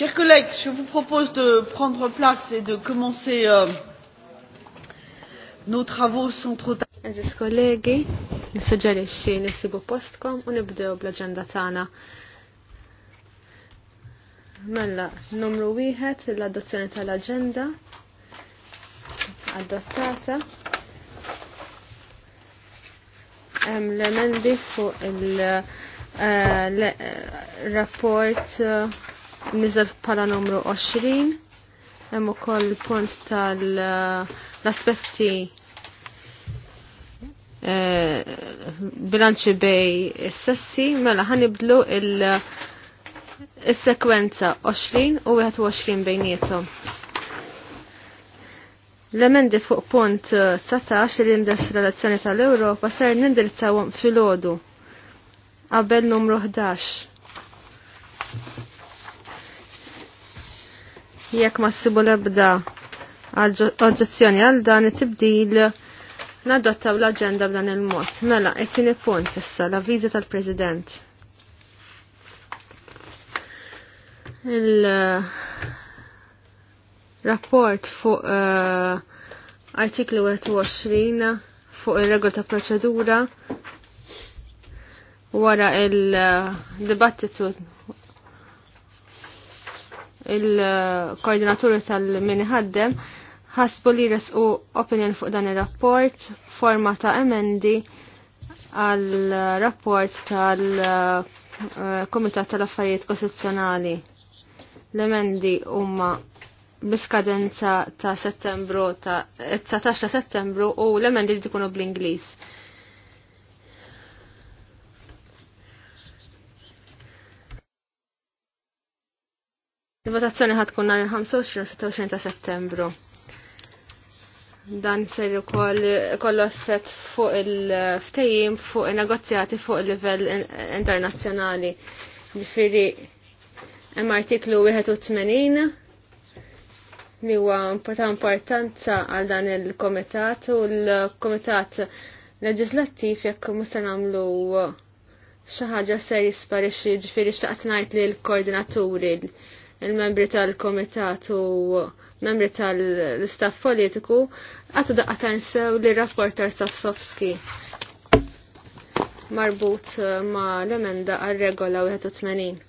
Chers collègues, je vous propose de prendre place et de commencer euh, nos travaux sans trop tard. Eżis kollegi, nissuġġerixxi nisibu postkom u nibdew bl-aġenda tagħna. Mella, numru wieħed l-adozzjoni tal-aġenda adottata. Hemm l-emendi fuq il-rapport eh, eh, uh, eh, niżel bħala numru 20 hemm ukoll punt tal-aspetti eh, eh, bilanċi bej s sessi mela ħanibdlu il- is-sekwenza 20 u 21 bejnietom. L-emendi fuq punt 19 eh, li relazzjoni tal-Ewropa ser nindirizzaw fil-ħodu qabel numru 11. Jekk ma ssibu l-ebda oġġezzjoni għal dan it-tibdil nadottaw l-agenda b'dan il-mod. Mela, it-tieni punt issa l viza tal-President. Il-rapport fuq eh, artiklu 21 fuq ir-regol ta' proċedura wara il-dibattitu il-koordinaturi tal-minħaddem ħasbu li resqu opinion fuq dan il-rapport forma ta' emendi għal-rapport tal-Komitat eh, tal-Affarijiet Kostituzzjonali. L-emendi huma biskadenza ta' settembru ta' 19 eh, ta' settembru u l-emendi li tkunu bl-Ingliż. Il-votazzjoni ħad kunna l 25 ta' Settembru. Dan ser ukoll kollu effett fuq il ftejim fuq in-negozjati fuq il-livell internazzjonali. Ġifiri, hemm artiklu 81 li huwa ta' importanza għal dan il-komitat u l-komitat leġislattiv jekk musta nagħmlu xi ħaġa ser jisparixxi ġifieri xtaqt ngħid li l-koordinaturi il-membri tal-komitatu, membri tal-staff politiku, għatu daqqa sew li rapporter Safsovski marbut eh, ma l-emenda għal-regola 81.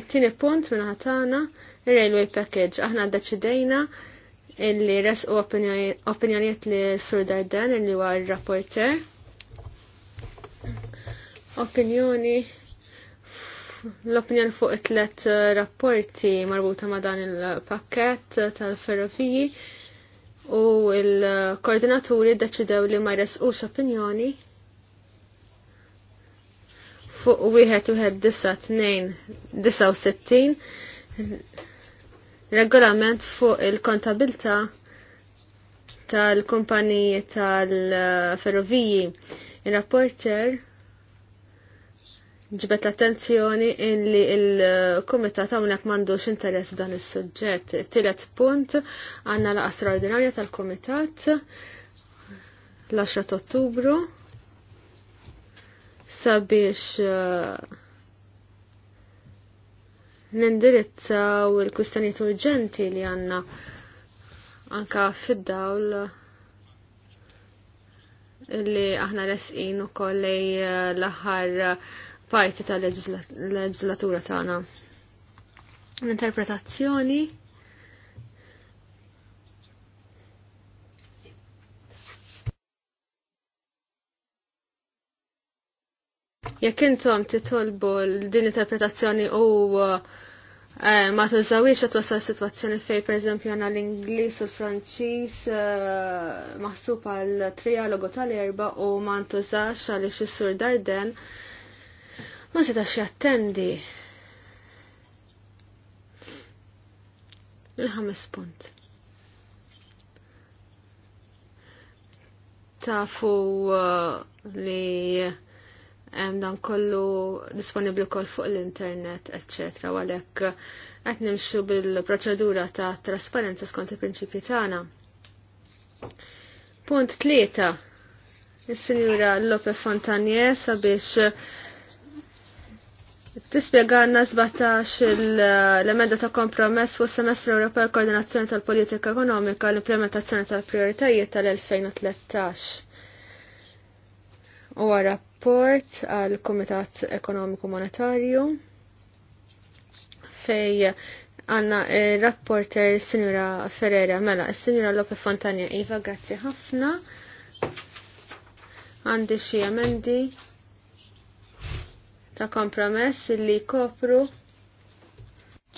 It-tieni punt minna ħatana il-railway package. Aħna deċidejna illi u opinjoniet li Sur Dardan illi huwa r-rapporter. Opinjoni l-opinjoni fuq it-tlet eh, rapporti marbuta ma' dan il-pakket eh, tal-ferroviji u il-koordinaturi deċidew li ma jresqux opinjoni fuq wieħed wieħed disa tnejn disa u sittin regolament fuq il-kontabilta tal-kumpaniji tal-ferroviji. Il-rapporter ġbet l-attenzjoni illi il-Kumitat hawnhekk m'għandux interess dan is-suġġett. Tielet punt għandna la straordinarja tal-Kumitat l-10 Ottubru sabiex uh, nindirizzaw il-kustanijiet urġenti li għanna anka fid-dawl li aħna resqin u kollej uh, l-aħħar parti tal-leġislatura tagħna. L-interpretazzjoni jekk intom titolbu din interpretazzjoni u eh, ma tużawiex qed wasal sitwazzjoni fejn pereżempju għandna l-Ingliż u l-Franċiż eh, maħsub għal trialogu tal-erba u ma ntużax għaliex is-sur Darden ma setax jattendi. Il-ħames punt. Tafu uh, li hemm dan kollu disponibbli wkoll fuq l-internet, eċċetra, għalhekk uh, qed nimxu bil-proċedura ta' trasparenza skont il-prinċipji tagħna. Punt tlieta. Is-Sinjura Lope Fontanier sabiex uh, Tispjegana 17 l-emenda ta' kompromess fuq semestru Ewropew koordinazzjoni tal-politika ekonomika l-implementazzjoni tal-prioritajiet tal-2013. U rapport għal Komitat Ekonomiku Monetarju fej għanna rapporter Sinjura Ferreira mela, Sinjura Lope Fontania Iva, grazzi ħafna. Għandi xi emendi ta' kompromess li kopru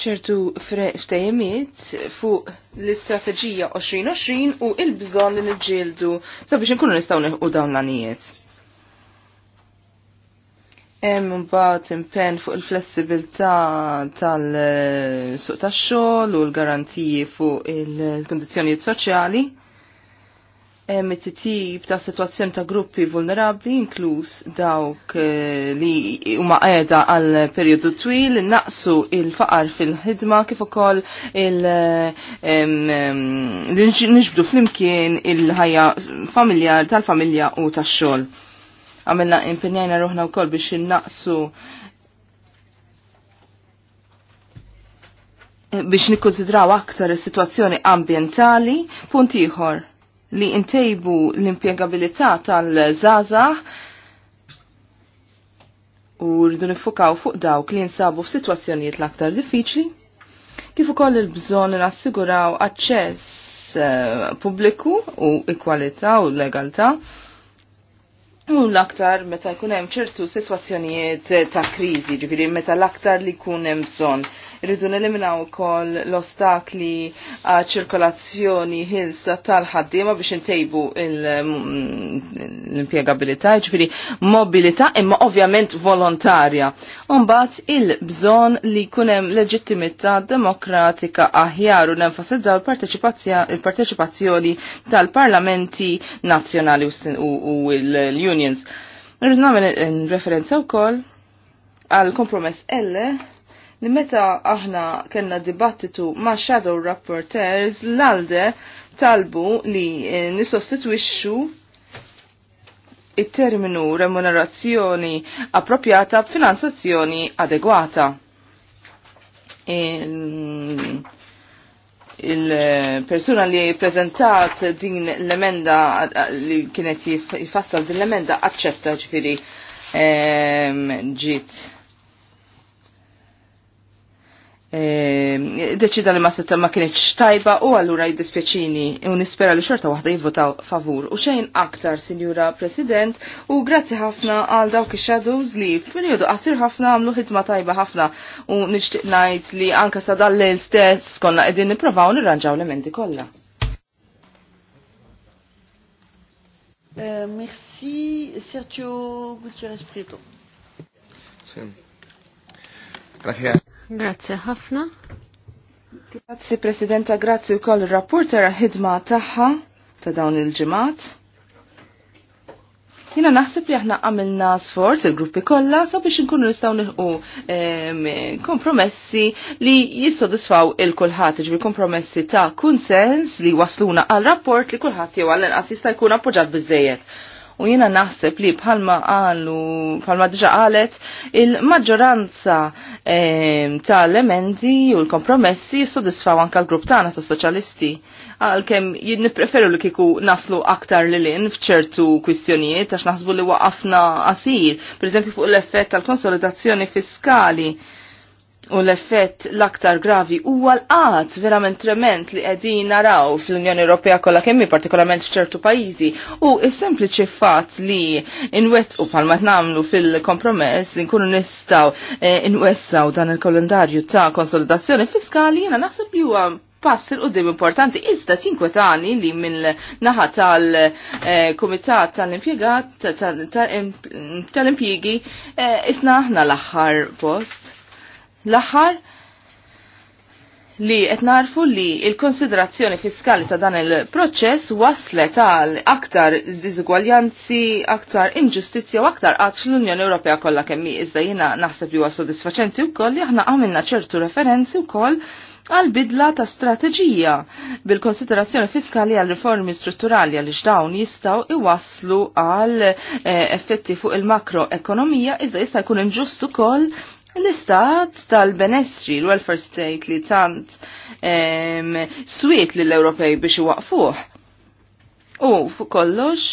ċertu ftejmiet fuq l-istrateġija 2020 u il-bżon li nġildu sabiex nkunu nistgħu neħu dawn l-anijiet. Hemm imbagħad impenn fuq il-flessibilità tal-suq tax-xogħol u l-garantiji fuq il-kundizzjonijiet soċjali hemm it-titjib ta' situazzjoni ta' gruppi vulnerabli inkluż dawk eh, li huma qiegħda għal perjodu twil naqsu il-faqar fil-ħidma kif ukoll il-nixbdu flimkien il-ħajja familjar tal-familja u tax-xogħol. Għamilna impenjajna ruħna wkoll biex innaqsu biex nikkonsidraw aktar is-sitwazzjoni ambjentali, punt ieħor li intejbu l-impiegabilità tal-żazax u rridu nifukaw fuq dawk li jinsabu f'sitwazzjonijiet l-aktar diffiċli, kif ukoll il-bżonn nassiguraw aċċess eh, pubbliku u ikwalità u legalità U l-aktar meta jkun hemm ċertu sitwazzjonijiet ta' kriżi, ġifieri meta l-aktar li jkun hemm bżonn Rridu neliminaw ukoll l-ostakli għal ċirkolazzjoni ħilsa tal-ħaddiema biex intejbu l-impjegabilità, ġifiri mobilità imma ovvjament volontarja. Umbagħad il-bżonn li jkun hemm leġittimità demokratika aħjar u nenfasizzaw il-parteċipazzjoni tal-parlamenti nazzjonali u l-unions. Nrid nagħmel referenza wkoll għal kompromess L li meta aħna kellna dibattitu ma' shadow rapporteurs l-alde talbu li eh, nisostitwixxu it-terminu remunerazzjoni appropriata b'finanzazzjoni adegwata. In il-persuna li prezentat din l-emenda li kienet jifassal din l-emenda accetta ġifiri ehm, ġit Ehm, deċida li ma setta ma kienet xtajba u għallura jiddispieċini u nispera li xorta wahda jivvotaw favur. U xejn aktar, Sinjura President, u grazzi ħafna għal dawk ix-shadows li f'periodu għasir ħafna għamlu ħidma tajba ħafna u nixtieq ngħid li anka sa dan l stess konna qegħdin nipprovaw nirranġaw l-emendi kolla. Eh, merci Sergio Gutierrez Prieto. Grazie. Grazie ħafna. Grazzi Presidenta, grazzi u koll il-rapporter ħidma taħħa ta' dawn il ġemat Jina naħseb li aħna għamilna sforz il-gruppi kollha sabiex nkunu nistgħu nilħu ehm, kompromessi li jissodisfaw il-kulħadd, ġifier kompromessi ta' kunsens li wasluna għal rapport li kulħadd jew għall-inqas jista' jkun appoġġat biżejjed u jiena naħseb li bħalma għalu, bħalma dġa qalet il-maġġoranza ta' ehm, tal emendi u l-kompromessi jissodisfaw anka l-grupp tagħna tas-soċjalisti għalkemm jien nippreferu li kiku naslu aktar li lin fċertu kwistjonijiet għax naħsbu li waqafna qasir, per fuq l-effett tal-konsolidazzjoni fiskali U l-effett l-aktar gravi huwa l-qat verament trement li qegħdin naraw fl-Unjoni Ewropea kollha kemm partikolarment f'ċertu pajjiżi u s-sempliċi fatt li inwettqu bħalma nagħmlu fil-kompromess li nkunu nistgħu inwessaw dan il-kalendarju ta' konsolidazzjoni fiskali jiena naħseb li huwa pass il importanti iżda tinkwetani li minn naħa tal-Kumitat tal-Impjegat tal-Impjigi isna aħna l-aħħar post L-aħħar li qed narfu li il-konsiderazzjoni fiskali ta' dan il-proċess waslet għal aktar diżigwaljanzi, aktar inġustizzja u aktar għadx l-Unjoni Ewropea kollha kemm iżda naħseb li huwa sodisfaċenti wkoll li aħna għamilna ċertu referenzi wkoll għal bidla ta' strateġija bil-konsiderazzjoni fiskali għal riformi strutturali għal dawn jistaw iwaslu għal eh, effetti fuq il-makroekonomija iżda jista' jkun inġustu kol l-istat tal-benessri, l-welfare state li tant swiet li l-Ewropej biex waqfuħ. U fuq kollox,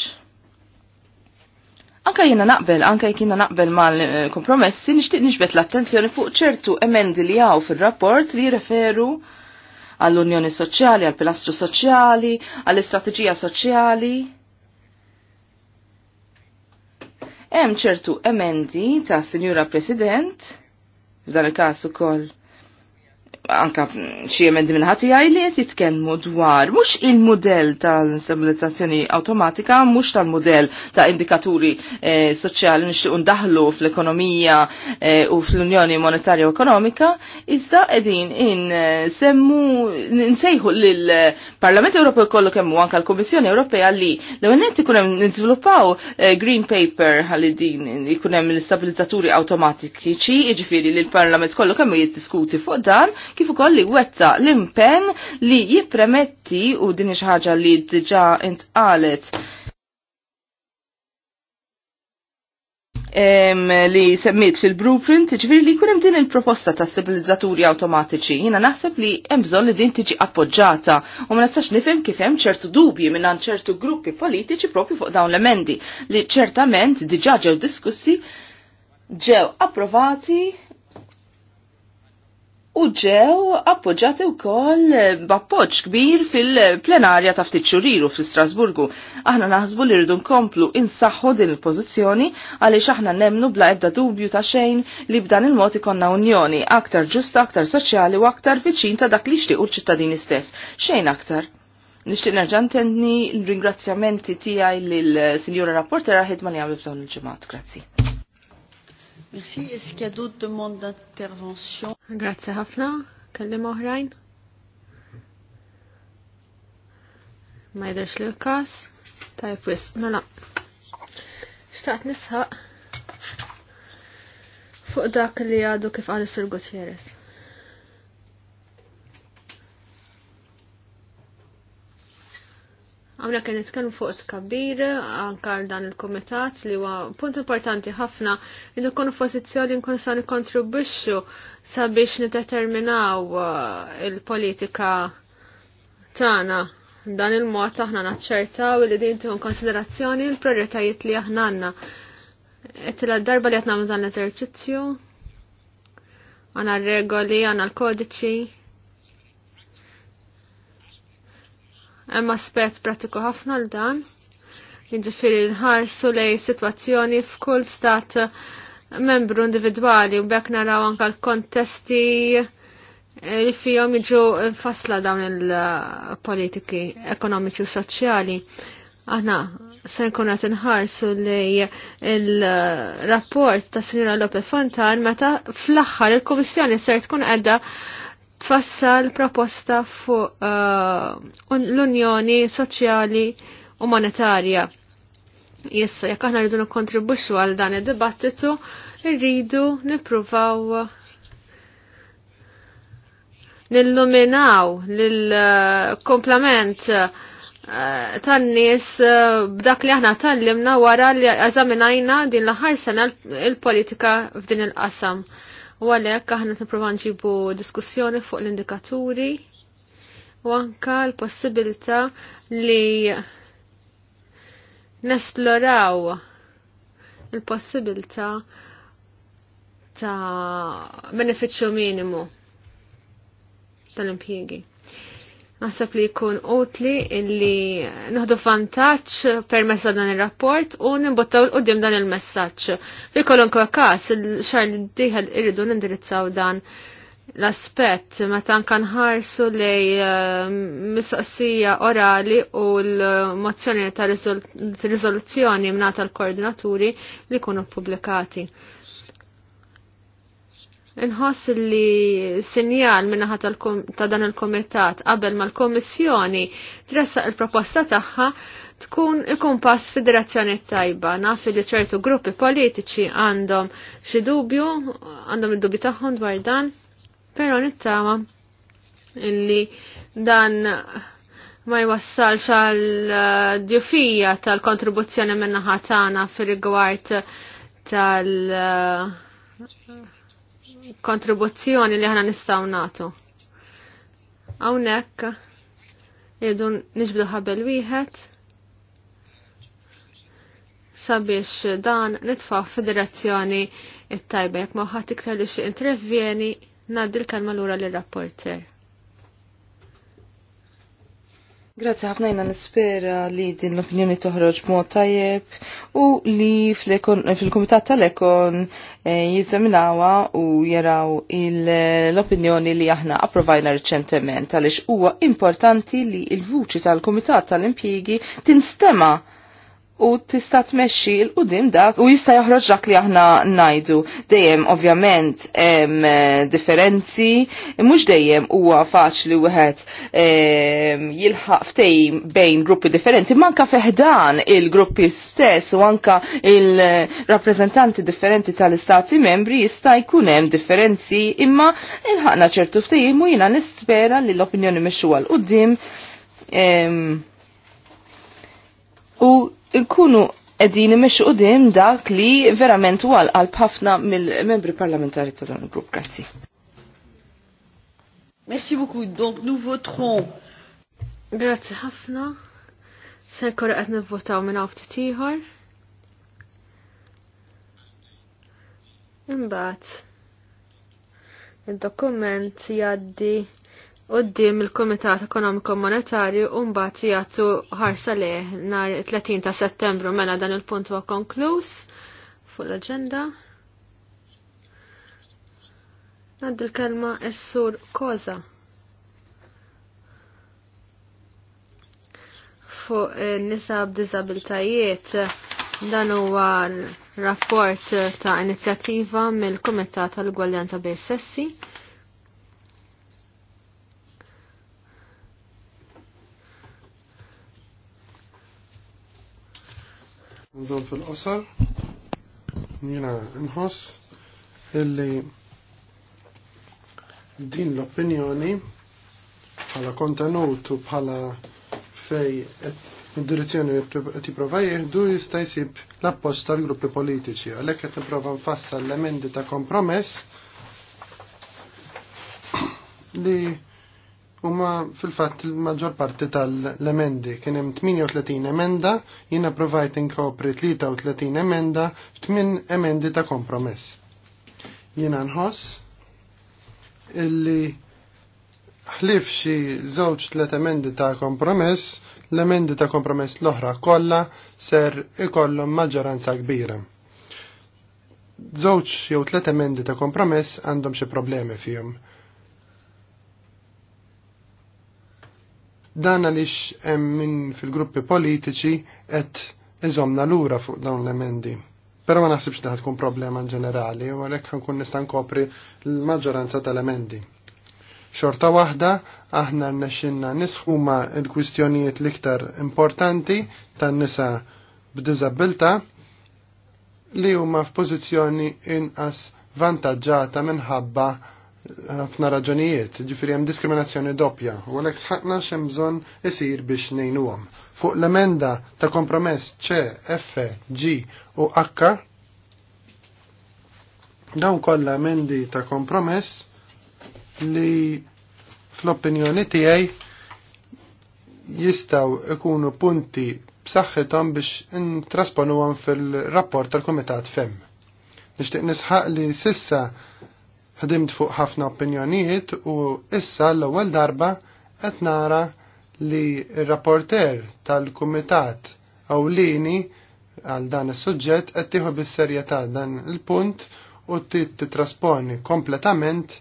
Anka jina naqbel, anka jina naqbel mal-kompromessi, nishtiq nixbet l-attenzjoni fuq ċertu emendi li għaw fil-rapport li referu għall-Unjoni Soċjali, għall-Pilastru Soċjali, għall-Istrateġija Soċjali. Hemm ċertu emendi ta' Sinjura President F'dan il-każ ukoll anka xie emendi minnħati għaj li jett jitkenmu dwar mux il-modell tal-stabilizzazzjoni automatika, mux tal-modell ta' indikaturi eh, soċjali nixtiqun daħlu fl-ekonomija eh, u fl-Unjoni Monetarja u Ekonomika, iżda edin in eh, semmu nsejħu l-Parlament Ewropew kollu kemmu anka l-Komissjoni Ewropea li l-għennet ikunem nizvilupaw eh, Green Paper għalli din ikunem l-stabilizzaturi ċi, iġifiri li l-Parlament kollu kemmu jiddiskuti fuq dan, kif ukoll wetta l-impenn li jippremetti u din xi ħaġa li diġà intqalet li semmiet fil-blueprint, ġviri li kunem din il-proposta ta' stabilizzaturi automatiċi, jina naħseb li hemm bżonn li din tiġi appoġġata u ma nistax nifhem kif hemm ċertu dubji minn ċertu gruppi politiċi propju fuq dawn l-emendi li ċertament diġà ġew diskussi ġew approvati u ġew appoġġati wkoll b'appoġġ kbir fil-plenarja ta' ftit xuriru fl Strasburgu. Aħna naħsbu li rridu nkomplu insaħħu din il-pożizzjoni għaliex aħna nemnu bla ebda dubju ta' xejn li b'dan il-mod ikonna unjoni aktar ġusta, aktar soċjali u aktar viċin ta' dak li jixtiequ u ċittadini stess. Xejn aktar? Nixtieq nerġa' ntenni l-ringrazzjamenti tiegħi lill-Sinjura Rapportera ħidma li għamlu f'dawn il-ġimgħat. Grazzi. Merci. Est-ce qu'il y a d'autres demandes d'intervention Grazie ħafna. Kellem oħrajn? Ma jidirx li l wis, mela. Xtaqt nisħaq fuq dak li għadu kif għal Sir Gutierrez. Għamna kien nitkellmu fuq skabir anke għal dan il-kumitat li huwa punt importanti ħafna li nkunu f'pożizzjoni nkun sa nikkontribwixxu sabiex nideterminaw eh, il-politika tagħna dan il-mod aħna naċċertaw li din tkun konsiderazzjoni l-prioritajiet li aħna għandna. Qed darba li qed nagħmlu dan l-eżerċizzju għandna r-regoli, għandna l-kodiċi, Hemm aspett pratiku ħafna l dan. Jiġifieri nħarsu lej sitwazzjoni f'kull stat membru individwali u bekk naraw anke l-kontesti eh, li fihom jiġu fasla dawn il-politiki ekonomiċi u soċjali. Aħna se nkun qed inħarsu lej il-rapport ta' Sinjora Lope Fontan meta fl-aħħar il-Kummissjoni ser tkun qiegħda tfassal proposta fuq uh, l-Unjoni Soċjali u Monetarja. Jissa, jekk aħna rridu nikkontribwixxu għal dan id-dibattitu, rridu nippruvaw nilluminaw lill-komplament uh, tan-nies uh, b'dak li aħna tallimna wara li eżaminajna din l-aħħar sena il-politika f'din il-qasam. l politika fdin il qasam politika fdin il qasam u għalhekk aħna nipprova nġibu diskussjoni fuq l-indikaturi u anka l-possibilità li nesploraw il possibilta ta' benefiċċju minimu tal-impjiegi. Naħseb li jkun utli illi naħdu vantaġġ permezz dan ir-rapport u nimbottaw l-qudiem dan il-messaġġ. Fi kolonkwa każ il-xar li diħal irridu nindirizzaw dan l-aspett meta nħarsu lej eh, mistoqsija orali u l-mozzjoni ta' Rizoluzzjoni mnata l-koordinaturi li jkunu publikati. Inħoss li sinjal minnaħat ta' dan il-komitat qabel ma' l-komissjoni tressaq il-proposta tagħha tkun ikun pass fi direzzjoni tajba. Naf li ċertu gruppi politiċi għandhom xi dubju, għandhom id-dubju tagħhom dwar dan, però nittama illi dan ma jwassalx għal eh, djufija tal-kontribuzzjoni minna tagħna fir-rigward tal- uh, kontribuzzjoni li ħana nistaw natu. Hawnhekk irridu niġbdu ħabel wieħed sabiex dan nitfaw f'direzzjoni it-tajba jekk ma ħadd iktar li xi intervjeni ngħaddi l-kelma lura lir-rapporter. Grazie ħafna jina nispera li din l-opinjoni toħroġ mod tajjeb u li fil-Kumitat tal-Ekon eh, jizzaminawa u jaraw l-opinjoni li aħna approvajna riċentement għaliex huwa importanti li il-vuċi tal-Kumitat tal-Impjigi tinstema' u tista' tmexxi l qudim dak u jista' joħroġ dak li aħna ngħidu. Dejjem ovvjament hemm eh, differenzi, mhux dejjem huwa faċli wieħed eh, jilħaq ftejn bejn gruppi differenti, manka feħdan il-gruppi stess u anka il-rappreżentanti differenti tal-istati membri jista' jkun hemm differenzi imma ilħaqna ċertu ftehim u jiena nispera li l-opinjoni mexxuha l qudiem u nkunu qegħdin imexxu qudiem dak li verament wal għal ħafna mill-membri parlamentari ta' dan il-grupp. Grazzi. Merci beaucoup. Donc nous voterons. Grazzi ħafna. Se nkunu qed nivvotaw minn hawn ftit ieħor. Imbagħad id-dokument jgħaddi Uddim il-Komitat Ekonomiku Monetarju umbat jgħatu ħarsa leħ nar 30 ta' settembru mela dan il-punt huwa konkluż fuq l-agenda. Nad il-kelma essur sur Koza. Fuq eh, nisa b'dizabiltajiet dan huwa rapport ta' inizjattiva mill-Kumitat tal-Gwaljanza bej Sessi. Nżom fil-qosor, jina nħoss illi din l-opinjoni bħala kontenut u bħala fej id-direzzjoni li tipprova jieħdu jista' jsib l-appoġġ tal-gruppi politiċi. Għalhekk qed nipprova nfassal l-emendi ta' kompromess li huma fil-fatt il-maġġor parti tal-emendi. Kien hemm 38 emenda, jiena provajt inkopri 33 emenda, 8 emendi ta' kompromess. Jiena nħoss illi ħlif xi żewġ tliet emendi ta' kompromess, l-emendi ta' kompromess l-oħra kollha ser ikollhom maġġoranza kbira. Żewġ jew tliet emendi ta' kompromess għandhom xi problemi fihom Dan għaliex hemm minn fil-gruppi politiċi qed iżomna lura fuq dawn l-emendi. Però ma naħsibx li tkun problema ġenerali u għalhekk ħankun nista' nkopri l-maġġoranza tal-emendi. Xorta waħda aħna rnexxinna nisħu huma l-kwistjonijiet l-iktar importanti tan-nisa b'diżabilità li huma f'pożizzjoni inqas vantaġġata minħabba ħafna raġunijiet, ġifiri hemm diskriminazzjoni doppja, u għalhekk sħaqna x'hemm bżonn isir biex ngħinuhom. Fuq l-emenda ta' kompromess C, F, G u H dawn kollha emendi ta' kompromess li fl-opinjoni tiegħi jistaw ikunu punti b'saħħithom biex intrasponuhom fil-rapport tal-Kumitat FEM. Nixtieq nisħaq li sissa ħdimt fuq ħafna opinjonijiet u issa l-ewwel darba qed nara li r-rapporter tal-Kumitat Awlini għal dan is-suġġett qed tieħu bis-serjetà dan il-punt u titrasponi kompletament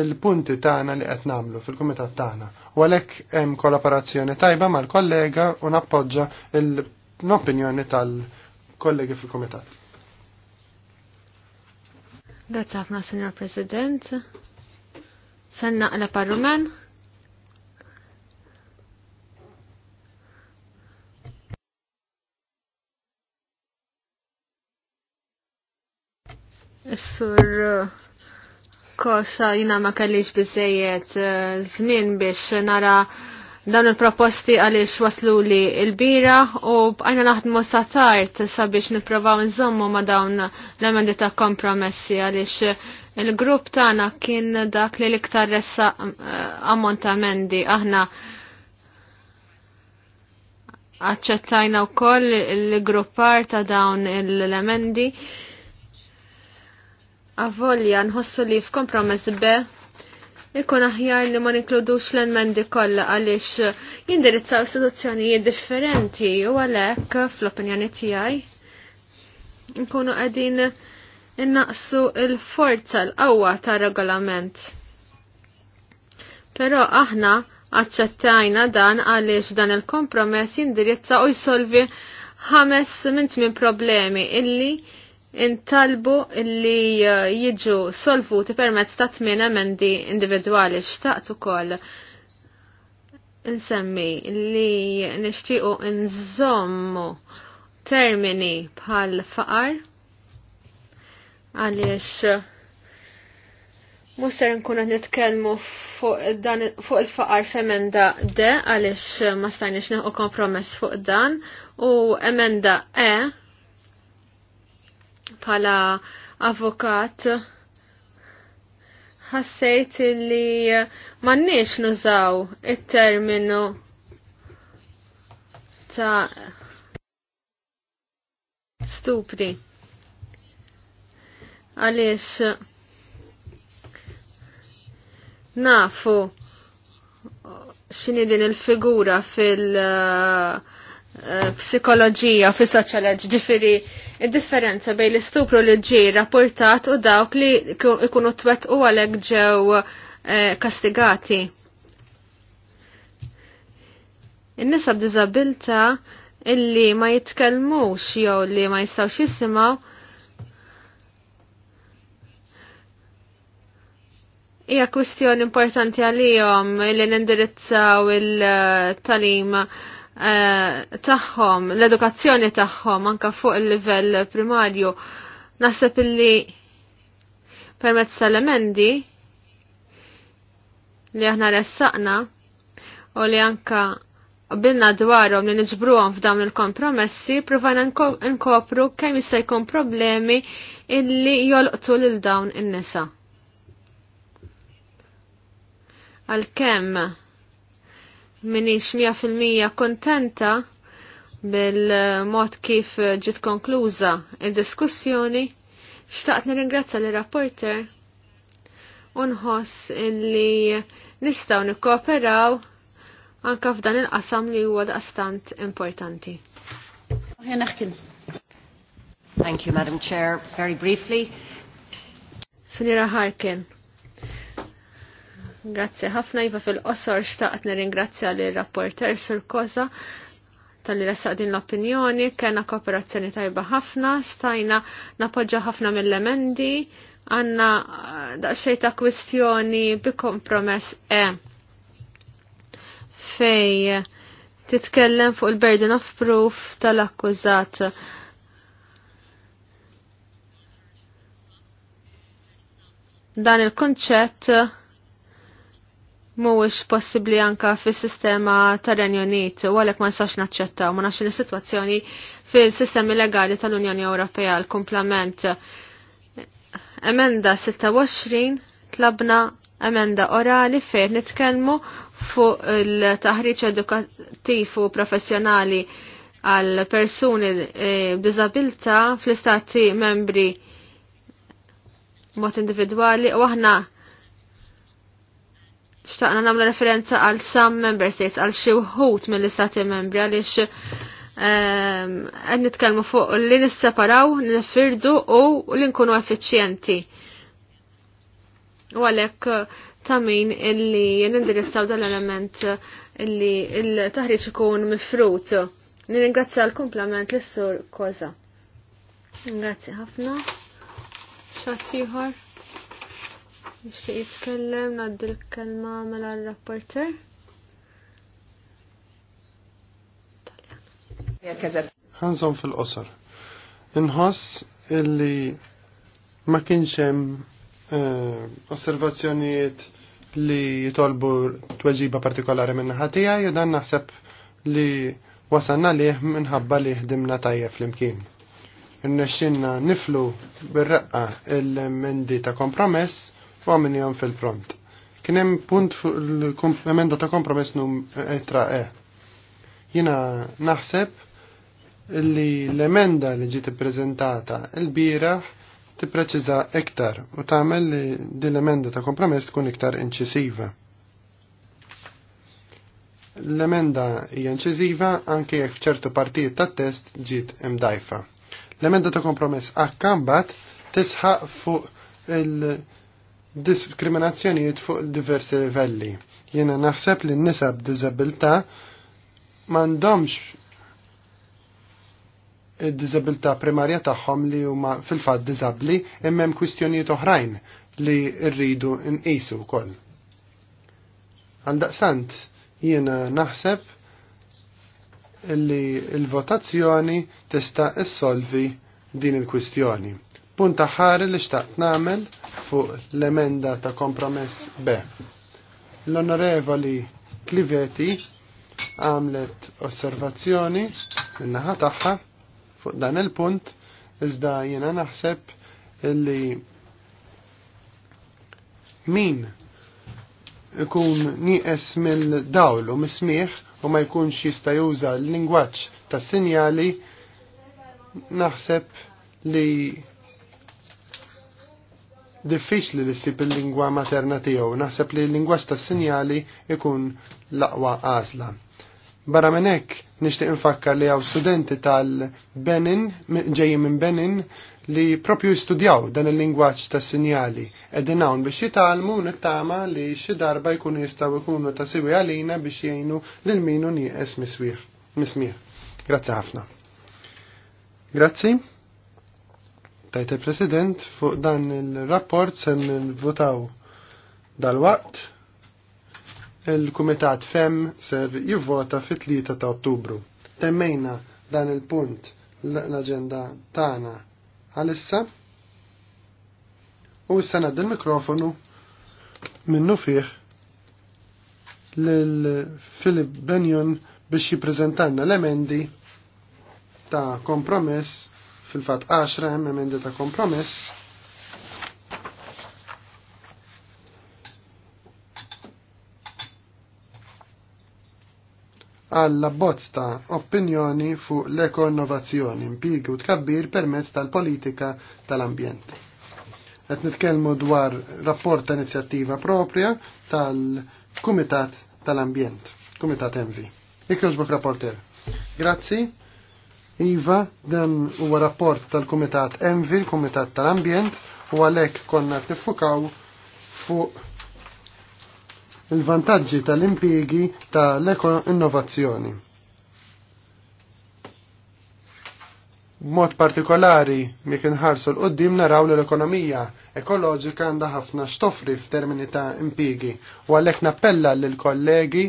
il-punti tagħna li qed nagħmlu fil-kumitat tagħna. U għalhekk hemm kollaborazzjoni tajba mal-kollega u nappoġġa l-opinjoni tal-kollegi fil-kumitat. Grazie a Signor President. Sanna la parrumen. Sur uh, Kosha jina ma kellix bizzejiet uh, zmin biex nara dawn il-proposti għaliex waslu li il-bira u bħajna naħdmu satart sabiex niprovaw nżommu ma dawn l-emendi ta' kompromessi għaliex il-grupp tagħna kien dak li l-iktar ressa eh, ammont ta' emendi aħna aċċettajna wkoll il-gruppar ta' dawn l-emendi. Avolja nħossu li f'kompromess be ikun aħjar li ma ninkludux l-enmendi kollha għaliex jindirizzaw istituzzjonijiet differenti u għalhekk fl-opinjoni tiegħi nkunu qegħdin innaqsu l-forza l-qawwa tar-regolament. Però aħna aċċettajna dan għaliex dan il-kompromess jindirizza u jsolvi ħames minn tmien problemi illi intalbu li uh, jiġu solvuti permezz ta' tmien emendi individwali xtaqt ukoll insemmi li nixtiequ nżommu termini bħal faqar għaliex Muster nkuna nitkelmu nitkellmu fuq dan fuq il-faqar f'emenda D għaliex ma stajniex neħu kompromess fuq dan u emenda E pala avokat ħassejt li mannix nużaw it-terminu ta' stupri. Għalix nafu xini din il-figura fil-psikologija, eh, fil-soċjoloġi, ġifiri Id-differenza bejn l-istupru li ġie rapportat u dawk li ikunu twet u għalek ġew eh, kastigati. In-nisa b'diżabilità illi ma jitkellmux jew li ma jistgħux jisimgħu Hija kwistjoni importanti għalihom li nindirizzaw il talima uh, Eh, taħħom, l-edukazzjoni tagħhom anka fuq il-livell primarju. Naħseb illi permezz tal-emendi li aħna ressaqna u li anka bilna dwarhom li niġbruhom f'dawn il-kompromessi, provajna nkopru kemm jista' jkun problemi illi jolqtu lil dawn in-nisa. Għalkemm minix 100% kontenta bil-mod kif ġiet konkluża il-diskussjoni, xtaqt nirringrazzja li rapporter unħoss illi nistaw nikkooperaw anka f'dan il-qasam li huwa daqstant importanti. Thank you, Madam Chair. Very briefly. Senira Harkin. Grazzi ħafna Iva fil-qosor xtaqt nirringrazzja li rapporter Sur Koza tal-li din l-opinjoni, kena kooperazzjoni tajba ħafna, stajna napoġġa ħafna mill-emendi, għanna eh, daqxej ta' kwistjoni bi kompromess e fej titkellem fuq il-burden of proof tal-akkużat. Dan il-konċett mhuwiex possibbli anka fis-sistema tar-Renju Unit u għalhekk ma nistax naċċettaw ma nafx is-sitwazzjoni fis-sistemi legali tal-Unjoni Ewropea l-kumplament emenda 26 tlabna emenda orali fejn nitkellmu fuq il-taħriġ edukattiv u professjonali għal persuni e, b'diżabilità fl-istati membri mod individwali u aħna xtaqna namla referenza għal sam member states għal xi wħud mill-istati membri għaliex ehm, qed nitkellmu fuq li nisseparaw, nifirdu u li nkunu effiċjenti. U għalhekk ta' min illi nindirizzaw dan element illi il-taħriġ ikun mifrut. Nirringrazzja l-komplament l-sur koza. Grazzi ħafna. Xatiħar. Nixtieq jitkellem ngħaddi l-kelma mela l rapporter Għanżom fil-qosor. Inħoss illi ma kienx hemm eh, osservazzjonijiet li jitolbu tweġiba partikolari minn ħatija jew dan naħseb li wasanna liħ minħabba li ħdimna tajjeb fl-imkien. Irnexxinna niflu bir-raqqa l-mendi ta' kompromess għan fil front Kien hemm punt fuq l-emenda ta' kompromess num etra E. Jina naħseb li l-emenda li ġiet ippreżentata l-bieraħ preċiza iktar u tagħmel li din l-emenda ta' kompromess tkun iktar inċisiva. L-emenda hija inċiżiva anke jekk f'ċertu partijiet tat-test ġiet imdajfa. L-emenda ta' kompromess akkambat tisħaq fuq il- diskriminazzjonijiet fuq diversi livelli. Jiena naħseb li n-nisa b'diżabilità m'għandhomx id-diżabilità primarja tagħhom li huma fil-fatt diżabbli imma hemm kwistjonijiet oħrajn li rridu nqisu wkoll. Għaldaqsant jiena naħseb li l-votazzjoni tista' issolvi din il-kwistjoni. Punt aħħar li xtaqt nagħmel fuq l-emenda ta' kompromess B. L-onorevoli Kliveti għamlet osservazzjoni minnaħa tagħha fuq dan il-punt iżda jiena naħseb illi min ikun nieqes mill-dawl u mismieħ u ma jkunx jista' juża l-lingwaġġ tas-sinjali naħseb li diffiċli li ssib il-lingwa materna tiegħu, naħseb li l-lingwaġġ tas-sinjali ikun l-aqwa għażla. Barra minn hekk nixtieq infakkar li hawn studenti tal-Benin ġejjin minn Benin li propju jistudjaw dan il-lingwaġġ ta' sinjali qegħdin hawn biex jitalmu nittama li xi darba jkunu jistgħu jkunu ta' siwi għalina biex jgħinu lil minu nieqes miswieħ. Mismieħ. Grazzi ħafna. Grazzi tajt il-President, fuq dan il-rapport sem votaw dal-waqt il-Kumitat FEM ser jivvota fit-3 ta' Ottubru. Temmejna dan il-punt l-agenda tagħna għalissa u s-sena l-mikrofonu minnu fih lil Filip Benjon biex jiprezentanna l-emendi ta' kompromess fil-fat 10 hemm emendi ta' kompromess. għalla bozz ta' opinjoni fuq l-eko-innovazzjoni u tkabbir permezz tal-politika tal-ambjent. Qed nitkellmu dwar rapport ta' inizjattiva propria tal-Kumitat tal-Ambjent, Kumitat Envi. Ikkużbuk rapporter. Grazzi. Iva, dan huwa rapport tal-Kumitat Envi, l-Kumitat tal-Ambjent, u għalhekk konna tifukaw fuq il-vantaġġi tal-impjiegi innovazzjoni B'mod partikolari kien inħarsu l-qoddim naraw li l-ekonomija ekoloġika għandha ħafna xtofri f'termini ta' impjiegi u għalhekk nappella lill kollegi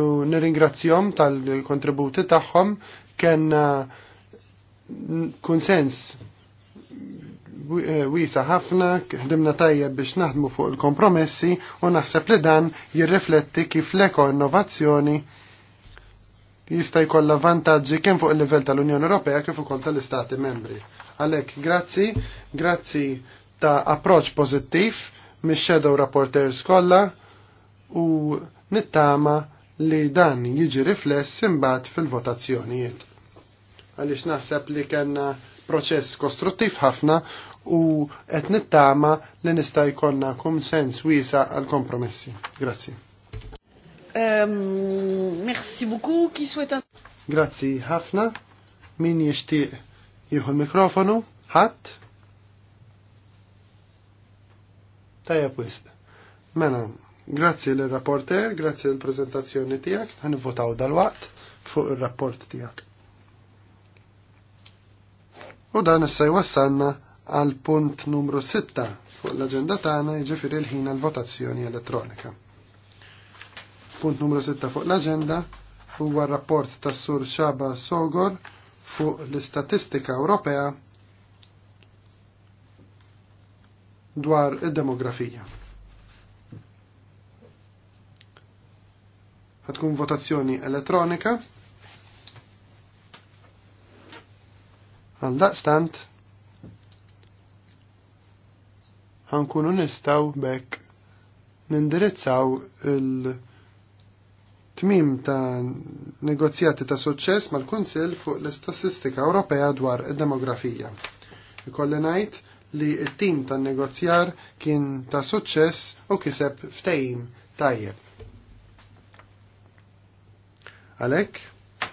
u nirringrazzjom tal-kontributi tagħhom kena konsens wisa ħafna, ħdimna tajjeb biex naħdmu fuq il-kompromessi u naħseb li dan jirrifletti kif l-eko innovazzjoni jista' jkollha vantaġġi kemm fuq il-livell tal-Unjoni Ewropea kif ukoll tal-Istati Membri. Għalhekk grazzi, grazzi ta' approċċ pożittiv mix-shadow rapporteurs kollha u nittama' li dan jiġi rifless imbagħad fil-votazzjonijiet. Għaliex naħseb li kena proċess kostruttiv ħafna u qed nittama li nista' jkollna sens wiesa għal kompromessi. Grazzi. Um, merci beaucoup, ki sweta. Grazzi ħafna. Min jixtieq jieħu l-mikrofonu? Ħadd? Tajja wisq. Mela, Grazzi l-rapporter, grazie l-prezentazzjoni tijak, għan votaw dal-waqt fuq il-rapport tijak. U dan issa jwassalna għal punt numru 6 fuq l-agenda tagħna jiġifieri l-ħin għal-votazzjoni elettronika. Punt numru 6 fuq l-agenda huwa r-rapport tas-sur Xaba Sogor fuq l-istatistika Ewropea dwar id-demografija. ħatkun votazzjoni elettronika. Għal daqstant ħankunu nistaw bekk nindirizzaw il-tmim ta' negozjati ta' suċċess mal-Kunsil fuq l-Istatistika Ewropea dwar id-demografija. Ikolli ngħid li t-tim tan negozjar kien ta' suċċess u kiseb ftejim tajjeb. Għalhekk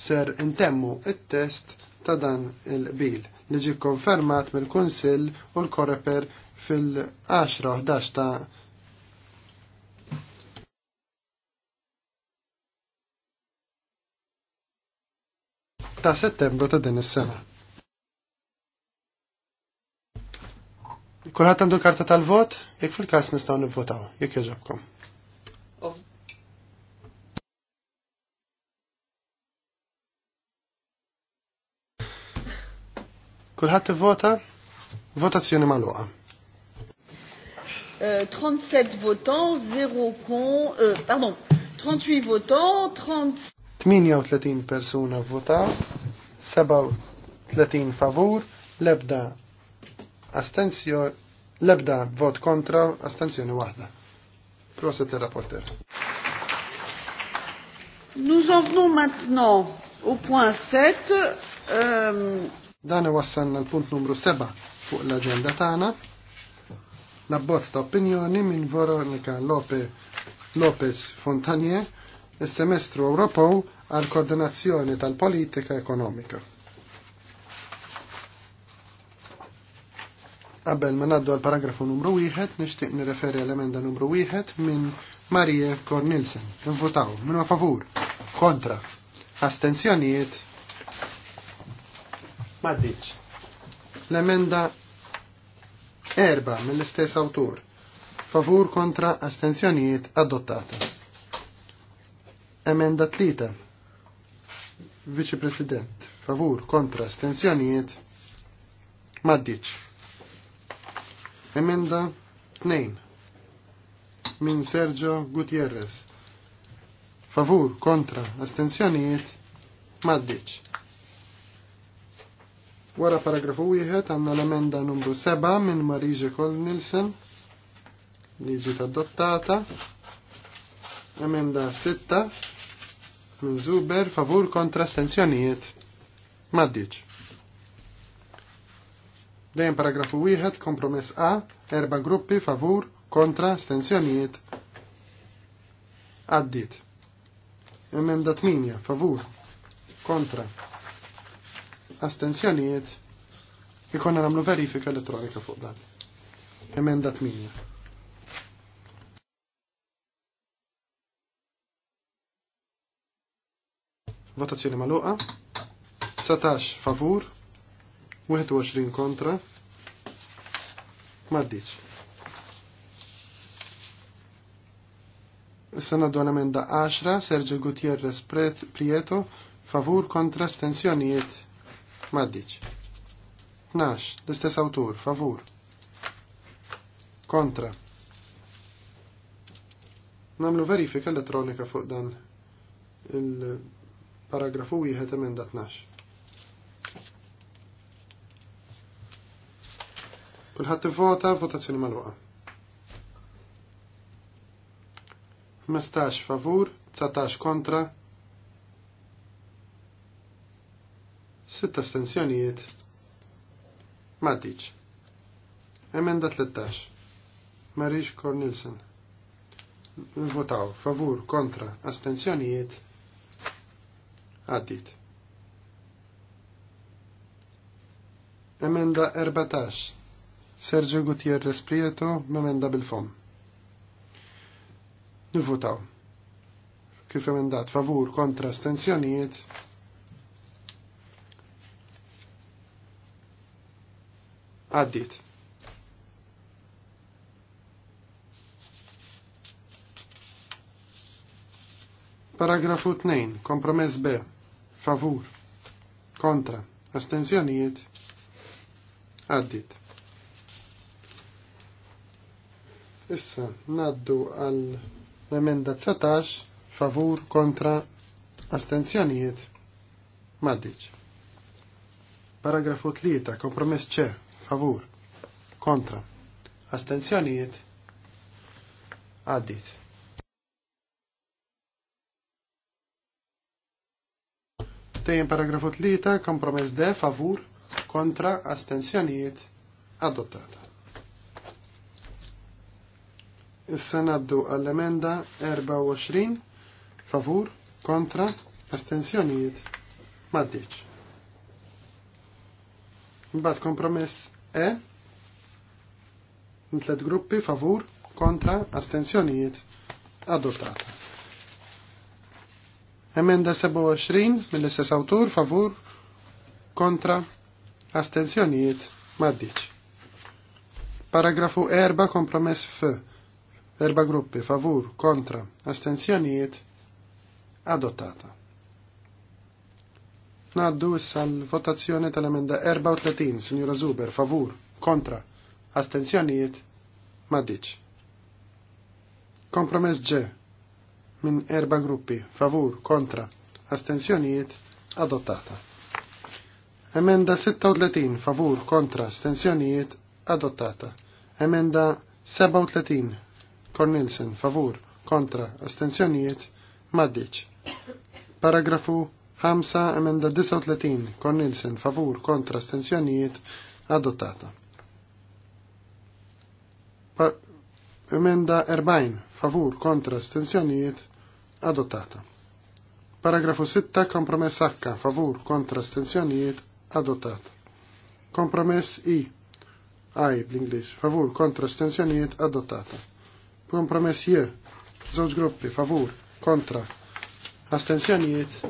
ser intemmu il test ta' dan il bil li ġi konfermat mill-Kunsill u l-Koreper fil-10-11 ta' ta' settembru ta' din is-sena. Kulħadd għandu l-karta tal-vot, jekk fil-każ nistgħu nivvotaw, jekk jogħġobkom. Kulħadd ivvota? Votazzjoni magħluqa. 37 euh, votants, 0 con, euh, pardon, 38 votants, 30... 38 persona vota, 37 favur, lebda astensio, lebda vot kontra, astensjoni wahda. Proset il-rapporter. Nous en venons maintenant au point 7. Euh, Dan wassalna l-punt numru 7 fuq l-agenda tagħna. L-abbozz ta' opinjoni minn Veronika Lope, Lopez Fontanier is-semestru Ewropew għal koordinazzjoni tal-politika ekonomika. Qabel ma naddu għal paragrafu numru 1, nixtieq nirreferi għal emenda numru 1 minn Marie Cornilsen. Nvutaw, minn ma favur, kontra, astenzjonijiet maddiċ. L-emenda erba mill-istess autur. Favur kontra astensjonijiet adottata. Emenda tlita. Vice President. Favur kontra astensjonijiet maddiċ. Emenda 2. Min Sergio Gutierrez. Favur kontra astensjonijiet maddiċ. Wara paragrafu wieħed għandna l-emenda numru 7 minn Marije Kol Nilsen li ġiet adottata. Emenda 6 minn Zuber favur kontra stenzjonijiet. Maddiċ. Dejjem paragrafu wieħed kompromess A, erba gruppi favur kontra stenzjonijiet. Addit. Emenda 8 favur kontra astenzjonijiet jikonna namlu verifika elettronika fuq dan. Emenda 8. Votazzjoni maluqa. 19 favur, 21 kontra, maddiċ. Issa naddu emenda 10, Sergio Gutierrez Prieto, favur kontra stensjonijiet maddiċ. 12. L-istess autur, favur. Kontra. Namlu verifika elettronika fuq dan il-paragrafu wieħed emenda 12. Kulħadd vota votazzjoni mal-waqa. 15 favur, 19 kontra, Sitta stenzjonijiet. Matic Emenda 13. Marix Kornilsen Votaw, favur, kontra, astenzjonijiet. Addit Emenda 14. Sergio Gutierrez Prieto, memenda bil-fom. Nivvotaw. Kif emendat favur kontra astenzjonijiet? Għaddit. Paragrafu 2. Kompromess B. Favur. Kontra. Astenzjonijiet. Għaddit. Issa, naddu għal emenda 19. Favur. Kontra. Astenzjonijiet. Maddiċ. Paragrafu 3. Kompromess C favur, kontra, astenzjonijiet, għaddit. Tejjem paragrafu tlita, kompromess de, favur, kontra, astenzjonijiet, adottata. Issa naddu għall-emenda 24, favur, kontra, astenzjonijiet, maddiċ. Mbagħad kompromess E. Intlet gruppi favur kontra astensjonijiet adottata. Emenda 27 mill-istess autur favur kontra astensjonijiet maddiċ. Paragrafu erba kompromess f. Erba gruppi favur kontra astensjonijiet adottata. Naddu issa l-votazzjoni tal-emenda 34, Sinjura Zuber, favur, kontra, astenzjonijiet, maddiċ. Kompromess ġe, minn erba gruppi, favur, kontra, astenzjonijiet, adottata. Emenda 36, favur, kontra, astenzjonijiet, adottata. Emenda 37, Cornelsen, favur, kontra, astenzjonijiet, maddiċ. Paragrafu Ħamsa emenda 39 Cornelsen favur kontra stenzjonijiet adottata. Pa emenda 40 favur kontra stenzjonijiet adottata. Paragrafu 6 kompromess H favur kontra stenzjonijiet adottata. Kompromess I I bl-Inglis favur kontra stenzjonijiet adottata. Kompromess J żewġ gruppi favur kontra astenzjonijiet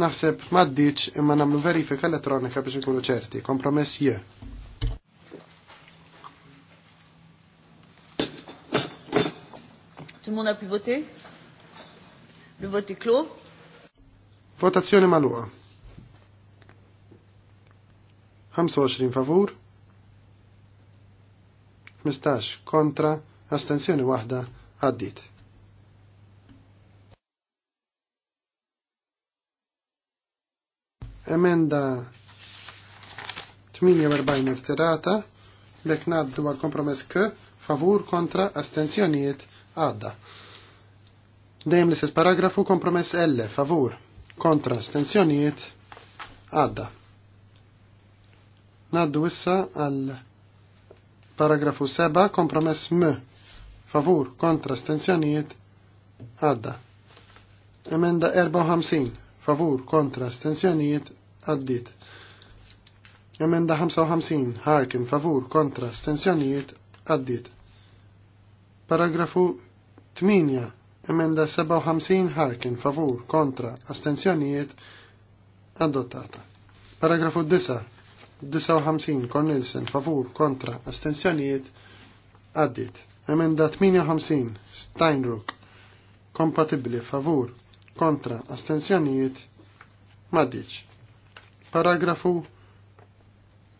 Naħseb maddiċ imma namlu verifika elettronika biex ikunu ċerti. Kompromess je. Tout le monde a pu voter Le vote 25 favur. 15 kontra. Astenzjoni wahda għaddit. Emenda 48 irtirata, bek naddu għal kompromess k, favur kontra astenzjonijiet għadda. Dejjem l s paragrafu kompromess L, favur kontra astenzjonijiet għadda. Naddu issa għal paragrafu 7, kompromess M, favur kontra astenzjonijiet għadda. Emenda 54, favur kontra astenzjonijiet għaddit. Emenda 55, Harkin, favur, kontra, stenzjonijiet, għaddit. Paragrafu 8, emenda 57, Harkin, favur, kontra, astenzjonijiet, adottata. Paragrafu 9, 59, Cornelsen, favur, kontra, astenzjonijiet, għaddit. Emenda 58, Steinruck, kompatibli, favur, kontra, astenzjonijiet, maddiċ. Paragrafu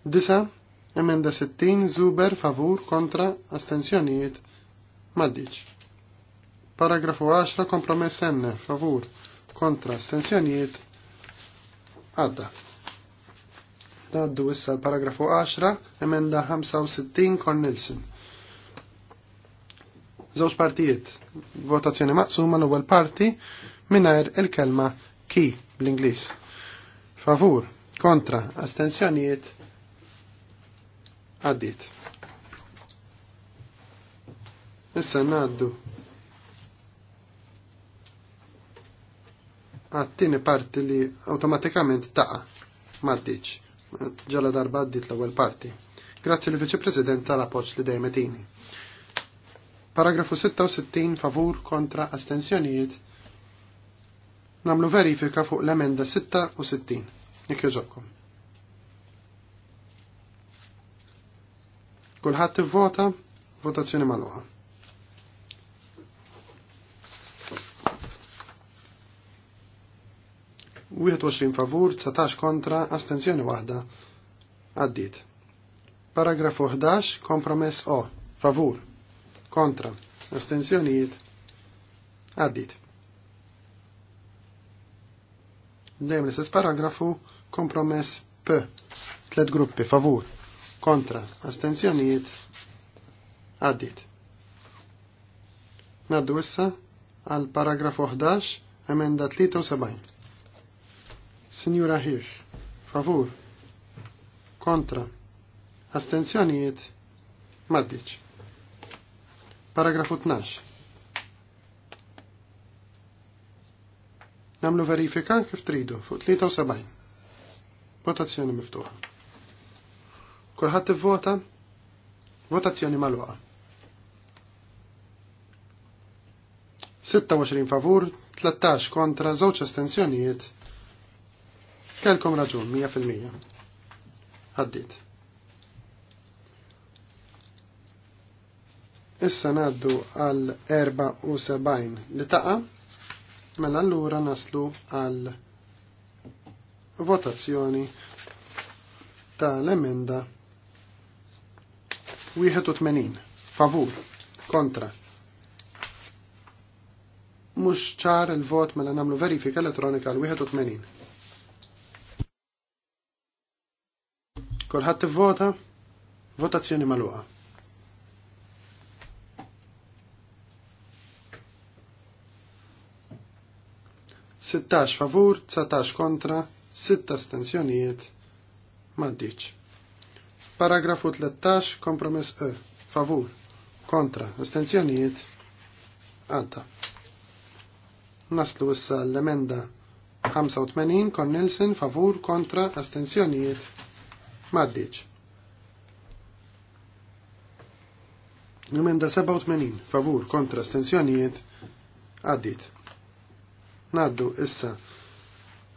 9, emenda 60, Zuber, favur, kontra, astensjonijiet, maddiċ. Paragrafu 10, kompromess N, favur, kontra, astensjonijiet, għadda. Naddu issa paragrafu 10, emenda 65, Cornelsen. Zawġ partijiet, votazzjoni maqsuma l-ewwel parti mingħajr il-kelma ki bl-Ingliż. Favur, kontra astensjonijiet għaddit. Issa naddu għattini parti li automatikament taqa maddiċ. Ġala darba għaddit l-ewwel parti. Grazzi li viċi-president tal-appoċ li dejmetini. Paragrafu 66 favur kontra astensjonijiet namlu verifika fuq l-emenda 66. Jekk Kulħat Kulħadd ivvota votazzjoni magħluqa. Wieħed 21 favur, 19 kontra, astenzjoni waħda. għaddit. Paragrafu 11, kompromess O. Favur. Kontra. Astenzjonijiet. Għaddit. Dejjem l-istess paragrafu Kompromess P. Tlet gruppi favur. Kontra. Astenzjonijiet. Għaddit. Naddu issa għal paragrafu 11, emenda 73. Signora Hirsch. Favur. Kontra. Astenzjonijiet. Maddiċ. Paragrafu 12. Namlu verifika kif tridu fuq 73. Votazzjoni miftuħa. Kulħadd ivvota? Votazzjoni magħluqa. 26 favur, 13 kontra, żewġ astensjonijiet. Kelkom raġun 100%. Għaddit. Issa naddu għal 74 li taqa, mela allura naslu għal votazzjoni tal-emenda 81 favur kontra mux ċar il-vot mela namlu verifika elettronika l-81. Kolħat vota votazzjoni maluqa. Sittax favur, tsatax kontra, sitta stenzjonijiet maddiċ. Paragrafu 13, kompromess E, favur, kontra, astenzjonijiet, għadda. Naslu issa l-emenda 85, Nelson, favur, kontra, astenzjonijiet, maddiċ. Numenda 87, favur, kontra, astenzjonijiet, għaddit. Naddu issa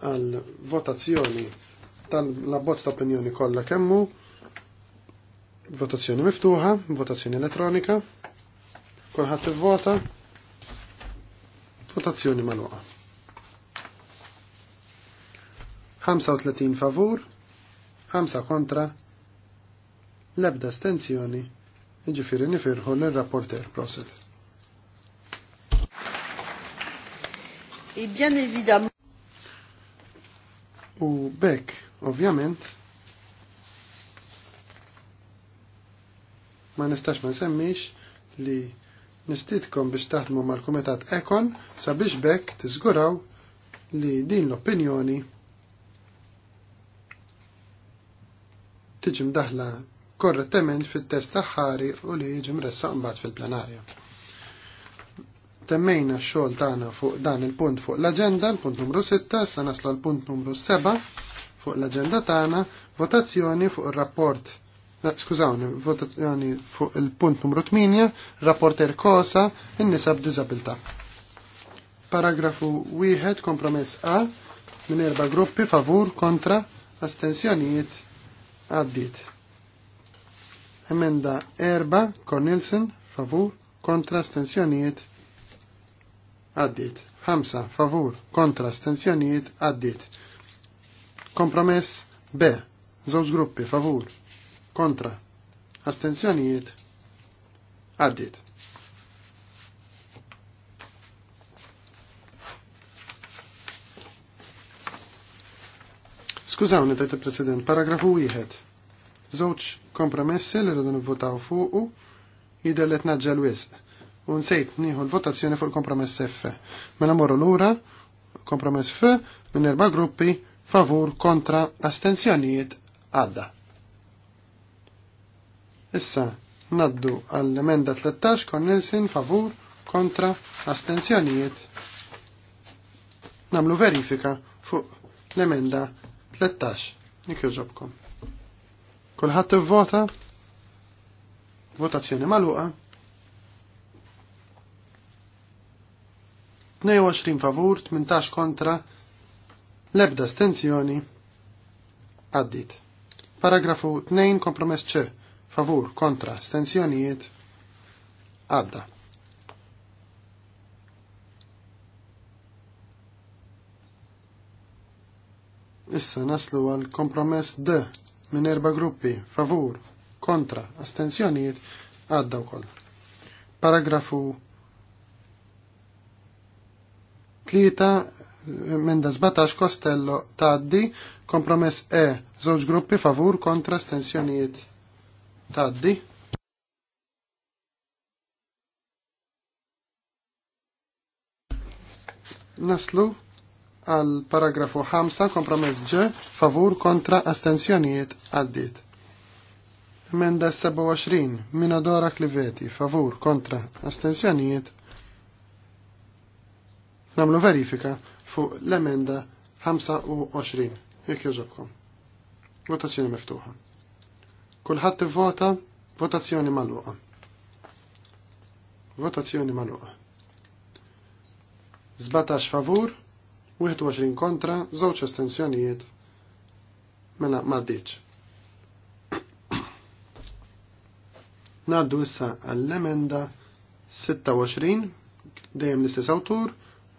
għal votazzjoni tal-abbozz ta' opinjoni kollha kemmu votazzjoni miftuħa, votazzjoni elettronika, kulħadd ivvota, votazzjoni magħluqa. 35 favur, 5 kontra, l-ebda stenzjoni, iġifiri nifirħu l-rapporter proset. E bien évidemment. U bekk, ovvjament, ma nistax ma nsemmix li nistitkom biex taħdmu mal-Kumitat Ekon sabiex bekk tiżguraw li din l-opinjoni tiġi mdaħla korrettament fit-test ħari u li jiġi mressa mbagħad fil-plenarja temmejna xogħol tagħna fuq dan il-punt fuq l-aġenda, il punt numru 6, sa naslu l-punt numru 7 fuq l-aġenda tagħna, votazzjoni fuq ir-rapport. Eh, skużawni, votazzjoni fuq il-punt numru 8, rapporter kosa, in-nisa b'diżabilità. Paragrafu 1, kompromess A, minn erba' gruppi favur kontra astensjonijiet għaddit. Emenda erba' Cornelsen favur kontra astensjonijiet għaddit. Hamsa, favur kontra astensjonijiet għaddit. Kompromess B. Żewġ gruppi favur kontra Astenzjonijiet? għaddit. Skużawni tajt il-President, paragrafu wieħed. Żewġ kompromessi li rridu nivvotaw fuqu jidher li tnaġġel wisq u nsejt nieħu l-votazzjoni fuq il-kompromess F. Mela morru lura, kompromess F minn erba' gruppi favur kontra astenzjonijiet għadda. Issa naddu għall-emenda 13 kon Nilsin favur kontra astenzjonijiet. Namlu verifika fuq l-emenda 13. Nikju ġobkom. Kulħadd vota Votazzjoni maluqa? 22 favur, 18 kontra, lebda stenzjoni, addit. Paragrafu 2 kompromess ċe, favur, kontra, stenzjonijiet, għadda. Issa naslu għal kompromess D minn erba gruppi, favur, kontra, astenzjonijiet, għadda wkoll. Paragrafu tlita Menda 17 Kostello taddi, kompromess E, żewġ gruppi favur kontra stensjonijiet taddi. Naslu għal paragrafu 5 kompromess G favur kontra astensjonijiet għaddit. Emenda 27 Minadora Kliveti favur kontra astensjonijiet Namlu verifika fuq l-emenda 25, jekk joġobkom. Votazzjoni miftuħa. Kulħadd ivvota, votazzjoni maluqa. Votazzjoni maluqa. 17 favur, 21 kontra, żewġ estensjonijiet. mena maddiċ. Naddu issa għall-emenda 26, dejjem l-istess awtur,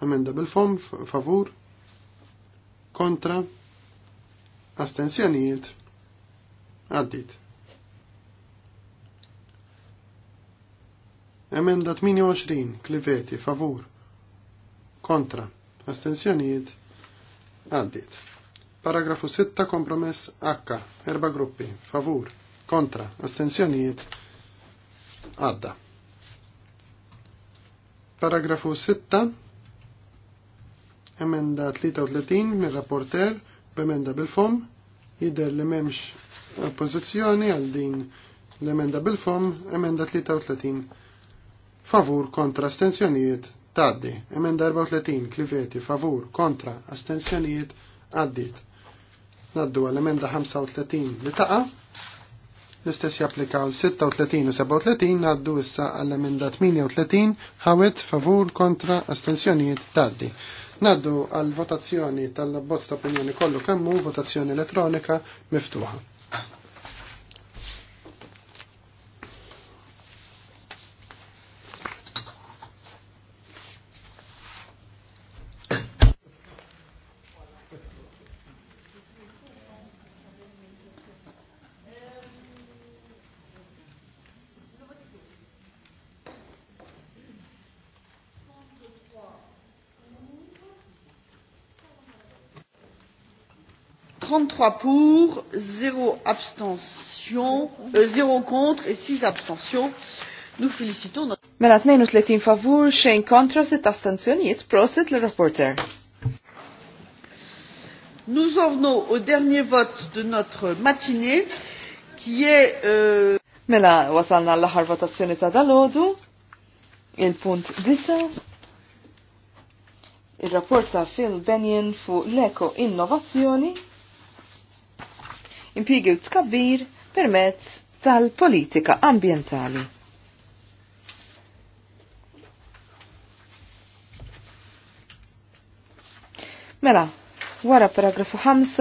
Amenda bil-fom, favur, kontra, astensjonijiet, għaddit. Emenda 28, kliveti, favur, kontra, astensjonijiet, għaddit. Paragrafu 6, kompromess H, erba gruppi, favur, kontra, astensjonijiet, għadda. Paragrafu 6, Emenda 33 mir-rapporter b'emenda bil-fom jider li memx oppożizzjoni għal din l-emenda bil-fom emenda 33 favur kontra astensjonijiet taddi. Emenda 34 kliveti favur kontra astensjonijiet għaddit. Naddu għal emenda 35 li taqa l-istess japplikaw 36 u 37 naddu issa għall-emenda 38 ħawet favur kontra astensjonijiet taddi. Naddu għal votazzjoni tal bozz ta' opinjoni kollu kemmu votazzjoni elettronika miftuħa. trois pour, 0 abstention, euh, zéro contre et 6 abstentions. Nous félicitons notre... Mela 32 favur, xejn kontra, 6 astenzjonijiet, proset le reporter. Nous en venons au dernier vote de notre matinée, qui est... Euh... Mela, wasalna l-ħar votazzjoni ta' dal-ħodu, il-punt 10, il-rapport ta' Phil Benjen fu l-eko innovazzjoni, impjigi u tkabbir permezz tal-politika ambientali. Mela, wara paragrafu 5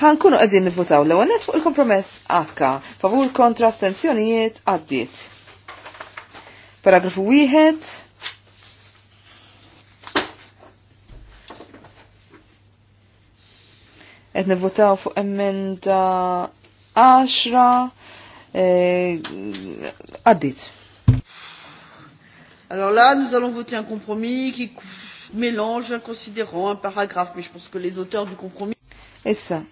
ħankunu għedin nivvotaw l għanet fuq il-kompromess H, favur kontra stenzjonijiet għaddiet. Paragrafu 1, qed nivvotaw fuq emenda 10 e, għaddit. Alors là, nous allons voter un compromis qui mélange un considérant, un paragraphe, mais je pense que les auteurs du compromis... Issa,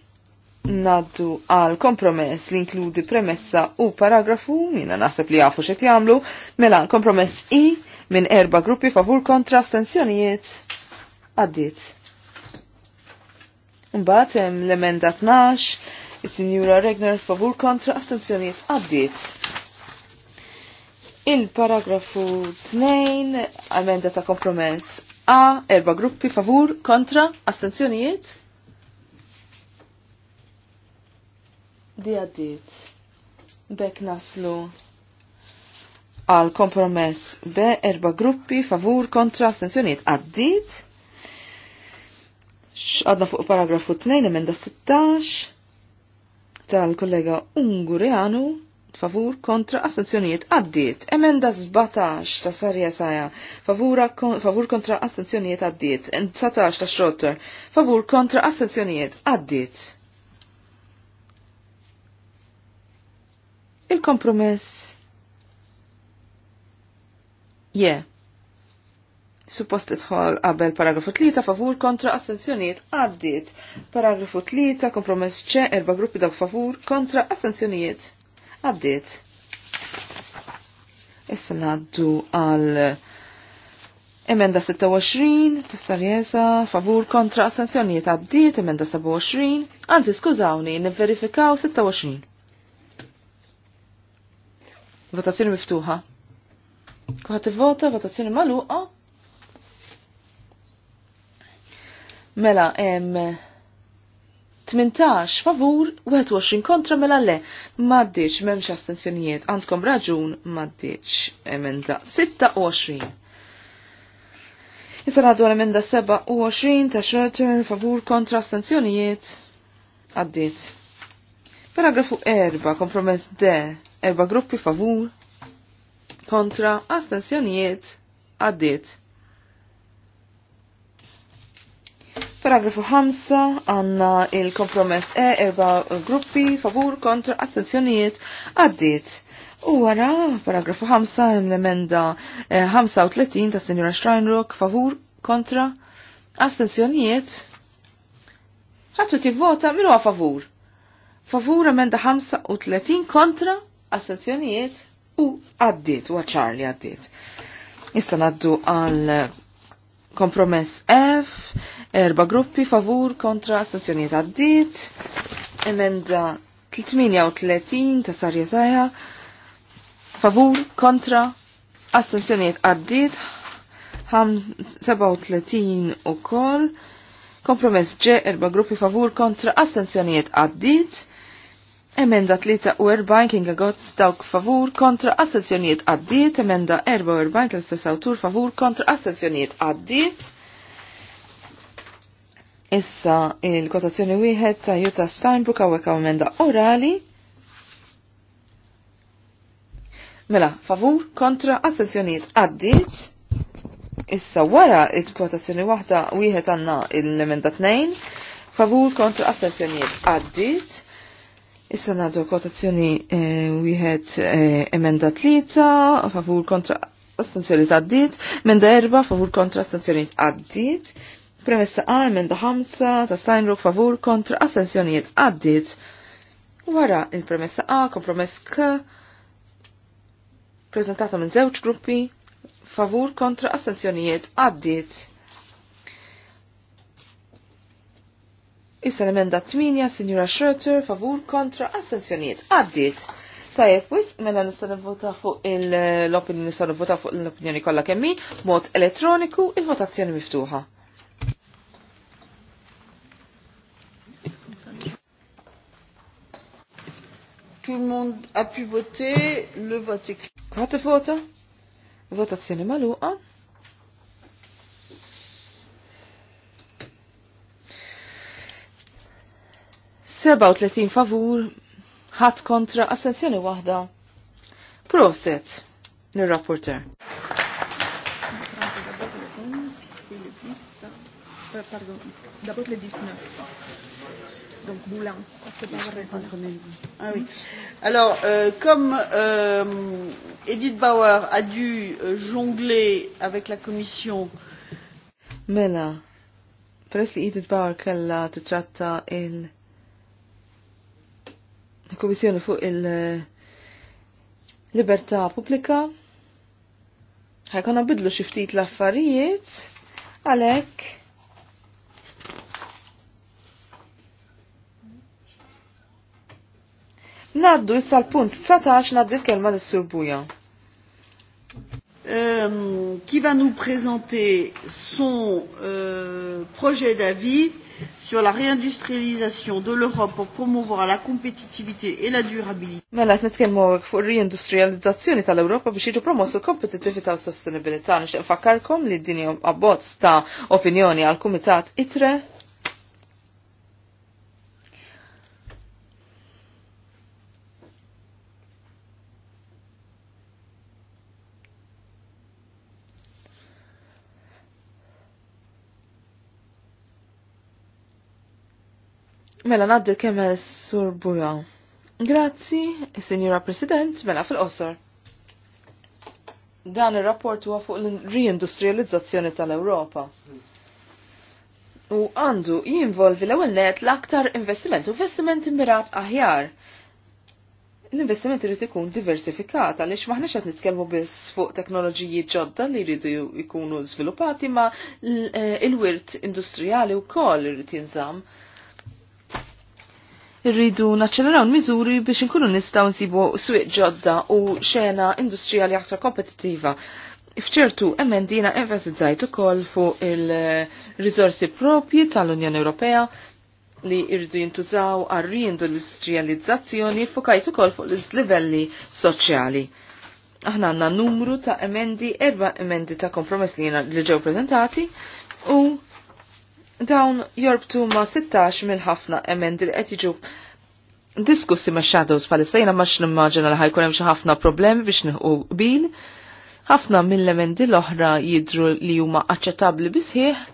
naddu għal kompromess li inkludi premessa u paragrafu, minna nasab li għafu xet jamlu, mela kompromess i minn erba gruppi favur kontra stenzjonijiet għaddit. Mbagħad hemm l-emenda 12, is-Sinjura Regner favur kontra astenzjonijiet għaddiet. Il-paragrafu 2, emenda ta' kompromess A, erba gruppi favur kontra astenzjonijiet. Di għaddiet. Bek naslu għal kompromess B, erba gruppi favur kontra astenzjonijiet għaddiet. Għadna fuq paragrafu 2 emenda 16 tal-kollega Ungureanu favur kontra astenzjonijiet għaddiet. Emenda 17 ta' Sarja Saja favura, kon, favur kontra astenzjonijiet għaddiet. 19 ta' Schrotter favur kontra astenzjonijiet għaddiet. Il-kompromess. Yeah suppost idħol qabel paragrafu 3 favur kontra astenzjonijiet għaddit. Paragrafu 3 kompromess ċe erba gruppi dawk favur kontra astenzjonijiet għaddit. Issa naddu għal emenda 26 ta' sarjeza favur kontra astenzjonijiet għaddiet emenda 27 anzi skużawni nivverifikaw 26. Votazzjoni miftuħa. Kuħat vota, votazzjoni maluqa, Mela, em, 18 favur, 21 kontra mela le, maddiċ memx astenzjonijiet, għandkom raġun maddiċ emenda 26. Issa għaddu għal emenda 27 ta' xerter favur kontra astensjonijiet, għaddit. Paragrafu 4, kompromess D, 4 gruppi favur, kontra astensjonijiet għaddit. Paragrafu 5 għanna il-kompromess E erba gruppi favur kontra astenzjonijiet għaddit. U għara, paragrafu 5 hemm l-emenda 35 eh, ta' Senjora Steinrock favur kontra astenzjonijiet. ti tivvota minu għa favur. Favur emenda 35 kontra astenzjonijiet u għaddit, u għacħar li għaddit. Issa naddu għal Kompromess F, erba gruppi favur kontra stazzjoniet għaddit, emenda 338 ta' Sarja zaħja, favur kontra astensjoniet għaddit, 37 u koll, kompromess G, erba gruppi favur kontra astensjoniet għaddit, Emenda 43 kien għagot dawk favur kontra assezzjoniet għaddiet. Emenda 44 kien istess autur, favur kontra assezzjoniet għaddiet. Issa il-kotazzjoni wieħed ta' Jutta Steinbrook għawek għaw emenda orali. Mela, favur kontra assezzjoniet għaddiet. Issa wara il-kwotazzjoni waħda wieħed għandna l-emenda 2 favur kontra assezzjoniet għaddiet Issa nadu kotazzjoni eh, wieħed eh, emenda tlieta favur kontra astenzjoniet għaddit, emenda erba favur kontra astenzjoniet għaddit, premessa A emenda ħamsa ta' Steinruck favur kontra astenzjoniet għaddit. Wara il-premessa A kompromess K prezentata minn żewġ gruppi favur kontra astenzjonijiet għaddit. Issa l-emenda 8, Signora Schroeter, favur kontra assenzjoniet. Għaddit. Tajep, wis, mela nista' nivvota fuq l-opinjoni nistan vota fuq l-opinjoni kollha kemm mod elettroniku, il-votazzjoni miftuħa. Tout le monde a pu voter, le vote est clos. Votazzjoni maluqa. 37 favur, ħat kontra assenzjoni wahda. Proset, nir-rapporter. Alors, euh, comme euh, Edith Bauer a dû euh, jongler avec la commission. Mela, peress Edith Bauer qu'elle a titratta elle il-Komissjoni fuq il-Libertà eh, Pubblika ħajkonna bidlu xiftit l-affarijiet għalek Naddu issa l-punt 19 naddi l-kelma l-surbuja. Euh, qui va nous présenter son euh, projet d'avis euh, sur la réindustrialisation de l'Europe pour promouvoir la compétitivité et la durabilité. Mela qed nitkellmu fuq reindustrializzazzjoni tal europa biex jiġu promossu kompetitivita u sostenibilità. Nix nfakkarkom li d din abbozz ta' opinjoni għal Kumitat ITRE Mela naddi kemm sur Buja. Grazzi, Signora President, mela fil-qosor. Dan ir-rapport huwa fuq l-reindustrializzazzjoni tal-Ewropa. U għandu jinvolvi l-ewwel net l-aktar investiment, investiment mirat aħjar. L-investiment irid ikun diversifikat għaliex maħniex qed nitkellmu biss fuq teknoloġiji ġodda li jridu jkunu żviluppati ma eh, l-wirt industrijali wkoll irid jinżamm irridu naċċeleraw l-miżuri biex inkunu nistgħu nsibu swieq ġodda u xena industrijali aktar kompetittiva. Fċertu emendina enfasizzajt ukoll fuq il rizorsi propji tal-Unjoni Ewropea li irridu jintużaw għal riindustrializzazzjoni fukajt ukoll fuq l-livelli soċjali. Aħna għandna numru ta' emendi, erba' emendi ta' kompromess li jena li ġew prezentati u Dawn jorbtu ma 16 minn ħafna emendi li qed jiġu diskussi ma' shadows palissa ma max li ħajkun hemm xi ħafna problemi biex nilħu qbil. Ħafna mill-emendi l-oħra jidru li huma aċċettabbli bisħieħ.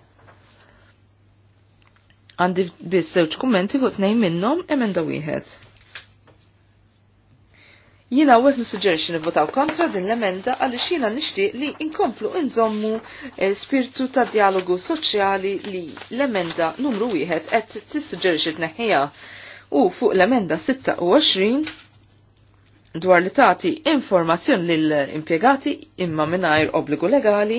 Għandi biss żewġ kummenti fuq tnejn minnhom emenda wieħed. Jina u nissuġġerixi nivvotaw kontra din l-emenda għaliex jiena nixtieq li inkomplu inżommu eh, spiritu ta' dialogu soċjali li l-emenda numru wieħed qed tissuġġerix tneħħija. U fuq l-emenda 26 dwar li tagħti informazzjoni lill impjegati imma mingħajr obbligu legali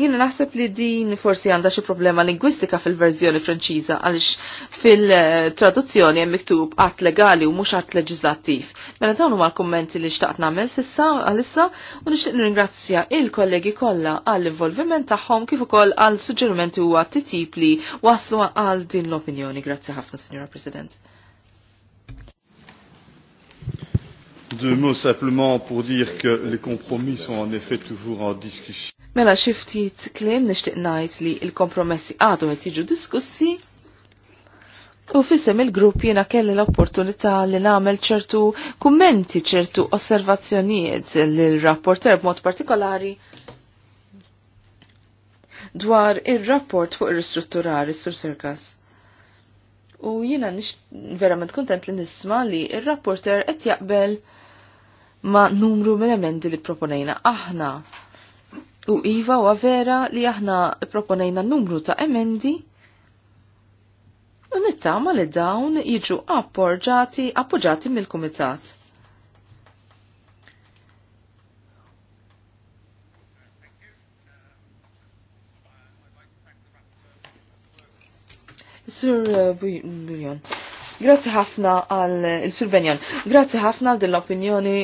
Jina naħseb li din forsi għandha xi problema lingwistika fil-verżjoni Franċiża għaliex fil-traduzzjoni hemm miktub att legali u mhux att leġislattiv. Mela dawn huma l-kummenti li xtaqt nagħmel sissa għalissa u nixtieq nirringrazzja il-kollegi kollha għall-involviment tagħhom kif ukoll għall suġġerimenti u għat titip li waslu għal din l-opinjoni. Grazzi ħafna, Sinjora President. Deux mots simplement pour dire que les compromis sont en effet toujours en discussion. Mela xi ftit kliem nixtieq ngħid li l-kompromessi għadhom qed jiġu diskussi u fissem il-grupp jena kelli l-opportunità li nagħmel ċertu kummenti, ċertu osservazzjonijiet l rapporter b'mod partikolari dwar ir-rapport fuq ir-ristrutturari sur Serkas u jena nix verament kontent li nisma li il-rapporter qed jaqbel ma' numru mill-emendi li proponejna aħna. U Iva u vera li aħna proponejna numru ta' emendi u nittama li dawn jiġu appoġġati appoġġati mill-Kumitat. Sir uh, Bujon, Grazzi ħafna għal il-Surbenjan. Grazzi ħafna għal din l-opinjoni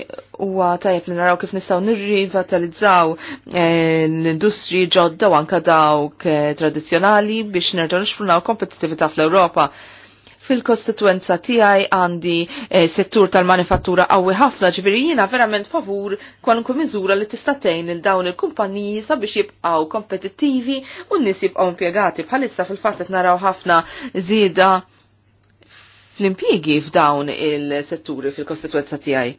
u tajjeb li naraw kif nistgħu nirrivatalizzaw eh, l-industri ġodda u anka dawk eh, tradizzjonali biex nerġaw nixfrunaw kompetitivita fl-Ewropa fil-kostituenza tiegħi għandi eh, settur tal-manifattura qawwi ħafna ġifieri jiena verament favur kwalunkwe miżura li tista' tgħin il dawn il-kumpaniji sabiex jibqgħu kompetittivi u nis jibqaw jibqgħu impjegati bħalissa fil-fatt qed naraw ħafna zida fl-impjiegi f'dawn il-setturi fil-kostituenza tiegħi.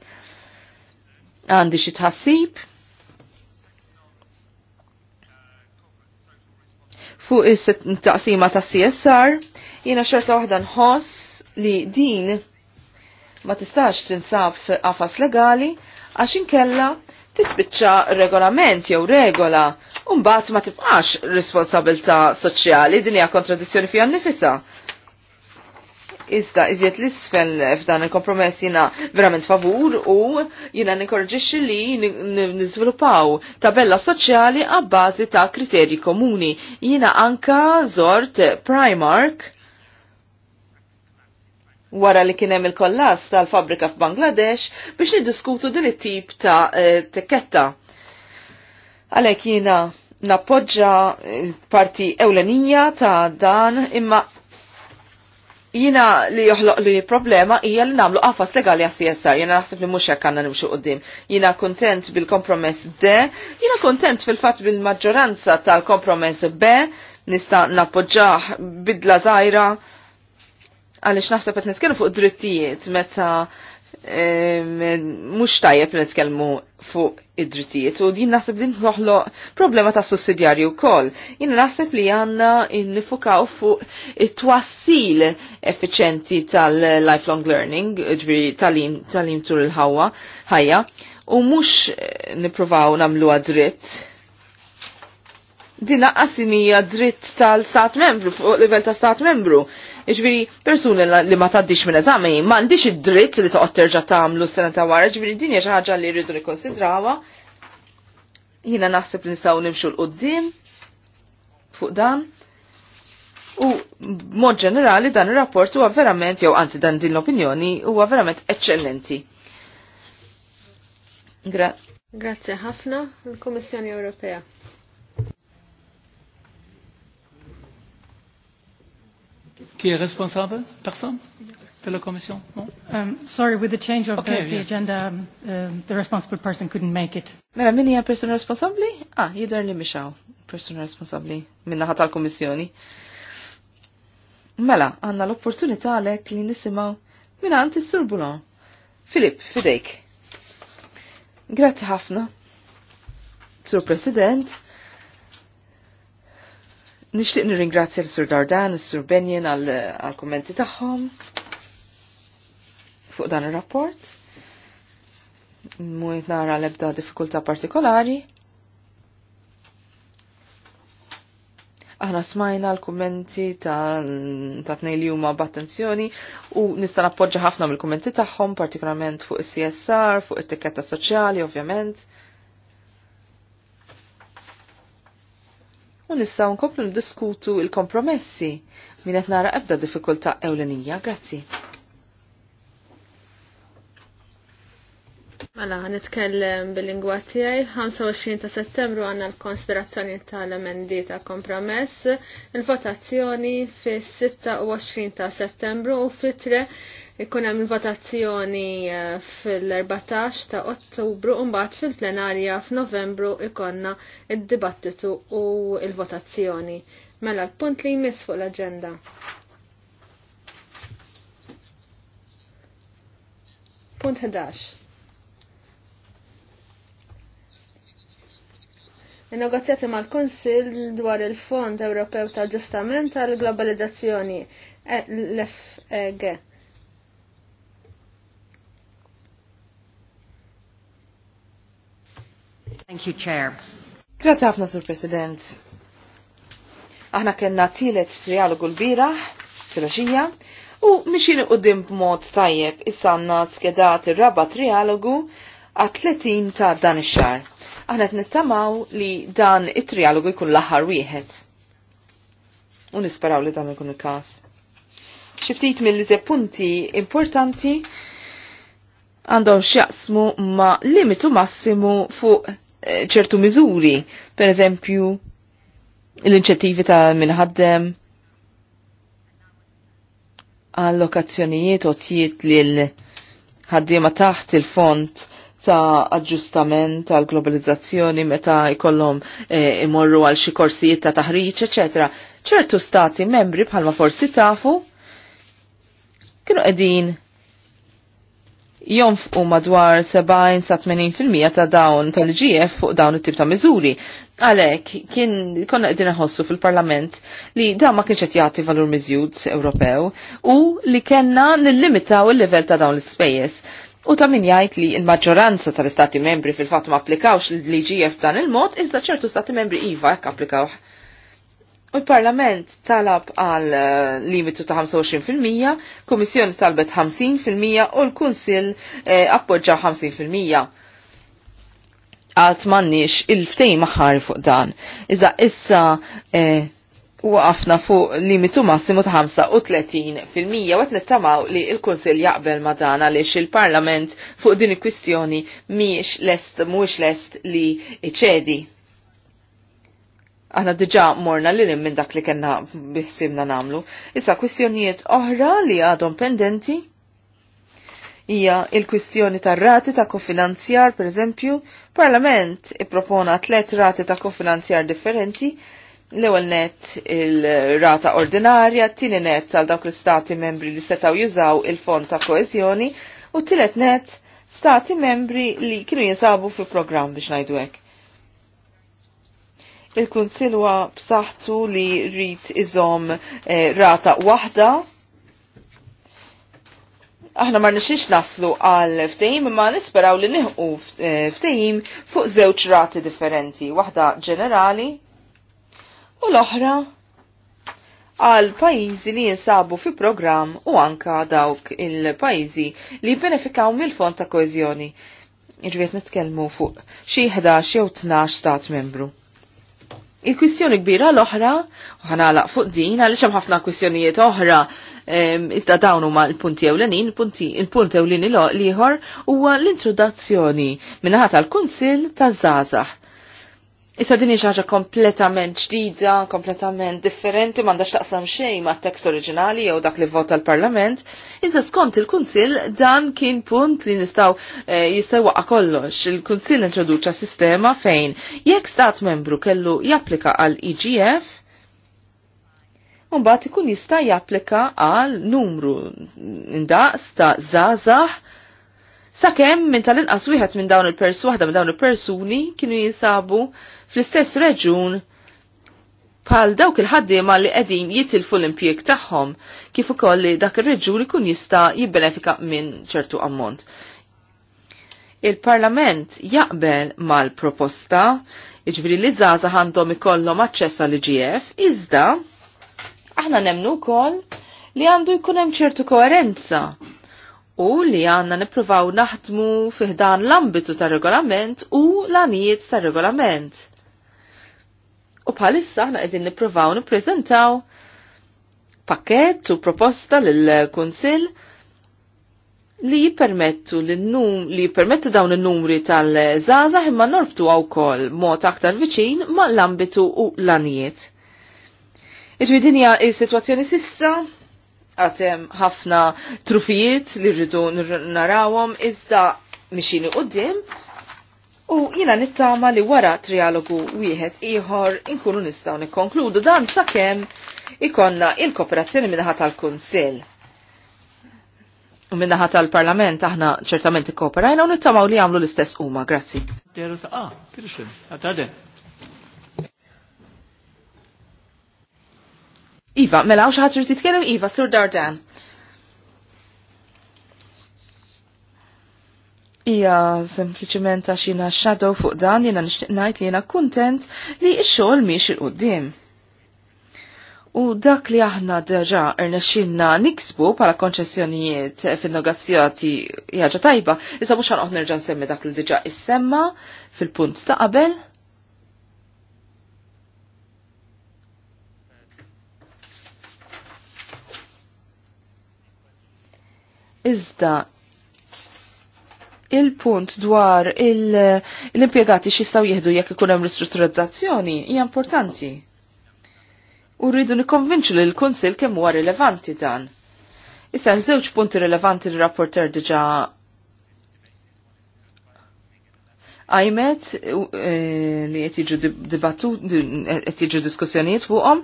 Għandi xi tħassib fuq is-taqsima tas CSR, jiena xorta waħda nħoss li din ma tistax tinsab f'qafas legali għax inkella tispiċċa regolament jew regola u mbagħad ma tibqax responsabilità soċjali din hija kontradizzjoni fiha nnifisha iżda iżjed l-isfel f'dan il-kompromess jina verament favur u jina nikorġiċi li nizvilupaw tabella soċjali għabbażi ta' kriterji komuni. Jina anka zort Primark wara li kienem il-kollas tal-fabrika f'Bangladesh biex nidiskutu din it-tip ta' eh, tekketta. Għalek jina nappoġġa eh, parti ewlenija ta' dan imma jina li joħloq li problema hija li namlu qafas legali għas CSR, jina naħseb li mhux hekk għandna nimxu qudiem. Jina kontent bil-kompromess D, jina kontent fil-fatt bil-maġġoranza tal-kompromess B, nista' nappoġġah bidla żgħira għaliex naħseb qed nitkellmu fuq drittijiet meta mhux tajjeb nitkellmu fuq id-drittijiet u din naħseb din noħlo problema ta' sussidjarju kol. Jina naħseb li għanna nifukaw fuq it-twassil effiċenti tal-lifelong learning, ġviri tal-im tal tur il-ħawa, ħajja, u mux niprovaw namlu għadritt. Din naqqas dritt tal-stat membru, fuq livell ta' stat membru. Ġviri, persuni li ma taddix minn eżami, ma għandix id-dritt li toqgħod terġa' tagħmlu s-sena ta' wara, ġviri din hija xi ħaġa li rridu nikkonsidrawha. Jiena naħseb li nistgħu nimxu l-qudiem fuq dan. U mod ġenerali dan ir-rapport huwa verament jew anzi dan din l-opinjoni huwa verament eċċellenti. Grazie. Grazie ħafna l-Kummissjoni Ewropea. Qui est responsable Personne de la commission no? um, Sorry, with the change of okay, the, yes. the agenda, um, uh, the responsible person couldn't make it. Mela, minni għan persona responsabbli? Ah, jidher li mishaw, persona responsabbli minna ħadd tal-Kummissjoni. Mela, għanna l opportunita għalek li nisimgħu minna għand is-Sur Filip, fidejk. Grazie ħafna. Sur President, Nishtiq nirringrazzja l-Sur Dardan, l-Sur Benjen għal-kommenti tagħhom fuq dan ir-rapport. Mwiet nara l-ebda diffikulta partikolari. Aħna smajna l-kummenti ta' tnej li huma b'attenzjoni u nista' nappoġġa ħafna mill kommenti tagħhom, partikolarment fuq is-CSR, fuq it-tikketta soċjali, ovvjament. u nistgħu nkomplu ndiskutu il-kompromessi min qed nara ebda diffikultà ewlenija. Grazzi. Mela, nitkellem bil-lingwa tiegħi, 25 ta' settembru għandna l-konsiderazzjoni tal-emendi ta' kompromess, il-votazzjoni fis-26 ta' settembru u fitre Ikkun hemm votazzjoni eh, fil-14 ta' Ottubru u mbagħad fil-plenarja f'Novembru ikonna id-dibattitu u l-votazzjoni. Mela l-punt li jmiss fuq l-aġenda. Punt 11. Il-negozjati mal-Konsil dwar il-Fond Ewropew tal-Ġustament tal-Globalizzazzjoni l-FEG. Thank you, Chair. Grazie ħafna, Sur President. Aħna kena tielet trialogu l-bira, filoxija, u mixin qoddim b'mod tajjeb issanna skedat ir-raba trialogu għat tletin ta' dan ix-xar. Aħna qed nittamaw li dan it-trialogu jkun l-aħħar wieħed. U nisperaw li dan ikun il-każ. Xi ftit mill punti importanti għandhom xjaqsmu ma limitu massimu fuq ċertu miżuri, per eżempju l-inċettivi ta' minħaddem allokazzjonijiet u tjiet li l-ħaddiema taħt il-font ta' aġġustament tal globalizzazzjoni meta jkollhom eh, imorru għal xi korsijiet ta' taħriġ, eċetera. ċertu stati membri bħalma forsi tafu kienu qegħdin u madwar 70 sa 80% ta' dawn tal-GF fuq dawn it-tip ta' miżuri. Għalek, kien konna qegħdin ħossu fil-Parlament li da ma kienx qed jagħti valur miżjud Ewropew u li kellna nillimitaw il-livell ta' dawn l-ispejjeż. U ta' min jgħid li l-maġġoranza tal-istati membri fil-fatt ma applikawx l-GF dan il-mod, iżda ċertu stati membri iva jekk applikawh U l-Parlament talab għal eh, limitu ta' 25%, Kummissjoni talbet 50% u l-Kunsil eh, appoġġa 50%. Għalt mannix il-ftej maħar fuq dan. Iżda issa eh, waqafna fuq limitu massimu ta' 35% u għet nittamaw li il-Kunsil jaqbel ma dan għaliex il-Parlament fuq din il-kwistjoni miex lest, mux lest li iċedi. Aħna diġa morna li minn dak li kena biħsibna namlu. Issa kwistjonijiet oħra li għadhom pendenti hija il-kwistjoni tar rati ta' kofinanzjar, per eżempju, Parlament ippropona tlet rati ta' kofinanzjar differenti, l-ewwel net il-rata ordinarja, t-tieni net għal dawk l-istati membri li setaw jużaw il-fond ta' koezjoni u t-tielet net stati membri li kienu jinsabu fil programm biex ngħidu il-Kunsilwa b'saħħtu li rrit iżom eh, rata waħda. Aħna ma xiex naslu għal ftehim ma nisperaw li nieħu eh, ftehim fuq żewġ rati differenti, waħda ġenerali u l-oħra għal pajizi li jinsabu fi program u anka dawk il-pajizi li benefikaw mill-fond ta' koezjoni. Irviet nitkellmu fuq xi 11 jew 12 stat membru. Il-kwistjoni kbira l-oħra, u ħanalaq fuq din, għaliex hemm ħafna kwistjonijiet oħra iżda dawn huma l-punti ewlenin, il punti ewlenin l-ieħor huwa l-introdazzjoni minnaħat għal kunsill taż-żgħażagħ Issa din hija ħaġa kompletament ġdida, kompletament differenti, m'għandhax taqsam xejn mat-tekst oriġinali jew dak li vota l-Parlament, iżda skont il-Kunsill dan kien punt li nistgħu e, eh, kollox. Il-Kunsill introduċa sistema fejn jekk stat membru kellu japplika għal IGF, e Mbagħad ikun jista' japplika għal numru indaqs ta' żgħażagħ sakemm minn tal-inqas wieħed minn dawn il-pers waħda minn dawn il-persuni kienu jinsabu fl-istess reġun bħal dawk il-ħaddiema li qegħdin jitilfu l-impjieg tagħhom kif ukoll li dak ir-reġun ikun jista' jibbenefika minn ċertu ammont. Il-Parlament jaqbel mal-proposta iġbri li zaza għandhom ikollhom aċċess għal igf iżda aħna nemnu kol li għandu jkun hemm ċertu koerenza u li għanna nipruvaw naħdmu fiħdan l-ambitu tar regolament u l-anijiet tar regolament U bħalissa aħna qegħdin nippruvaw nippreżentaw pakket u proposta lill-Kunsill li jipermettu l-num li jipermettu dawn il-numri tal żgħażagħ imma norbtu għaw kol mod aktar viċin ma l-ambitu u l-anijiet. Iġvi dinja il-situazzjoni sissa għatem ħafna trufijiet li rridu narawom iżda mixini qoddim U jina nittama li wara trialogu wieħed ieħor inkunu nistgħu nikkonkludu dan sakemm ikonna il-kooperazzjoni minnaħat tal-Kunsill. U minnaħat tal-Parlament aħna ċertament ikkooperajna u nittamaw li jagħmlu l-istess huma, grazzi. Ah, iva, mela għax ħatri titkellem Iva, Sur Dardan. hija sempliciment għax jiena shadow fuq dan jiena nixtieq ngħid li jiena kuntent li x-xogħol miex il qudiem U dak li aħna deġa rnexxinna niksbu bħala konċessjonijiet fin-negozjati jaġa' tajba, jisa mhux ħanoqgħod nerġa' nsemmi dak li diġà issemma fil-punt ta' qabel. Iżda il-punt dwar l-impiegati xistaw jihdu jekk ikun hemm ristrutturizzazzjoni hija importanti. U rridu nikkonvinċu li l-Kunsil kemm huwa rilevanti dan. Issa żewġ punti rilevanti li rapporter diġà għajmet e, li qed jiġu diskussjonijiet fuqhom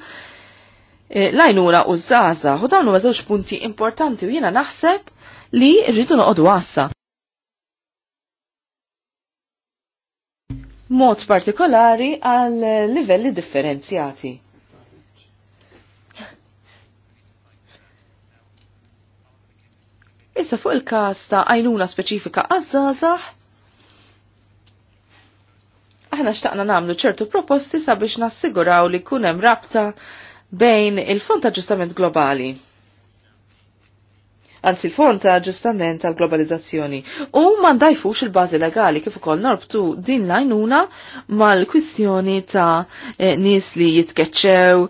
e, lajnuna u żgħażagħ u dawn huwa żewġ punti importanti u jiena naħseb li rridu noqogħdu għassa. mod partikolari għal livelli differenzjati. Issa fuq il-kas ta' għajnuna speċifika għazzazax, aħna xtaqna namlu ċertu proposti sabiex nassiguraw li kunem rabta bejn il-Fond ta' Ġustament Globali anzi l-fond ta' ġustament tal-globalizzazzjoni. U ma il-bażi legali kif ukoll norbtu din lajnuna mal-kwistjoni ta' eh, nies li jitkeċċew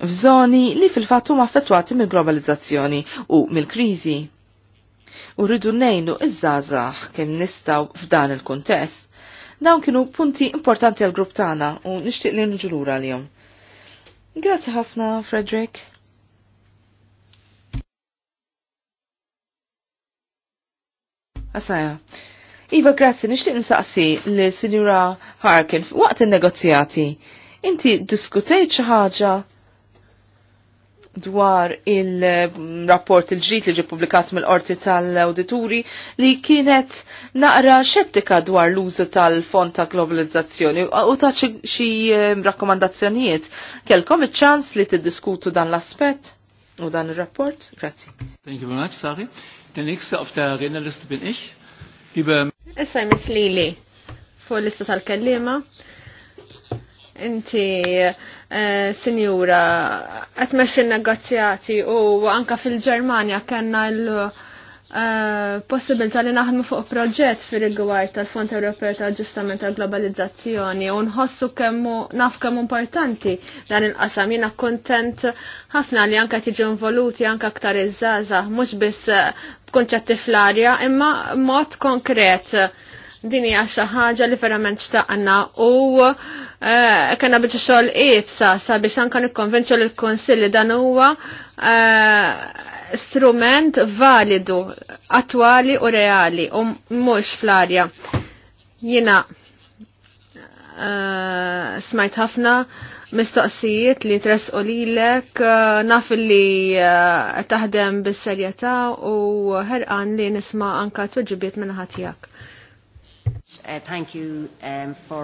f'żoni li fil-fatt huma affettwati mill-globalizzazzjoni u mill-kriżi. U rridu nejnu iż-żazax kemm nistgħu f'dan il-kuntest. Dawn kienu punti importanti għal grupp tagħna u nixtieq li nġulura l-jom. Grazzi ħafna, Frederick. Asaja. Iva, grazzi, nishtiq nsaqsi li Sinjura Harkin waqt il-negozjati. Inti diskutejt xi ħaġa dwar il-rapport il-ġit li ġi publikat mill-qorti tal audituri li kienet naqra xettika dwar l-użu tal-fond ta' globalizzazzjoni u ta' xi rakkomandazzjonijiet. Kelkom iċ-ċans li tiddiskutu dan l-aspett u dan ir rapport Grazzi. Thank you very much, Sari. Der nächste auf der Rednerliste bin ich. Liebe Issa miss Lili, fuq lista tal-kellima. Inti uh, sinjura, għatmex il-negozjati u anka fil-Germania kena l- Eh, possibilità li naħdmu fuq proġett fir rigward tal-Fond Ewropew ta' Aġġustament tal Globalizzazzjoni u nħossu kemmu naf kemm importanti dan il-qasam. Jiena kontent ħafna li anke tiġi involuti anke aktar iż żaża mhux biss eh, b'kunċetti fl-arja imma mod konkret din hija xi ħaġa li verament xtaqna u eh, kena biċi xogħol ibsa sabiex anke nikkonvinċu lill-Kunsill li dan huwa strument validu, attwali u reali, u mux fl-arja. Jina uh, smajt ħafna mistoqsijiet li tres u lilek, uh, naf li uh, taħdem bis-serjetà u herqan li nisma anka tuġibiet minn ħatijak. Uh, thank you um, for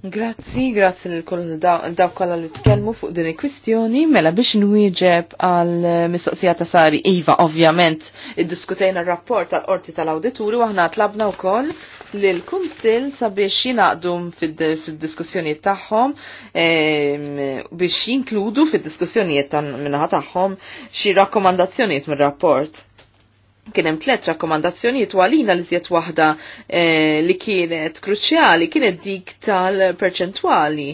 Grazzi, grazzi l dawk kolla li tkellmu fuq din il-kwistjoni, mela biex nwieġeb għal mistoqsija ta' Sari Iva, ovvjament, iddiskutejna r-rapport tal qorti tal-awdituri u aħna tlabna wkoll koll l-Kunsil sabiex jinaqdu fid-diskussjonijiet tagħhom biex jinkludu fid-diskussjonijiet taħħom tagħhom xi rakkomandazzjonijiet mir-rapport kienem tlet rakkomandazzjonijiet u għalina li zjed waħda eh, li kienet kruċjali kienet dik tal-perċentwali.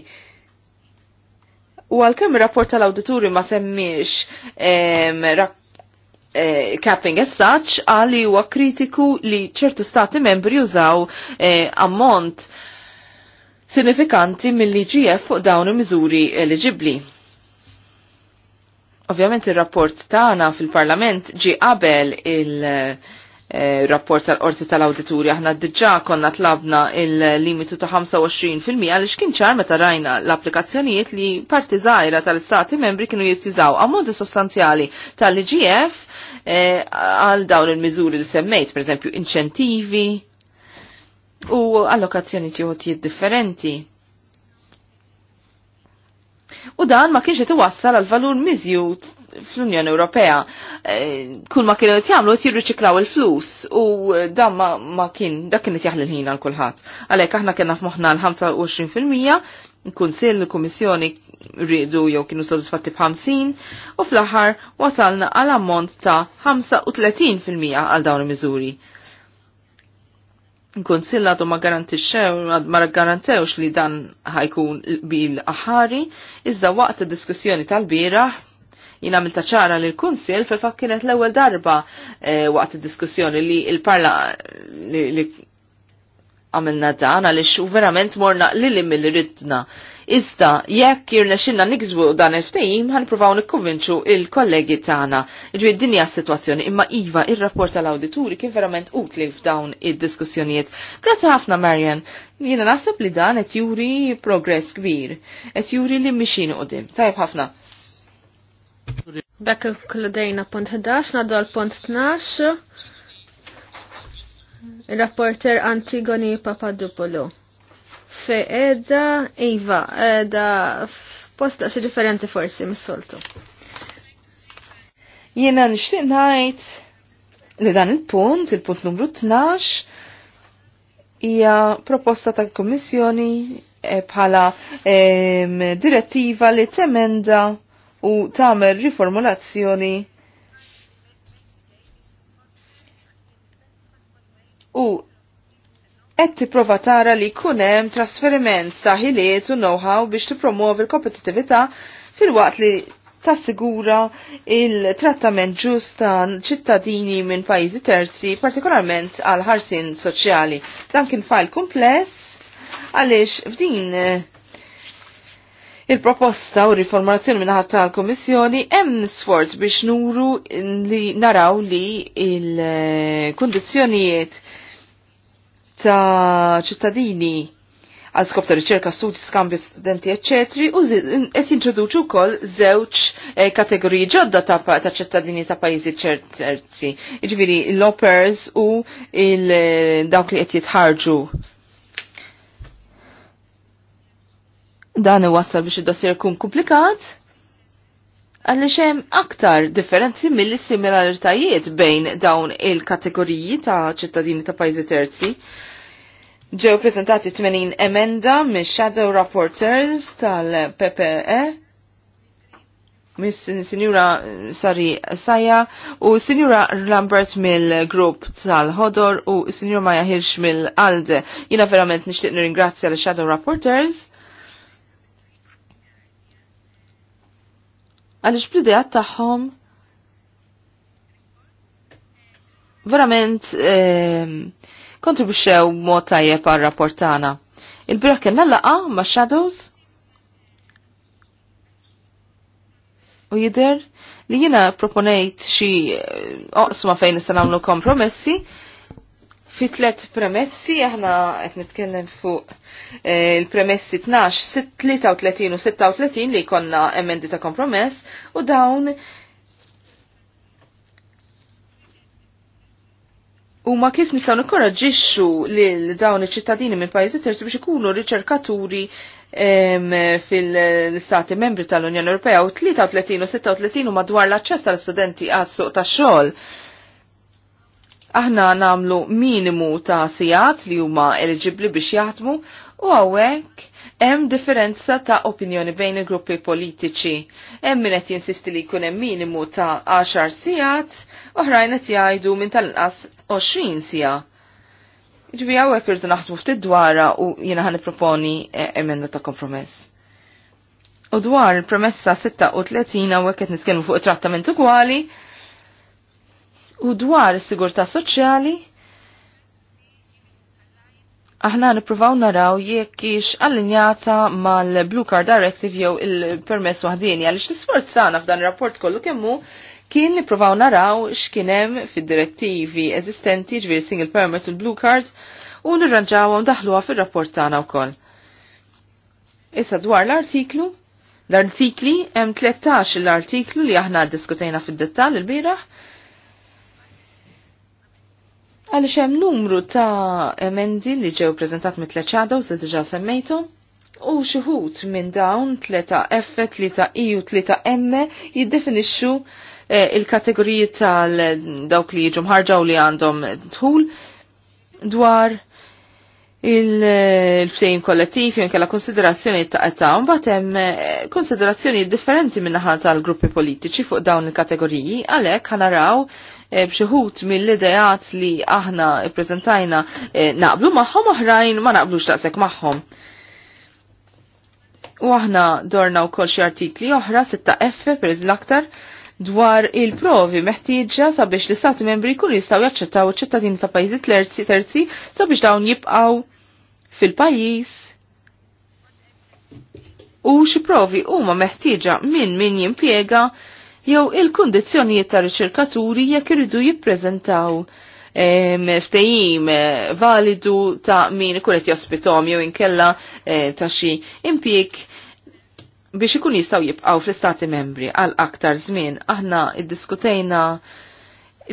U għal-kem rapport tal auditori ma semmix eh, capping as such għali huwa kritiku li ċertu stati membri jużaw eh, ammont sinifikanti mill-li fuq dawn il-miżuri eligibli Ovvjament il-rapport tagħna fil-Parlament ġi qabel il- eh, rapport tal-qorti tal-awditurja aħna diġà konna tlabna il-limitu ta' 25% għaliex kien ċar meta rajna l-applikazzjonijiet li parti żgħira tal-istati membri kienu jittużaw ammonti sostanzjali tal-IGF eh, għal dawn il-miżuri li semmejt, pereżempju inċentivi u allokazzjoni ġieħod differenti. U dan ma kienx qed iwassal għal valur miżjud fl-Unjoni Ewropea. Eh, kull ma kienu jagħmlu qed jirriċiklaw il-flus u eh, dan ma, ma kien dak kien qed jaħli l-ħin għal kulħadd. Għalhekk aħna kellna f'moħħna l-25 kunsil l-Kummissjoni rridu jew kienu sodisfatti b'50 u fl-aħħar wasalna għal ammont ta' 35% għal dawn il-miżuri. Nkunsill għadu ma garantixxew, ma garantewx li dan ħajkun bil aħari, iżda waqt id-diskussjoni tal-biraħ jina għamil ċara li l-Kunsil fil kienet l-ewel darba eh, waqt id-diskussjoni li il-parla li għamilna dan għaliex u verament morna lili mill ridna. Iżda jekk jirna xinna nikzbu dan il-ftejim provaw nikkuvinċu il-kollegi tagħna. Ġwi dinja s-sitwazzjoni imma iva ir-rapport tal-awdituri kien verament utli f'dawn id-diskussjonijiet. Grazzi ħafna Marian, jiena naħseb li dan qed juri progress kbir, Et juri li u dim. Tajb ħafna. Bekk il pont punt 11, nadol pont 12 il-rapporter Antigoni Papadopoulou. Fe edha, Iva, edha posta xi differenti forsi mis-soltu. Jiena nixtieq ngħid li dan il-punt, il-punt numru 12, hija proposta tal-Kummissjoni eh, bħala ehm, direttiva li temenda u tagħmel riformulazzjoni u qed tipprova tara li jkun hemm trasferiment ta' ħiliet u know-how biex tippromovi l-kompetittività fil-waqt li tassigura il-trattament ġust ta' ċittadini minn pajjiżi terzi, partikolarment għal ħarsin soċjali. Dan kien fajl kumpless għaliex f'din eh, il-proposta u riformazzjoni minn ħadd tal-Kummissjoni hemm sforz biex nuru li naraw li il-kundizzjonijiet eh, ta' ċittadini għal skop ta' riċerka, studi, skambja studenti, eccetri, u qed jintroduċu wkoll żewġ eh, kategoriji ġodda ta' ċittadini ta' pajjiżi ċerzi. Jiġifieri l-opers u eh, dawk li qed jitħarġu. Dan iwassal biex id-dossier jkun komplikat, għaliex hemm aktar differenzi mill-similaritajiet bejn dawn il-kategoriji ta' ċittadini ta' pajzi terzi. Ġew prezentati 80 emenda minn Shadow Rapporteurs tal-PPE, minn Sinjura Sari Saja u Sinjura Lambert mill-grupp tal-Hodor u Sinjura Maja Hirsch mill-Alde. Jina verament nixtieq nirringrazzja l-Shadow Rapporteurs għaliex bl-idejat tagħhom verament ehm, kontribuxew mod tajjeb għal rapport tagħna. Il-bira kien nalaqa ma' Shadows u jidher li jiena proponejt xi eh, oqsma fejn nista' nagħmlu kompromessi Fi tlet premessi, aħna qed nitkellem fuq eh, il-premessi 12, 33 u 36 li konna emendi ta' kompromess u dawn U ma kif nistaw nikkoraġixxu lil dawn iċ-ċittadini minn pajjiżi terzi biex ikunu riċerkaturi fil-stati membri tal-Unjoni Ewropea u 33 u 36 madwar l-aċċess tal-studenti għad suq tax-xogħol Aħna namlu minimu ta' sijat li huma eligibli biex jaħdmu u għawek hemm differenza ta' opinjoni bejn il-gruppi politiċi. Hemm min qed jinsisti li jkun hemm minimu ta' 10 sigħat, oħrajn qed jgħidu minn tal-inqas 20 sija. Ġbi hawnhekk irdu naħsbu ftit dwara u jiena ħan proponi eh, emenda ta' kompromess. U dwar il-premessa 36 hawnhekk qed nitkellmu fuq it-trattament ugwali, u dwar is-sigurtà soċjali aħna nippruvaw naraw jekk ix allinjata mal-Blue Card Directive jew il-permess waħdien, għaliex l-isforz tagħna f'dan ir-rapport kollu kemm hu kien nippruvaw naraw x'kienem fid-direttivi eżistenti ġviri single permit u blue card u nirranġawhom daħluha fir-rapport tagħna wkoll. Issa dwar l-artiklu, l-artikli hemm 13 l-artiklu li aħna diskutejna fid-dettall il-bieraħ għaliex hemm numru ta' emendi li ġew preżentat mit tleċadows li diġà semmejtu u xuħut minn dawn 3F, 3I u 3M jiddefinixxu eh, il-kategoriji tal-dawk li jiġu mħarġaw li għandhom tħul dwar il eh, ftejn kollettiv jew kella konsiderazzjoni ta' età, mbagħad hemm eh, konsiderazzjoni differenti min-naħa tal-gruppi politiċi fuq dawn il-kategoriji, għalhekk ħanaraw Eh, bxieħut mill-idejat li aħna prezentajna eh, naqblu maħħom oħrajn ma naqblux taqsek maħħom. U aħna dorna u kol artikli oħra 6F per l-aktar dwar il-provi meħtieġa sabiex li stati membri kun jistaw jaċċettaw ċittadini ta' pajjiżi terzi terzi sabiex dawn jibqaw fil-pajjiż. U xi provi huma meħtieġa minn min jimpiega min jew il-kundizzjonijiet ta' riċerkaturi jekk iridu jippreżentaw ftehim eh, validu ta' min ikun qed jospitom jew inkella eh, ta' xi impjieg biex ikun jistgħu jibqgħu fl-istati membri għal aktar żmien aħna iddiskutejna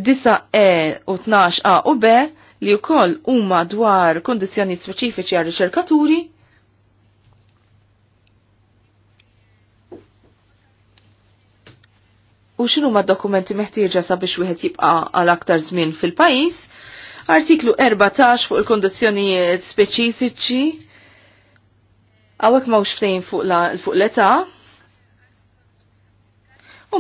disa E u 12 A u B li wkoll huma dwar kundizzjonijiet speċifiċi għal riċerkaturi u xinu ma dokumenti meħtieġa sabiex wieħed jibqa għal aktar żmien fil-pajjiż. Artiklu 14 fuq il-kondizzjonijiet speċifiċi Hawnhekk mawx ftejn fuq l-età.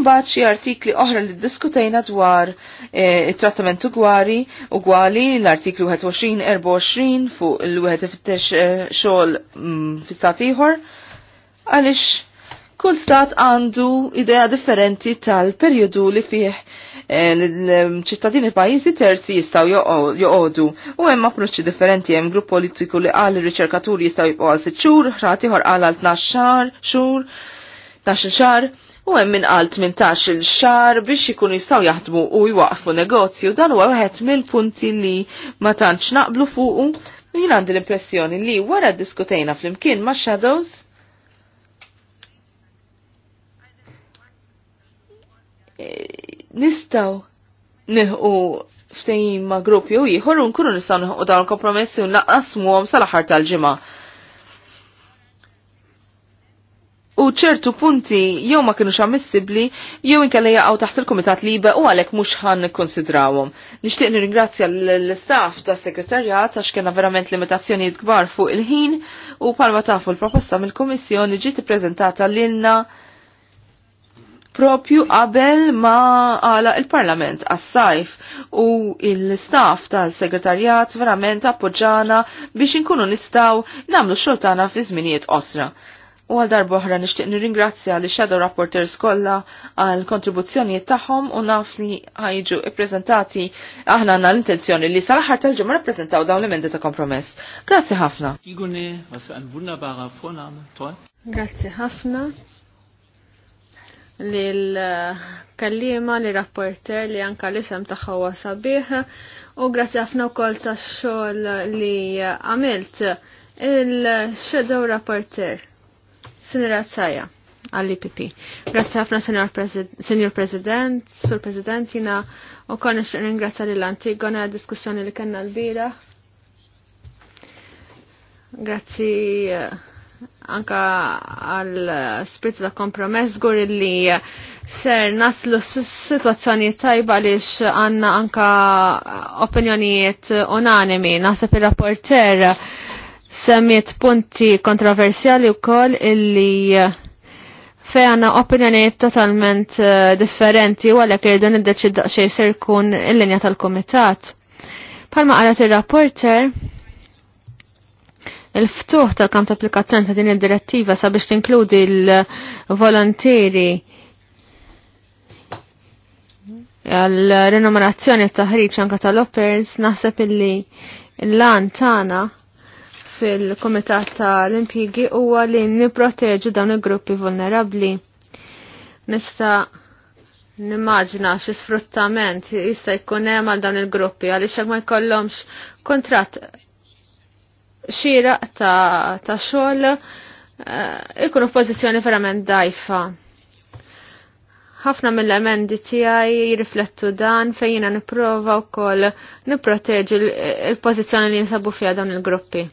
mbagħad xi artikli oħra li ddiskutejna dwar it eh, trattament ugwari, ugwali l-artiklu 21-24 fuq il wieħed ifittex eh, xogħol mm, fis-stat ieħor, għaliex kull stat għandu idea differenti tal-periodu li fih eh, ċittadini pajizi terzi jistaw joqodu. U hemm approċċi differenti hemm grupp politiku li qal ir-riċerkaturi jistaw jibqgħu għal sitt xhur, ħrati ħor qal għal 12 xahar, xhur, 12 xahar, u hemm min għal 18 il xar biex ikunu jistaw jaħdmu u jwaqfu negozju dan huwa wieħed mill-punti li ma tantx naqblu fuqu. jien għandi l-impressjoni li wara ddiskutejna fl-imkien ma' Shadows nistaw neħu ftejn ma' grupp jew ieħor nkunu nistgħu neħu dawn kompromessi u naqasmuhom sal-aħħar tal-ġimgħa. U ċertu punti jew ma kienux ammissibbli jew inkella jaqgħu taħt il-Kumitat Libe u għalhekk mhux ħan nikkonsidrawhom. Nixtieq nirringrazzja l-istaff tas-Sekretarjat għax kellna verament limitazzjonijiet kbar fuq il-ħin u palma tafu l-proposta mill-Kummissjoni ġiet ippreżentata lilna propju qabel ma għala il-Parlament għas-sajf u il-staff tal-segretarjat verament appoġġana biex inkunu nistaw namlu xoltana fi żminijiet osra. U għal darba oħra nixtieq nirringrazzja li Shadow Rapporters kollha għal kontribuzzjonijiet tagħhom u naf li ħajġu ippreżentati aħna għandna l-intenzjoni li sal-aħħar tal-ġimgħa rappreżentaw dawn l-emendi ta' kompromess. Grazzi ħafna. Grazzi ħafna lil kallima li rapporter li anka l-isem taħħawa sabiħ u grazzi għafna u kol tax-xol li għamilt il-shadow rapporter, Sinira Tsaja għall-IPP. Grazzi għafna Senior President, Sur President, jina u konna ringrazza li l-Antigona diskussjoni li kanna l-bira. Grazzi anka għal spiritu ta' kompromess gur li ser naslu situazzjoni tajba li għanna anka opinjonijiet unanimi. Nasib il-rapporter semmiet punti kontroversjali u koll illi fej għanna opinjonijiet totalment eh, differenti u għalek irridu niddeċid xej ser sirkun il-linja tal-komitat. Palma għalat il-rapporter, il-ftuħ tal-kamp ta' applikazzjoni ta' din id-direttiva sabiex tinkludi l-volontieri għal-renumerazzjoni taħriġ anka tal-oppers naħseb illi l-lan tagħna fil-Komitat tal-Impjigi huwa li nipproteġu dawn il-gruppi vulnerabbli. Nista' nimmaġina xi sfruttament jista' jkun hemm għal dawn il-gruppi għaliex hekk ma jkollhomx kontratt xira ta', ta xogħol eh, ikunu f'pożizzjoni verament dajfa. Ħafna mill-emendi tiegħi jirriflettu dan fejn nipprova wkoll nipproteġi l-pożizzjoni li jinsabu fiha dawn il-gruppi.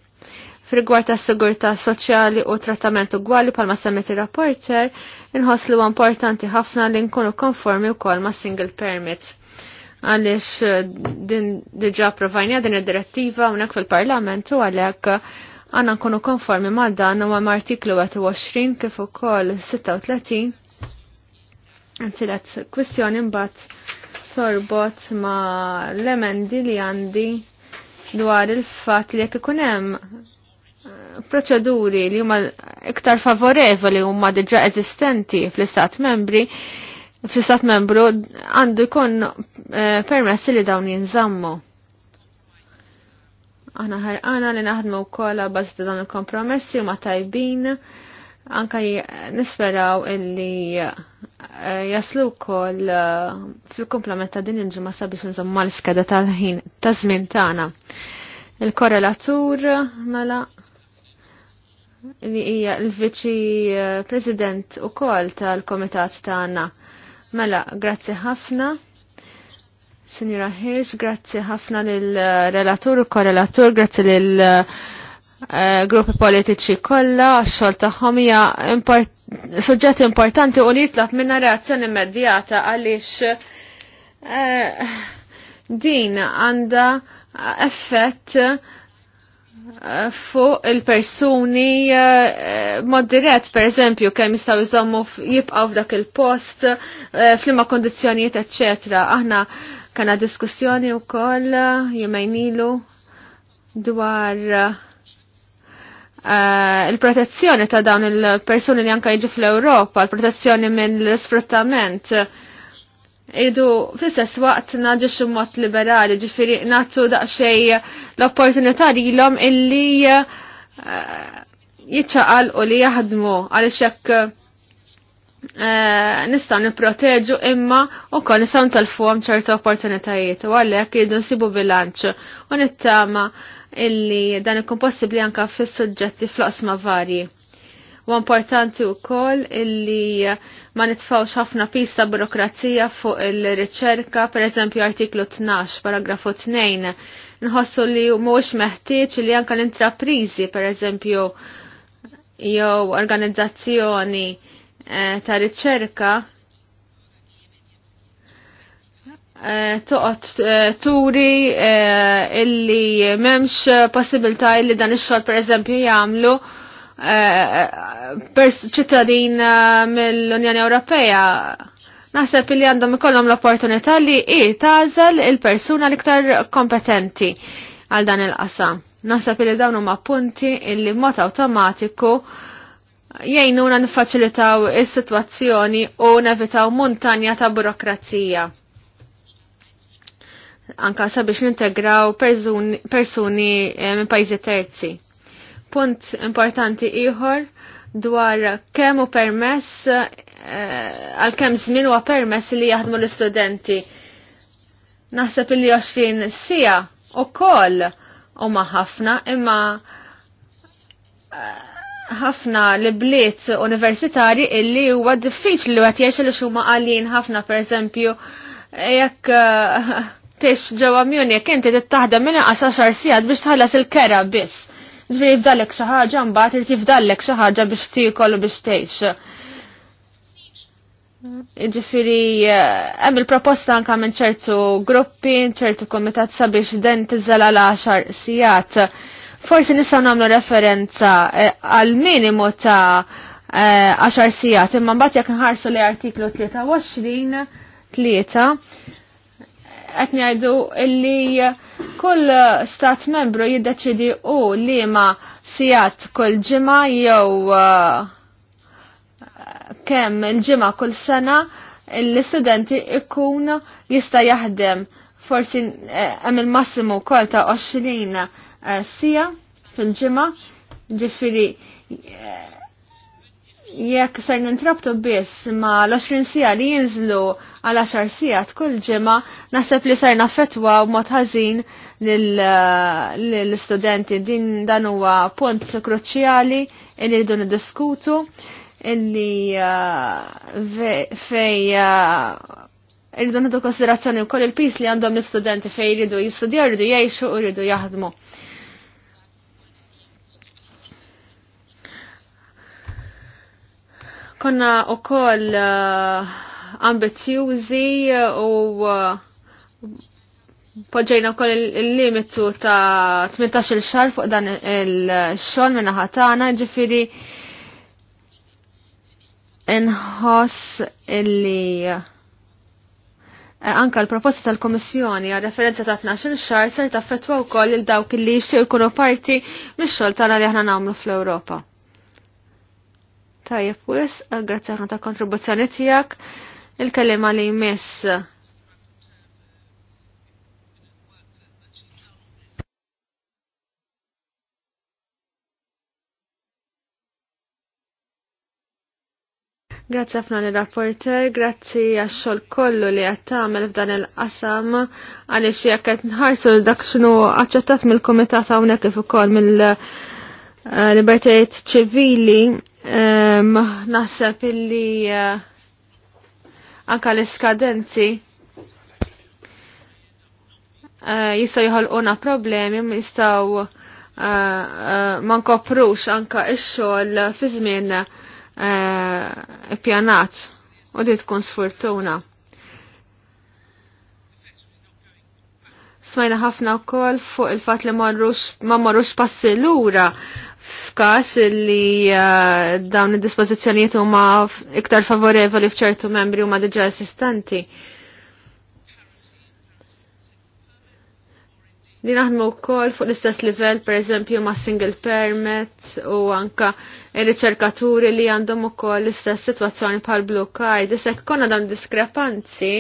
F'rigward tas sigurtà soċjali u trattament ugwali palma semmet rapporter inħoss li huwa importanti ħafna li nkunu konformi wkoll ma' single permit għaliex eh, din diġà provajnija din id-direttiva hawnhekk fil-Parlament u għalhekk għandna nkunu konformi ma' dan u ma' artiklu 21 kif ukoll 36 Għantilet kwistjoni mbagħad torbot ma' l-emendi li għandi dwar il-fatt li jekk ikun hemm eh, proċeduri li huma iktar favorevoli huma diġà eżistenti fl-istat membri, fl-istat membru għandu jkun eh, permessi li dawn jinżammu. Aħna ħarqana li naħdmu wkoll bażi ta' dan il-kompromessi huma tajbin anka nisperaw illi eh, jaslu wkoll eh, fil-komplement ta' din il-ġimgħa sabiex nżomma mal-skeda tal-ħin ta' żmien tagħna. Il-korrelatur mela li hija l-viċi president ukoll tal-komitat tagħna. Ta Mela, grazzi ħafna. Signora Hirsch, grazzi ħafna lill-relatur eh, u korrelatur, grazzi lill eh, eh, gruppi politiċi kollha għax-xogħol tagħhom hija import importanti u li jitlab minna reazzjoni immedjata għaliex din għanda effett fuq il-persuni eh, mod dirett, per eżempju, kemm jistgħu jżommu jibqgħu f'dak il-post, eh, f'liema kondizzjonijiet, eċċetera. Aħna kana diskussjoni wkoll eh, jimajnilu dwar il-protezzjoni ta' dawn il-persuni li anka jiġu fl-Ewropa, il-protezzjoni mill-sfruttament. Uh, Idu, fl-istess waqt naġġu mod liberali, ġifiri nattu daqxej l-opportunità li l-om illi eh, jitxaqal u li jaħdmu għalix jekk eh, nistaw niproteġu imma u nistan tal-fum ċertu opportunitajiet u għalhekk jridu nsibu bilanċ u nittama illi dan ikun possibbli anka fis-suġġetti fl-osma varji. U importanti u koll illi ma nitfawx ħafna pista burokrazija fuq il-riċerka, per eżempju artiklu 12, paragrafu 2. Nħossu li mux meħtieġ li anka l-intraprizi, per eżempju, jew organizzazzjoni eh, ta' riċerka, toqot eh, toqgħod eh, turi eh, illi memx possibilità illi dan ix-xogħol pereżempju jagħmlu ċittadin eh, mill-Unjoni Ewropea naħseb li għandhom ikollhom l-opportunità li i tażel il-persuna l-iktar kompetenti għal dan il-qasam. Naħseb li dawn huma punti illi mod awtomatiku jgħinuna nifaċilitaw is-sitwazzjoni u nevitaw montanja ta' burokrazija. Anka sabiex nintegraw persuni eh, minn pajjiżi terzi. Punt importanti ieħor dwar kemm u permess eh, għal kemm żmien huwa permess li jaħdmu l-istudenti. Naħseb li 20 sija koll huma ħafna imma eh, ħafna li bliet universitari illi huwa diffiċli li għat jiex li xuma għalin ħafna per eżempju jekk eh, tiex ġewwa Munich inti titaħdem minna 10 sigħat biex tħallas il-kera biss. Ġifieri fdalek xi ħaġa mbagħad irid xaħġa xi ħaġa biex tiekol biex tgħix. Ġifieri eh, hemm il-proposta anke minn ċertu gruppi, ċertu komitat sabiex den tiżela l-10 sijat. Forsi nistgħu nagħmlu referenza eh, għal minimu ta' 10 eh, sijat, imma mbagħad jekk nħarsu li artiklu 23 tlieta qed ngħidu li kull stat membru jiddeċidi u li ma sijat kull ġima jew uh, kemm il-ġimgħa kull sena l-istudenti ikun jista' jaħdem forsi eh, hemm il-massimu wkoll ta' 20 eh, sija fil-ġimgħa ġifieri eh, jekk ser nintrabtu biss ma l-20 sija li jinżlu għal 10 sija kull ġimma naħseb li ser naffetwa u mod ħażin lill-studenti din dan huwa punt kruċjali li rridu diskutu illi uh, fej irridu uh, nidu konsiderazzjoni wkoll il-pis li għandhom l-istudenti fej jridu jistudjaw, rridu jgħixu u jridu jaħdmu. Konna u koll uh, ambizjużi u uh, poġġejna wkoll il-limitu ta' 18 xar fuq dan il-xogħol minna ħatana, ġifiri inħoss illi eh, anka l-proposta tal-Komissjoni għal referenza ta' 12 xar ser taffetwa wkoll il dawk li jixtiequ jkunu parti mix-xogħol tagħna li aħna nagħmlu fl-Ewropa. Tajjeb wis, grazzi ħafna ta' kontribuzzjoni tiegħek. Il-kelima li jmiss Grazzi għafna l-rapporter, grazzi għaxxol kollu li għattamel f'dan il-qasam għaliex jekk qed nħarsu dak xinu aċċettat mill-komitat hawnhekk kif ukoll mill-libertajiet eh, ċivili Ehm, naħseb illi eh, anka l-iskadenzi eh, jistaw jħolquna problemi, jistaw eh, ma nkoprux anka ix-xogħol fi żmien pjanat u di tkun sfortuna. Smajna ħafna wkoll fuq il-fatt li ma marrux passi lura f'każ li eh, dawn id-dispożizzjonijiet huma iktar favorevoli f'ċertu membri huma diġà assistenti. li naħdmu wkoll fuq l-istess livell pereżempju ma' single permit u anka riċerkaturi li għandhom ukoll l-istess sitwazzjoni bħal blue card. Isek konna dan diskrepanzi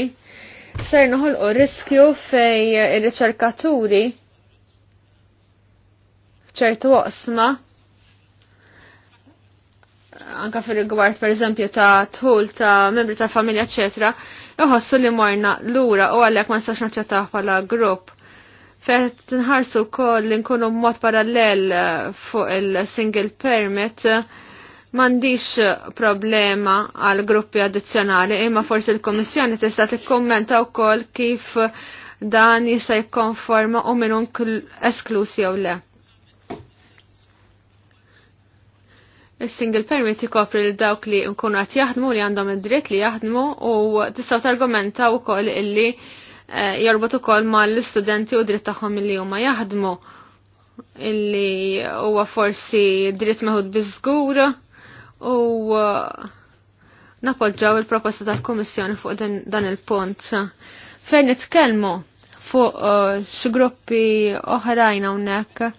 ser noħolqu riskju fej ir-riċerkaturi ċertu waqsma anka fil-rigward per eżempju ta' tħul ta' membri ta' familja eccetera, joħossu li morna lura u għalhekk ma nistax naċċettaħ bħala grupp. Fet nħarsu wkoll li nkunu mod parallel eh, fuq il-single permit m'għandix problema għal gruppi addizzjonali imma forsi l-Komissjoni tista' tikkommenta wkoll kif dan jista' jikkonforma u minun esklusi jew le. Il-single permit jikopri l dawk li nkunu għat jaħdmu li għandhom id-dritt li jaħdmu u tistaw targumenta u koll illi eh, jorbot u koll ma l-studenti u dritt taħħom illi huma jaħdmu illi huwa forsi dritt meħud bizgur u eh, napoġġaw il-proposta tal-Komissjoni fuq dan il-punt. Fejn nitkellmu fuq eh, xi gruppi oħrajn hawnhekk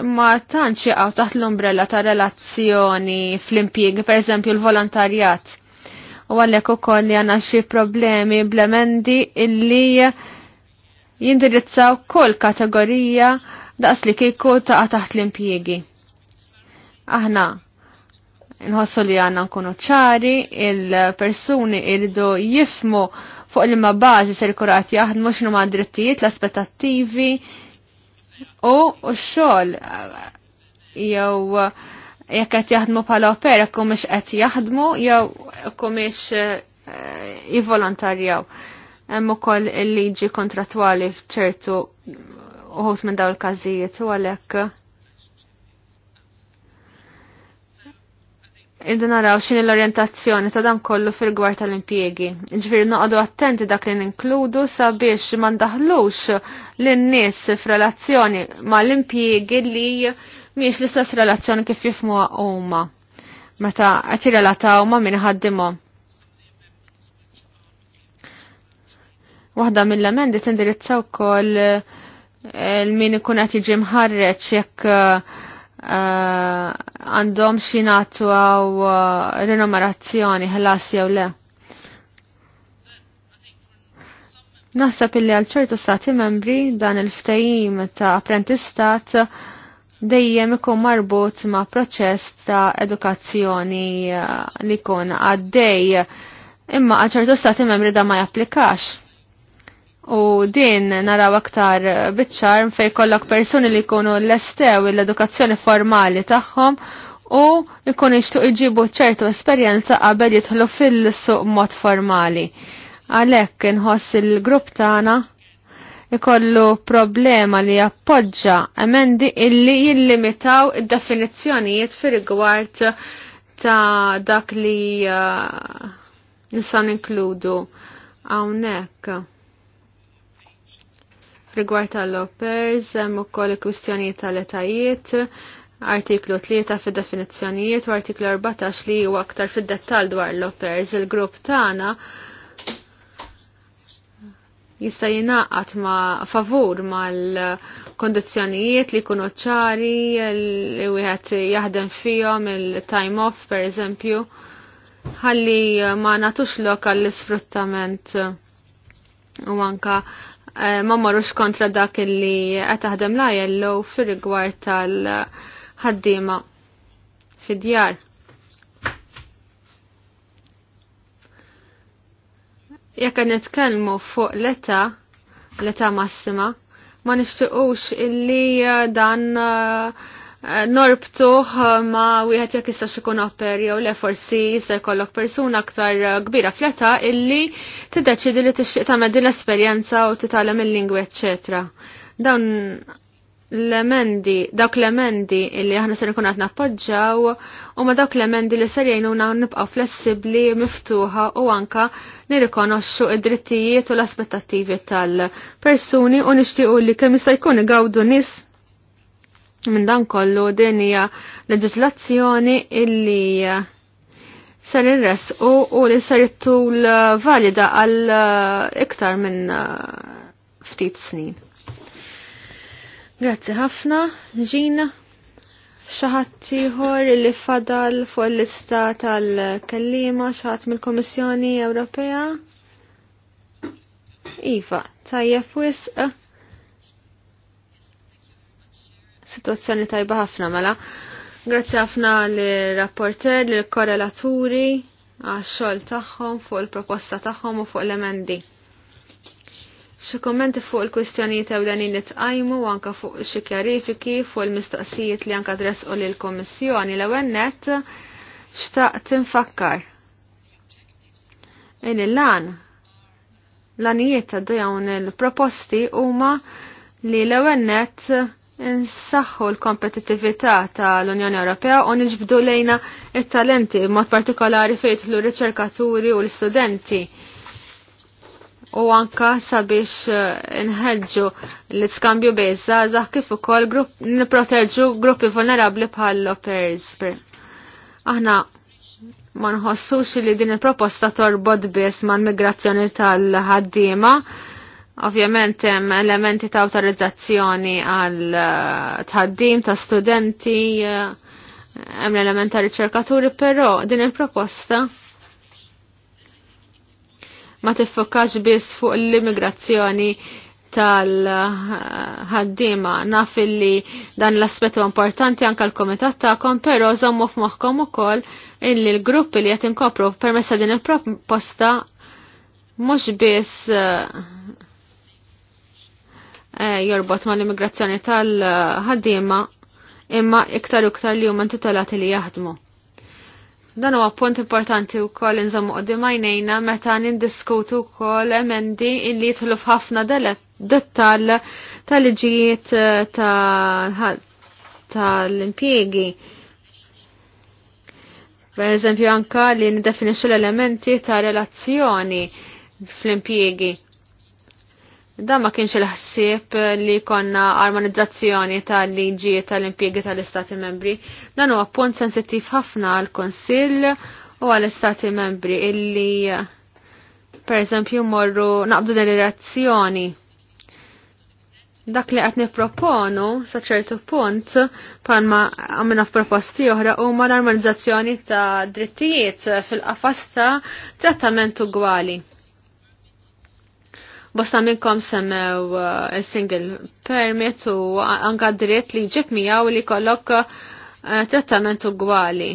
ma tantx jaqgħu taħt l umbrella ta' relazzjoni fl-impjieg, pereżempju l-volontarjat. U għalhekk ukoll li għandna xi problemi blemendi illi jindirizzaw kull kategorija daqs li kieku taqa' taħt l-impjiegi. Aħna nħossu li għanna nkunu ċari, il-persuni irridu jifmu fuq li ma bażi ser kurat jaħdmu x'nu ma' drittijiet, l-aspettattivi, u x-xogħol jew jekk qed jaħdmu bħala opera kumiex qed jaħdmu jew kumiex eh, jivolontarjaw. Hemm ukoll il-liġi kontrattwali f'ċertu uħut minn dawn il każijiet u għalhekk Iddu naraw xin l-orientazzjoni ta' dan kollu fil-gwar tal impiegi Ġviri noqdu attenti dak li ninkludu sabiex ma ndaħlux nis nies f'relazzjoni ma l impiegi li miex l-istess relazzjoni kif jifmu huma. Meta qed jirrelataw ma min ħaddimhom. Waħda mill-emendi tindirizza wkoll eh, l-min ikun qed jiġi mħarreġ jekk eh, Eh, għandhom uh, xinatu għaw uh, eh, rinomerazzjoni ħlas jew le. Naħseb illi għal ċertu stati membri dan il-ftajim ta' apprentistat dejjem ikun marbut ma' proċess ta' edukazzjoni eh, li kun għaddej imma għal ċertu stati membri da ma' japplikax. U din naraw aktar bitċarm fej kollok persuni li jkunu l-estew l-edukazzjoni formali tagħhom u jkunu jixtuq iġibu ċertu esperjenza qabel jidħlu fil-suq mod formali. Għalhekk inħoss il-grupp tagħna ikollu problema li jappoġġa emendi illi jillimitaw id-definizzjonijiet fir rigward ta' dak li uh, nisan inkludu hawnhekk Rigward tal-lopers, hemm ukoll il kwistjonijiet tal-etajiet, artiklu 3 fid definizzjonijiet u artiklu 14 li huwa aktar fid-dettall dwar l-lopers. Il-grupp tagħna jista' jingħaqad ma' favur mal-kondizzjonijiet li jkunu ċari li wieħed jaħdem fihom il-time off pereżempju ħalli ma natux lok għall-isfruttament u anka Eh, ma marrux kontra dak li qed taħdem la jello fir-rigward tal-ħaddiema fid-djar. Jekk nitkellmu fuq l-età, l-età massima, ma nixtiequx illi eh, dan uh, norbtuħ eh, ma wieħed jekk jista' ikun oper jew le forsi jista' jkollok persuna aktar eh, kbira fleta illi tiddeċidi li tixtieq tagħmel din l-esperjenza u titgħallem il-lingwi eċċetra. Dawn l-emendi, dawk l-emendi illi aħna ser nkun qed nappoġġaw huma dawk l-emendi li ser jgħinuna nibqgħu flessibbli, miftuħa u anka nirrikonoxxu id-drittijiet u l-aspettattivi tal-persuni u nixtiequ li kemm jista' jkun igawdu nies Minn dan kollu din hija leġislazzjoni illi eh, ser irres u, u li ser tul eh, valida għal eh, iktar minn ftit snin. Grazzi ħafna, ġina xaħatiħor li fadal fuq l-lista tal-kellima xaħat mill-Komissjoni Ewropea? Iva, tajjeb wisq. Situazzjoni tajba ħafna mela. Grazzi ħafna l-rapporter, l-korrelaturi, għax-xogħol tagħhom fuq il-proposta tagħhom u fuq l-emendi. Xi kummenti fuq il-kwistjonijiet ewlenin li tqajmu u anke fuq xi kjarifiki fuq il-mistoqsijiet li anke adressqu lil kummissjoni l-ewwel nett xtaqt tinfakkar. In il-lan l-anijiet ta' il-proposti huma li l-ewwel nett Nsaħħu l-kompetitività tal-Unjoni Ewropea u niġbdu lejna it-talenti, mod partikolari fejt l-riċerkaturi u l-studenti. U anka sabiex eh, nħedġu l-skambju bejza, zaħ kif ukoll niproteġu gruppi vulnerabli bħal lopers. Aħna ma nħossux li din il-proposta torbod biss ma' migrazzjoni tal-ħaddiema Ovvjament hemm elementi ta' awtorizzazzjoni għal eh, tħaddim ta' studenti, eh, hemm l-element ta' riċerkaturi, però din il-proposta ma tiffokax biss fuq l-immigrazzjoni tal-ħaddima naf illi dan l-aspetu importanti anka l-komitat ta'kom, pero zommu f'moħkom u koll illi l-grupp li qed inkopru permessa din il-proposta mux biss eh, E, jorbot ma l-immigrazzjoni tal-ħaddiema imma iktar u iktar li huma intitolati li jaħdmu. Dan huwa punt importanti wkoll inżommu qudiem għajnejna meta nindiskutu wkoll emendi illi jidħlu f'ħafna dettal tal-liġijiet e, tal-impjiegi. Per eżempju anka li nidefinixxu l-elementi ta' relazzjoni fl-impjiegi Da ma kienx il-ħsieb li konna armonizzazzjoni tal-liġi tal impiegi tal-Istati membri. Dan huwa punt sensittiv ħafna għal konsill u għal Istati membri illi per eżempju morru naqbdu delirazzjoni. Dak li qed nipproponu sa ċertu punt f-proposti f'proposti oħra huma l-armonizzazzjoni ta' drittijiet fil-qafas ta' trattament ugwali Bosta minnkom semmew uh, single permit u anka dritt li ġib miegħu li kollok uh, trattament ugwali.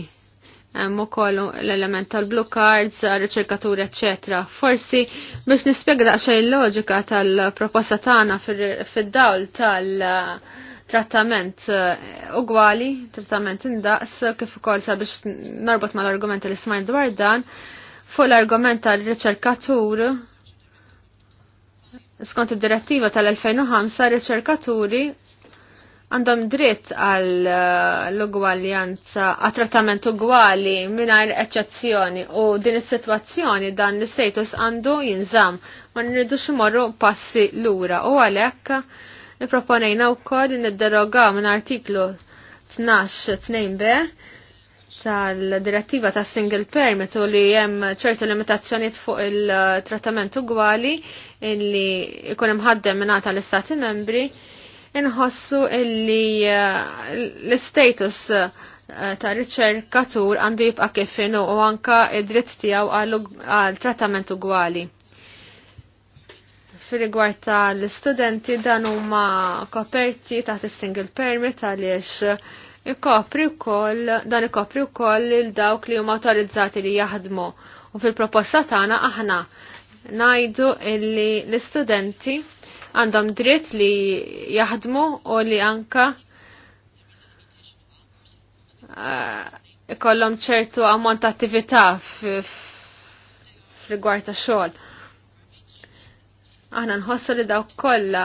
Mu ukoll l-element tal-blue cards, uh, riċerkaturi, ecc. Forsi biex nispiega daqxa il-loġika tal-proposta tagħna fid-dawl tal-, trattament ugwali, trattament indaqs, kif ukoll sabiex narbot mal-argument li smajt dwar dan, fuq l-argument tal-riċerkatur skont id-direttiva tal-2005 riċerkaturi għandhom dritt għal eh, l-ugwaljanza, għal trattament ugwali mingħajr eċċezzjoni u din is-sitwazzjoni dan l-status għandu jinżam ma nridux imorru passi lura u għalhekk nipproponejna wkoll id-deroga minn artiklu 12 2b tal-direttiva ta' single permit u li jem ċertu limitazzjoniet fuq il-trattament ugwali illi ikun imħaddem minnata l istati membri inħossu illi eh, l-status eh, ta' riċerkatur għandu jibqa' kif u anka id-dritt tiegħu għal trattament ugwali. Fir-rigward tal-istudenti dan huma koperti taħt is-single permit għaliex ikopri wkoll dan ikopri wkoll il dawk li huma autorizzati li jaħdmu. U fil-proposta tagħna aħna ngħidu illi l-istudenti għandhom dritt li jaħdmu u li anka eh, ikollhom ċertu ammont ta' attività f'rigward ta' xogħol. Aħna nħossu li dawk kollha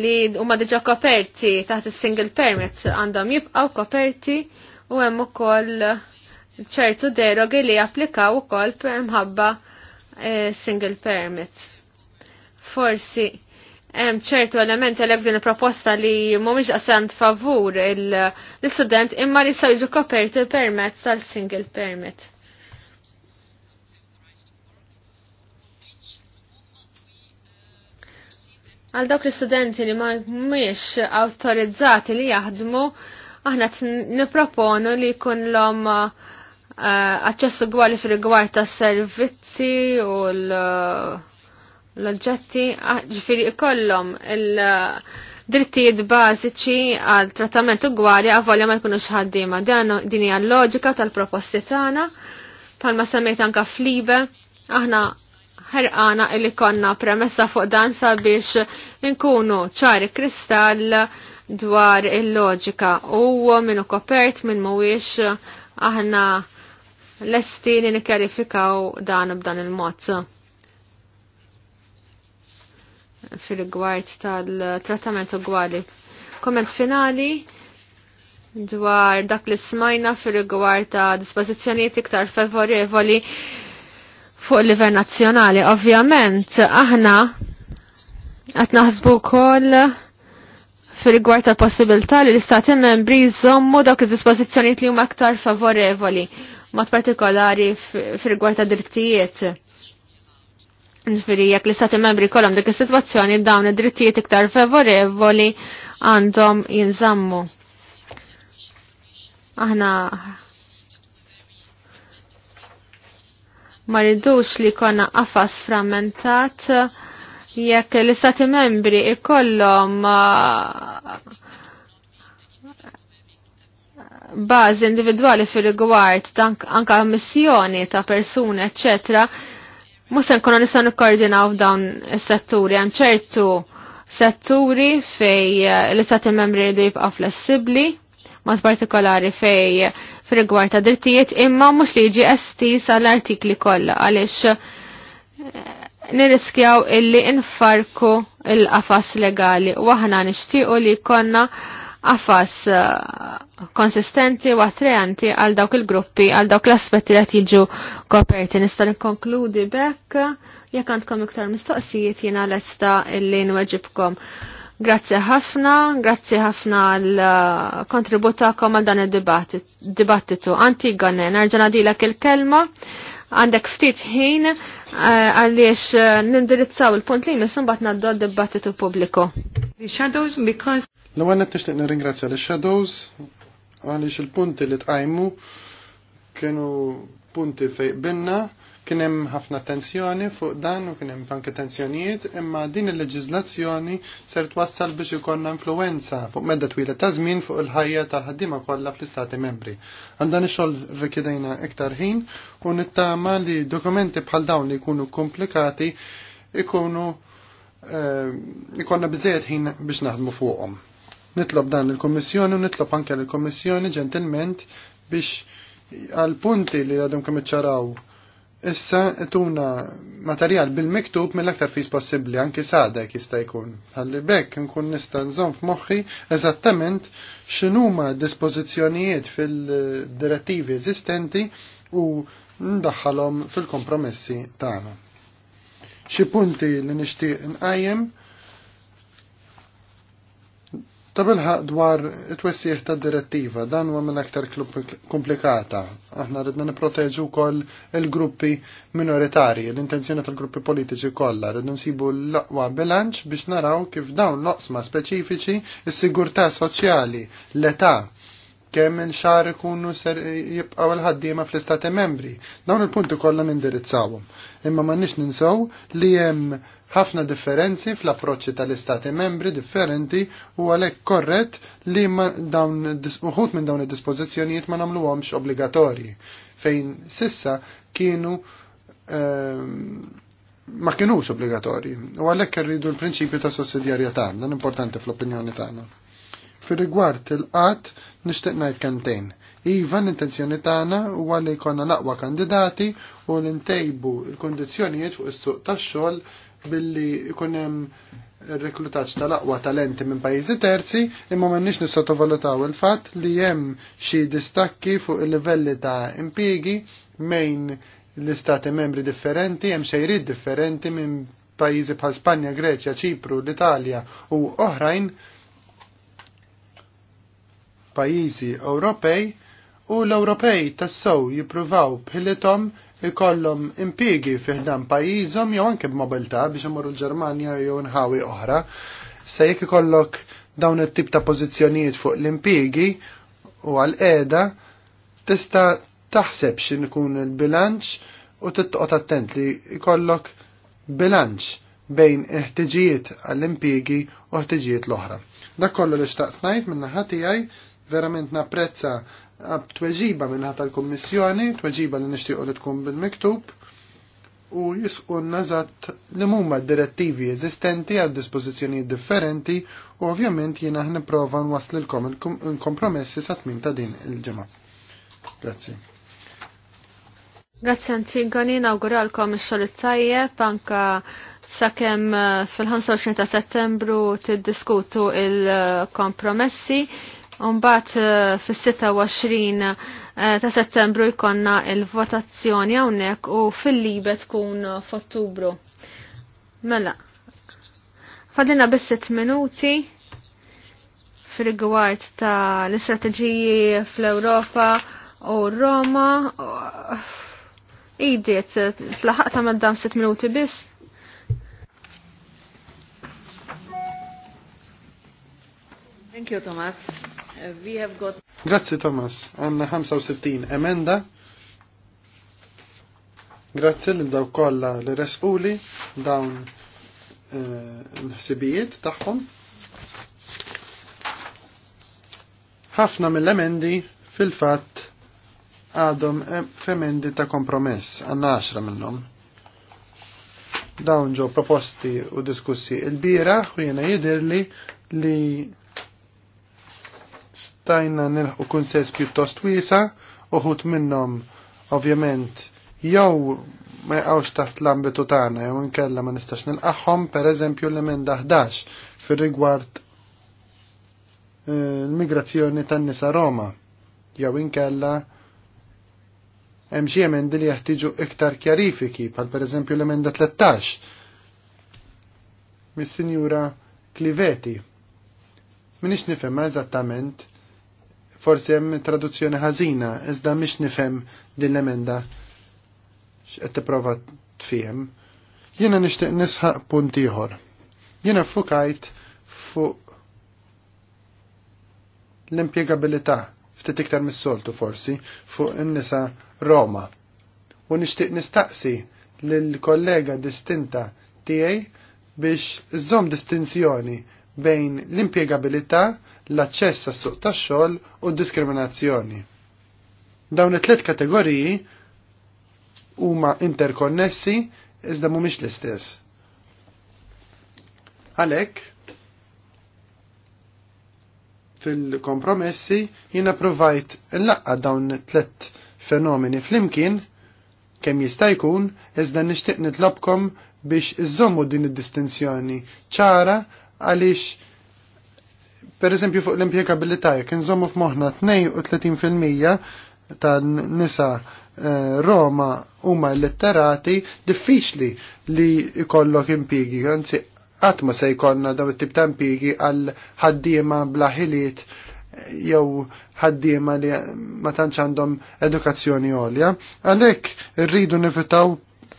li huma diġà koperti taħt is-single permit għandhom jibqgħu koperti u hemm ukoll ċertu derogi li applikaw ukoll per mħabba eh, single permit. Forsi hemm ċertu elementi għalhekk din il-proposta li mhumiex qasant favur l-istudent imma li jiġu koperti permezz tal-single permit. Għal dawk l-studenti li ma mhumiex awtorizzati li jaħdmu, aħna niproponu li jkun l-om eh, aċċessu gwali fil-rigward tas servizzi u l-oġġetti, ah, ġifiri kollom il-drittijiet bażiċi għal trattament gwali għavolja ma jkunux ħaddiema. Dini hija l-loġika tal-proposti tagħna, bħalma semmejt anka flibe, aħna ħerqana illi konna premessa fuq dan sabiex nkunu ċari kristall dwar il-loġika u minu kopert minn mhuwiex aħna lesti li nikkarifikaw dan b'dan il-mod fil-gwart tal-trattament ugwali. Komment finali dwar dak li smajna fil-gwart ta' dispożizzjonijiet iktar favorevoli fuq livell nazzjonali. Ovvjament, aħna qed naħsbu wkoll fil-rigward tal-possibilità li l-istati membri jżommu dawk id-dispożizzjonijiet li huma aktar favorevoli, mod partikolari fil-rigward ta' drittijiet. Ġifieri jekk l-istati membri kollhom dik is-sitwazzjoni dawn id-drittijiet iktar favorevoli għandhom jinżammu. Aħna Ma rridux li konna qafas frammentat jekk l-istati membri ikollom uh, bażi individwali fir-rigward anka missjoni ta' persuni, etc. mhux se nkunu nistgħu nikkoordinaw f'dawn is-setturi hemm ċertu setturi fej uh, l-istati membri jridu jibqa' flessibbli, mod partikolari fej fil-rigward ta' drittijiet imma mhux li jiġi estis għall-artikli kollha għaliex eh, nirriskjaw illi infarku il-qafas legali u aħna nixtiequ li konna qafas eh, konsistenti u attrajenti għal dawk il-gruppi, għal dawk l-aspetti li jiġu koperti. Nista' nikkonkludi bekk jekk għandkom iktar mistoqsijiet jiena lesta illi nweġibkom. Grazzi ħafna, grazzi ħafna l-kontributakom għal dan il-dibattitu. għanne, narġana dilak il-kelma, għandek ftit ħin eh, għaliex eh, nindirizzaw il-punt li nisum bat naddu għal-dibattitu publiku. Shadows because... L-għan nishtiq nirringrazzja l-Shadows għaliex il-punti li tqajmu kienu punti fejqbinna. Kien hemm ħafna tensjoni fuq dan u kien hemm anke tensjonijiet, imma din il-leġiżlazzjoni ser twassal biex ikonna influwenza fuq medda twila ta' żmien fuq il-ħajja tal ħaddima kollha fl-Istati Membri. Għandan ix-xogħol iktar ħin u nittama li dokumenti bħal dawn li jkunu komplikati ikunu eh, ikonna biżejjed ħin biex naħdmu fuqhom. Nitlob dan il-Kommissjoni u nitlob anke l-Kommissjoni ġentilment biex għal punti li għadhom kemm iċċaraw issa tuna materjal bil-miktub mill-aktar fis possibbli anki sadek jista' jkun. Ħalli bekk nkun nista' nżomm f'moħħi eżattament x'inhuma dispożizzjonijiet fil-direttivi eżistenti u ndaħħalhom fil-kompromessi tagħna. Xi punti li nixtieq nqajjem Ta' bilħaq dwar it-twessieħ ta' direttiva, dan huwa mill-aktar komplikata. Aħna rridna nipproteġu wkoll il-gruppi minoritarji, l-intenzjoni tal-gruppi politiċi kollha, rridna nsibu l-aqwa bilanċ biex naraw kif dawn l-oqsma speċifiċi is-sigurtà soċjali, l-età, kemm il-xar ikunu ser jibqaw l-ħaddiema fl-istati membri. Dawn il-punti kollha nindirizzawhom. Imma m'għandniex ninsew li hemm ħafna differenzi fl-approċċi tal-istati membri differenti u għalhekk korrett li dawn uħut minn dawn id-dispożizzjonijiet ma nagħmluhomx obbligatorji fejn sissa kienu ehm, ma kienux obbligatorji u għalhekk irridu l-prinċipju ta' sussidjarjetà dan importanti fl-opinjoni tagħna. Fi rigward il-qatt nixtieq ngħid kantejn. Iva l-intenzjoni tagħna huwa li jkollna l kandidati u l-intejbu l-kundizzjonijiet fuq is-suq tax-xogħol billi ikunem reklutaċ tal-aqwa talenti minn pajjiżi terzi, imma m'għandniex nissottovalutaw il-fatt li hemm xi distakki fuq il-livelli ta' impiegi mejn l-istati membri differenti, hemm xejrid differenti minn pajjiżi bħal Spanja, Greċja, Ċipru, l-Italja u oħrajn pajjiżi Ewropej u l-Ewropej tassew jippruvaw bħilithom ikollhom impigi fiħdan pajjiżhom jew anke b'mobilità biex imorru l-Ġermanja jew nħawi oħra. Se jekk ikollok dawn it-tip ta' pożizzjonijiet fuq l-impigi u għal-qeda tista' taħseb x'in ikun il-bilanċ u titqgħod attent li jkollok bilanċ bejn ħtiġijiet għall-impigi u ħtiġijiet l-oħra. Dak kollu li xtaqt ngħid minn naħa tiegħi verament napprezza tweġiba ħata tal-Kommissjoni, tweġiba li nixtiequ li tkun bil-miktub u jisqunna zatt li mumma direttivi eżistenti għal dispozizjoni differenti u ovvjament jiena l-kom il-kompromessi sa tmim ta' din il-ġimgħa. Grazzi. Grazzi Antigoni, nawguralkom ix-xogħol tajjeb anka sakemm uh, fil-25 ta' Settembru tiddiskutu il-kompromessi. il uh, kompromessi Umbat eh, fis-26 eh, ta' settembru jkonna il-votazzjoni hawnhekk u fil libet tkun f'Ottubru. Mela. Fadlina bis sitt minuti fir-rigward ta' l-istrateġiji fl europa u Roma. Idiet, tlaħaqta maddam sitt minuti biss. Thank you, Thomas. We have got... Grazzi Thomas, għanna 65 emenda. Grazzi li daw kolla li resquli dawn eh, l-ħsibijiet tagħhom. Ħafna mill-emendi fil-fatt għadhom f'emendi ta' kompromess għandna 10 minnhom. Dawn ġew proposti u diskussi il bira u jiena jidhirli li Tajna nilħu kunsens pjuttost wiesa, uħut minnom ovvjament jew ma jqawx taħt l-ambitu tagħna jew inkella ma nistax nilqaħħom pereżempju l-emenda 11 fir-rigward eh, l-migrazzjoni tan-nisa Roma jew inkella hemm xi emendi li jeħtieġu iktar kjarifiki bħal pereżempju l-emenda 13 mis-Sinjura Clivetti. Minix nifhemha eżattament Forsi hemm traduzzjoni ħażina, iżda mhix nifhem din l-emenda x'qed tipprova tfiem. Jiena nixtieq nisħaq punt ieħor. Jiena fukajt fuq l-impjegabilità ftit iktar mis-soltu forsi fuq in-nisa Roma. U nixtieq nistaqsi lill kollega distinta tiegħi biex iżżomm distinzjoni bejn l-impiegabilità, l-aċċess għas suq tax-xogħol u d-diskriminazzjoni. Dawn it-tliet kategoriji huma interkonnessi iżda mhumiex l-istess. Għalhekk fil-kompromessi jiena provajt nlaqqa dawn tliet fenomeni flimkien kemm jista' jkun iżda nixtieq nitlobkom biex iżommu din id-distinzjoni ċara għaliex pereżempju fuq l-impjegabilità jekk inżommu f'moħħna 32% ta' nisa eh, Roma huma letterati diffiċli li jkollok impjiegi, anzi qatt ma se jkollna daw it-tip ta' impjiegi għal ħaddiema bla ħiliet jew ħaddiema li ma tantx għandhom edukazzjoni għolja. Għalhekk irridu nifitaw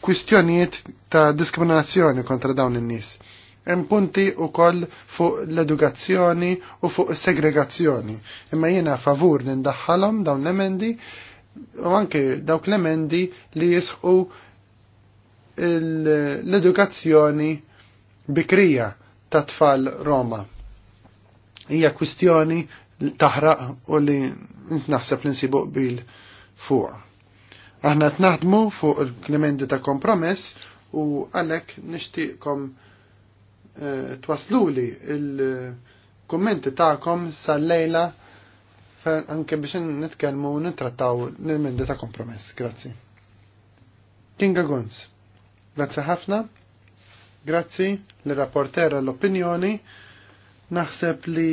kwistjonijiet ta' diskriminazzjoni kontra dawn in-nies. Hemm punti wkoll fuq l-edukazzjoni u fuq is-segregazzjoni. Imma jiena favur nindaħħalom ndaħħalhom dawn l-emendi u anke dawk l-emendi li jisħu l-edukazzjoni bikrija ta' tfal Roma. Hija kwistjoni taħraq u li naħseb l-insibu qbil fuq. Aħna tnaħdmu fuq il-klimendi ta' kompromess u għalek nishtiqkom twasluli il-kommenti ta'kom sal-lejla anke biex nitkelmu u nittrattaw l-emendi ta' kompromess. Grazzi. Kinga Gunz. Grazzi ħafna. Grazzi l-rapportera l-opinjoni. Naħseb li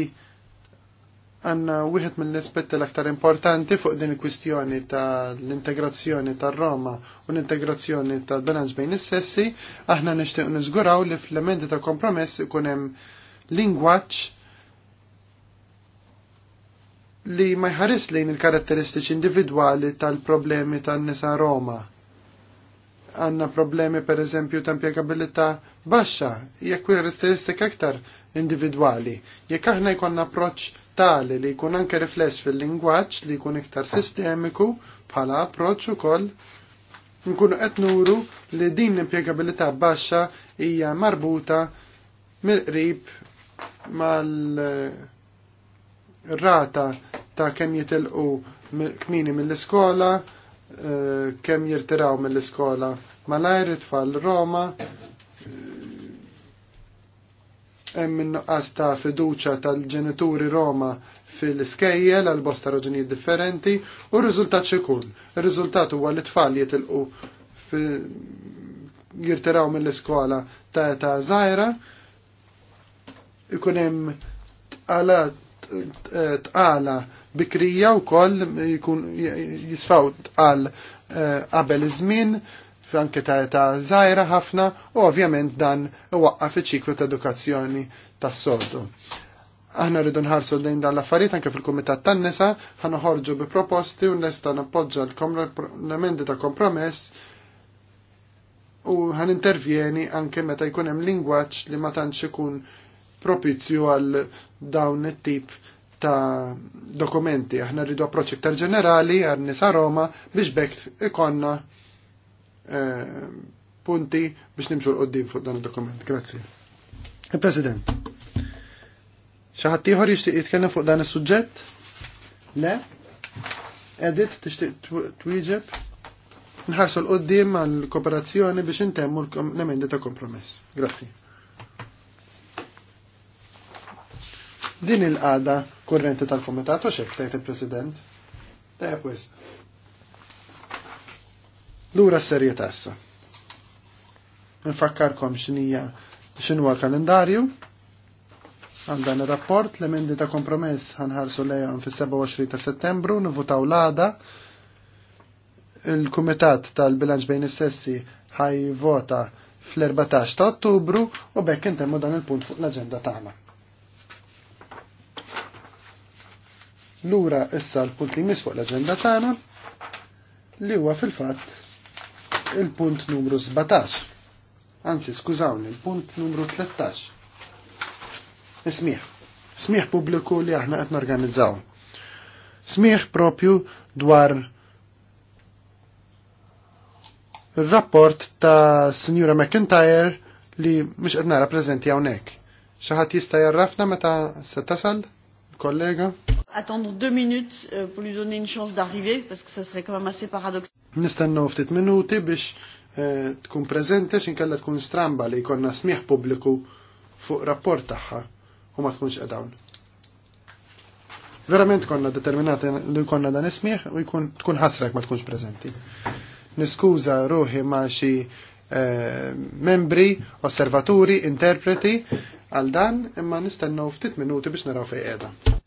għanna wieħed mill-aspetti l-aktar importanti fuq din il-kwistjoni ta' l-integrazzjoni ta' Roma u l-integrazzjoni ta' bilanċ bejn is-sessi, aħna nixtieq niżguraw li fl-elementi ta' kompromess ikun hemm lingwaġġ li ma jħares lejn il-karatteristiċi individwali tal-problemi tan-nisa Roma. Għanna problemi per eżempju ta' impjegabilità baxxa, hija karatteristika aktar individwali. Jekk aħna jkollna approċċ tali li jkun anke rifless fil-lingwaġġ li jkun iktar sistemiku bħala approċċ ukoll nkunu qed nuru li din l-impjegabilità baxxa hija marbuta mill-qrib mal-rata ta' kemm jitilqu kmini mill-iskola, eh, kemm jirtiraw mill-iskola malajr it-tfal Roma, hemm innuqqas ta' fiduċa tal-ġenituri Roma fil-iskejjel għal bosta raġunijiet differenti u r-riżultat xikun. Ir-riżultat huwa li tfal jitilqu jirtiraw mill-iskola ta' ta' zaħira ikun hemm tqala bikrija wkoll jkun jisfaw tqal eh, qabel iż-żmien anke ta' ta zaħira ħafna u ovvjament dan iwaqqaf fi ċiklu ta' edukazzjoni tas-soltu. Aħna rridu nħarsu lejn dan l-affarijiet anke fil-Kumitat tan-nisa ħorġu bi proposti u nesta nappoġġa l-emendi ta' kompromess u ħan intervjeni anke meta jkun hemm lingwaġġ li ma tantx ikun propizju għal dawn it-tip ta' dokumenti. Aħna rridu approċċ iktar ġenerali għan nisa Roma biex bekk ikonna Eh, punti biex nimxu l-qoddim fuq dan il-dokument. Grazzi. Il-President, eh, xaħatiħor jishtiq jitkellem fuq dan il sujġet Le? Edit, tixtiq twieġeb? Nħarsu l-qoddim għal-kooperazzjoni biex intemmu l-emendi ta' kompromess. Grazzi. din il-qada kurrenti tal-komitatu xek tajt il-president? Tajab Lura s tassa. Nfakkarkom x'inija x'inwa kalendarju għal dan ir-rapport l emendi ta' kompromess ħanħarsu lejhom fis-27 ta' Settembru nivutaw l-għada il-Kumitat tal-Bilanċ bejn is-sessi ħaj vota fl-14 ta' Ottubru u bekk intemmu dan il-punt fuq l-aġenda tagħna. Lura issa l-punt li mis fuq l-aġenda tagħna li huwa fil-fatt il-punt numru 17. Anzi, skużawni, il-punt numru 13. Ismiħ. Smiħ publiku li aħna qed organizzaw. Smiħ propju dwar il-rapport ta' Signora McIntyre li mux qed nara għonek. hawnhekk. Xi jista' jarrafna meta se tasal? Kollega? Attendre deux minutes euh, pour lui donner une chance d'arriver, parce que ça serait quand même assez paradoxal. Nistennu ftit minuti biex eh, tkun xin xinkella tkun stramba li jkollna smiħ pubbliku fuq rapport tagħha u ma tkunx edawn. Verament konna determinati li konna dan ismieħ u jkun tkun ħasrak ma tkunx prezenti. Niskuża ruħi ma xi eh, membri, osservaturi, interpreti għal dan imma nistennu ftit minuti biex naraw fejn qiegħda.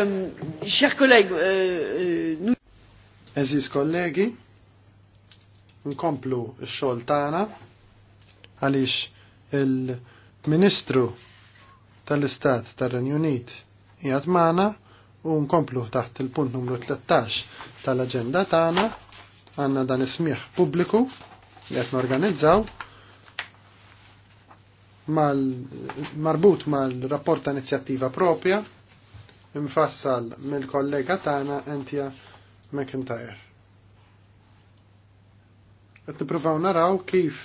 Ehm, chers Eżis euh, euh, kollegi, nkomplu x-xol tagħna għaliex il-Ministru tal-Istat tar-Renju Unit qiegħed Mana u nkomplu taħt il-punt numru 13 tal-aġenda tagħna għandna dan ismiħ pubbliku li qed norganizzaw mal marbut mal-rapport ta' inizjattiva propja imfassal mill-kollega tagħna Entja McIntyre. Qed nippruvaw naraw kif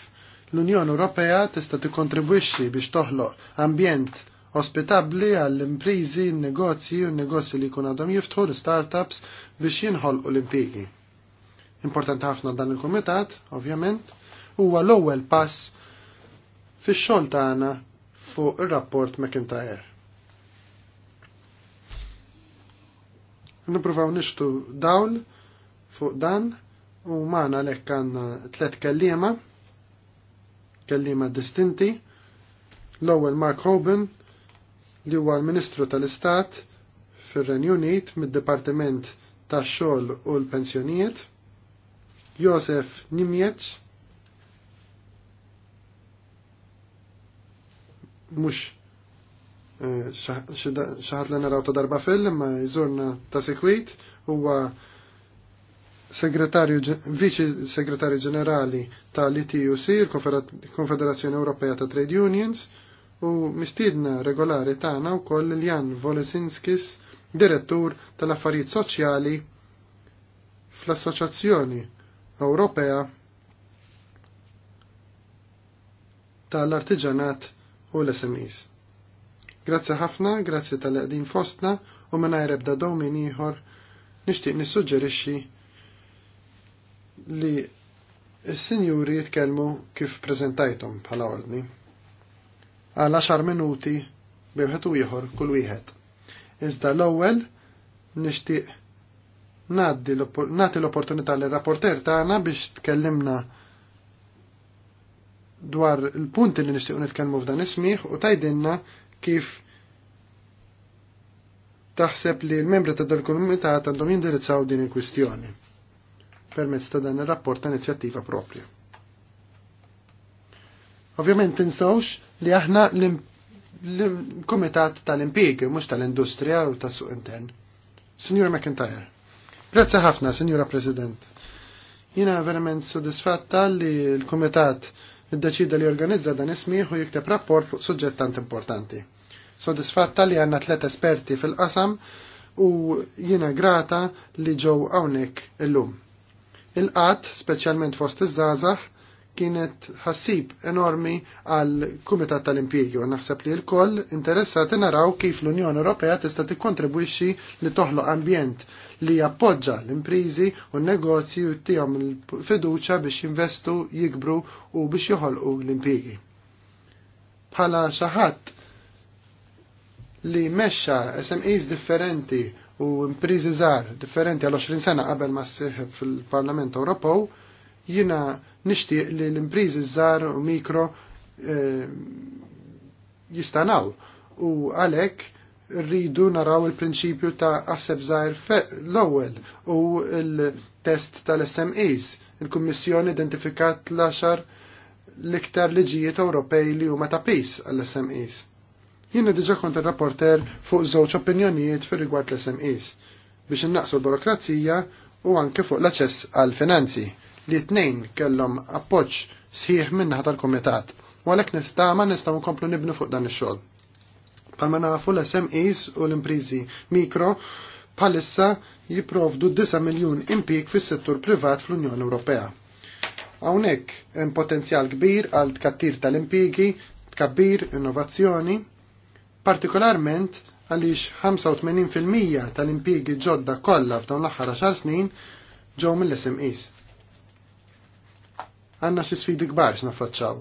l-Unjoni Ewropea tista' tikkontribwixxi biex toħloq ambjent ospitabli għall-imprizi, n-negozji u n-negozji li kun għadhom jiftħu l-startups biex jinħolqu l-impjegi. Importanti ħafna dan il-komitat, ovvjament, huwa l-ewwel pass fix-xogħol tagħna fuq ir-rapport McIntyre. Nipruvaw nixtu dawl fuq dan u maħna lek kan tlet kellima, kellima distinti, l-ewwel Mark Hoban li huwa l-Ministru tal-Istat fir-Renju Unit mid-Dipartiment tax-xogħol u l-Pensjonijiet, Josef Nimjeċ, mhux Eh, xaħat li naraw ta' darba fil ma eh, jżurna ta' sekwit huwa segretarju viċi segretarju ġenerali ta' l-ITUC, il-Konfederazzjoni Ewropea ta' Trade Unions, u mistiedna regolari tagħna wkoll Jan Volesinskis, direttur tal-affarijiet soċjali fl-Assoċjazzjoni Ewropea tal-Artiġanat u l-SMEs. Grazzi ħafna, grazzi tal-qdin fostna u ma ebda domin ieħor nixtieq nissuġġerixxi li s-sinjuri jitkellmu kif prezentajtum bħala ordni. Għal 10 minuti bieħetu u ieħor kull wieħed. Iżda l-ewwel nixtieq nagħti l-opportunità l-rapporter tagħna biex tkellimna dwar il-punti li nixtiequ nitkellmu f'dan ismiħ u tajdinna kif taħseb li l-membri ta' dal-komitat għandhom jindirizzaw din il-kwistjoni permezz ta' dan ir-rapport ta' inizjattiva propria. Ovvjament tinsawx li aħna l-komitat tal-impieg, mhux tal-industrija u tas-suq intern. Signora McIntyre. Grazzi ħafna, Signora President. Jina verament soddisfatta li l-komitat id-deċida li organizza dan ismiħu jikteb rapport fuq suġġett tant importanti. Sodisfatta li għanna tlet esperti fil-qasam u jiena grata li ġew hawnhekk illum. il qat speċjalment fost iż-żgħażagħ, kienet ħassib enormi għal Kumitat tal-Impjegju. Naħseb li l-koll interessati naraw kif l-Unjoni Ewropea tista' tikkontribwixxi li toħloq ambjent li jappoġġa l-imprizi u n-negozji u tihom l-fiduċa biex jinvestu, jikbru u biex joħolqu l-impjegi. Bħala xi ħadd li mexxa SMEs differenti u imprizi żgħar differenti għal 20 sena qabel ma ssieħeb fil-Parlament Ewropew, jiena nixtieq li l-imprizi żgħar u mikro e, jistanaw u għalhekk rridu naraw il-prinċipju ta' aħseb żgħar l-ewwel u l-test tal-SMEs. Il-Kummissjoni identifikat l axar l-iktar liġijiet Ewropej li huma ta' pis għall-SMEs jina diġa kont ir-rapporter fuq żewġ opinjonijiet fir rigward l-SMEs biex innaqsu l-burokrazija u anke fuq l-aċċess għal finanzi li tnejn kellhom appoġġ sħiħ minnaħa tal-kumitat u għalhekk nistama nistgħu nkomplu nibnu fuq dan ix-xogħol. Palma nafu l-SMEs u l-imprizi mikro palissa jiprovdu 9 miljun impik fis settur privat fl-Unjoni Ewropea. Hawnhekk hemm potenzjal kbir għal tkattir tal-impigi, tkabbir, innovazzjoni partikolarment għaliex 85% tal-impjiegi ġodda kollha f'dawn l-aħħar 10 snin ġew mill-SMEs. Għandna xi sfidi kbar x'naffaċċaw.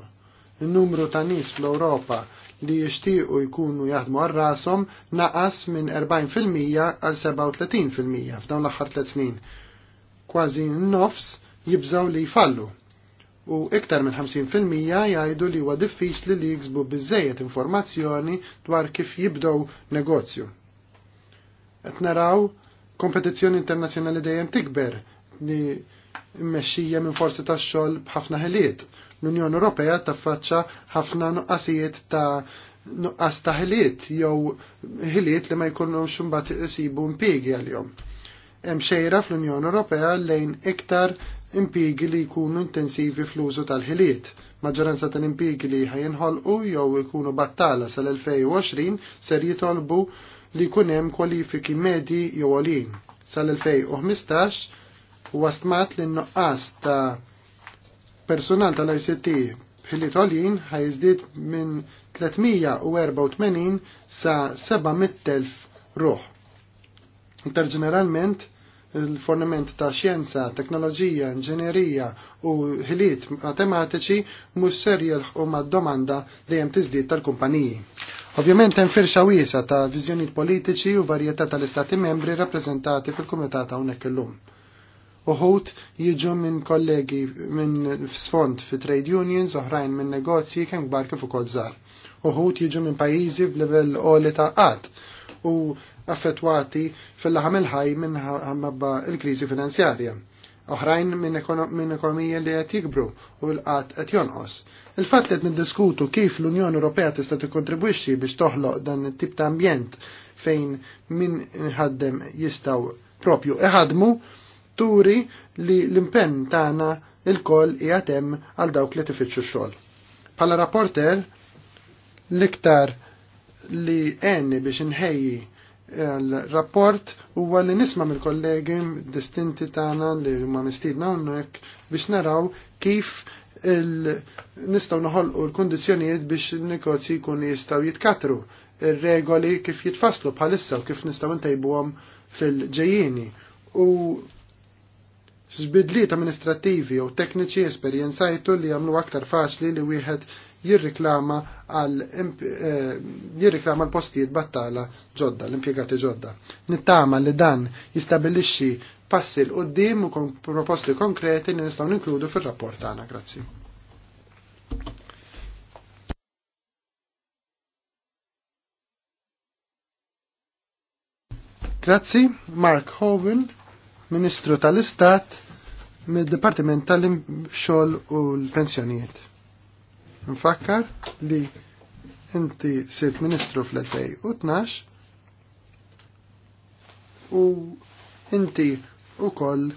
In-numru ta' nies fl-Ewropa li jixtiequ jkunu jaħdmu għal rashom naqas minn 40% għal 37% f'dawn l-aħħar 3 snin. Kważi n-nofs jibżaw li jfallu u iktar minn 50% jgħidu li huwa diffiċli li jiksbu biżejjed informazzjoni dwar kif jibdow negozju. Qed naraw kompetizzjoni internazzjonali dejjem tikber li mmexxija minn forsi tax-xogħol b'ħafna ħiliet. L-Unjoni Ewropea taffaċċa ħafna nuqqasijiet ta' nuqqas ta' ħiliet jew ħiliet li ma jkunux imbagħad isibu impjiegi għalihom. Hemm xejra fl-Unjoni Ewropea lejn iktar impjiegi li jkunu intensivi fl-użu tal-ħiliet. Maġġoranza tal-impjiegi li ħajinħolqu jew ikunu battala sal-2020 ser jitolbu li jkun hemm kwalifiki medji jew għolin. Sal-2015 wasmat li n-nuqqas ta' personal tal-ICT b'ħiliet għolin ħajżdied minn 384 sa 700.000 ruħ. Inter ġeneralment, il fornament ta' xjenza, teknoloġija, inġenerija u ħiliet matematiċi mhux ser jilħqu mad-domanda dejjem tiżdied tal-kumpaniji. Ovvjament hemm firxa wiesa ta' viżjonijiet politiċi u varjetà tal-istati membri rappreżentati fil-kumitat hawnhekk illum. Uħut jiġu minn kollegi minn sfond fi trade unions, oħrajn minn negozji kemm kbar kif ukoll żgħar. Uħut jiġu minn pajjiżi b'livell qoli ta' qatt u affettwati fil-laħam il-ħaj minħabba il-krizi finanzjarja oħrajn minn ekonomija li qed jikbru u l-qatt qed jonqos. Il-fatt li għet niddiskutu kif l-Unjoni Ewropea tista' tikkontribwixxi biex toħloq dan it-tip ta' ambjent fejn min nħaddem jistgħu propju iħadmu turi li l-impenn tagħna il-koll qiegħed hemm għal dawk li tifittxu xogħol Bħala rapporter l-iktar li għenni biex nħejji l-rapport huwa li nisma' mill-kollegi distinti tagħna li ma mistidna hawnhekk biex naraw kif nistgħu noħolqu l-kundizzjonijiet biex il-negozji jkunu jistgħu jitkatru il regoli kif jitfaslu bħalissa u kif nistgħu ntejbuhom fil ġejjini U Zbidliet amministrativi jew tekniċi esperjenzajtu li jagħmlu aktar faċli li wieħed jirriklama għal eh, jirriklama l-postijiet battala ġodda, l-impiegati ġodda. Nittama li dan jistabilixxi passi l-qoddim u proposti konkreti li nistgħu ninkludu fir-rapport tagħna. Grazzi. Grazzi, Mark Hoven, Ministru tal-Istat, mid-Dipartiment tal-Xol u l-Pensjonijiet. Nfakkar li inti sirt ministru fl-2012 u inti u koll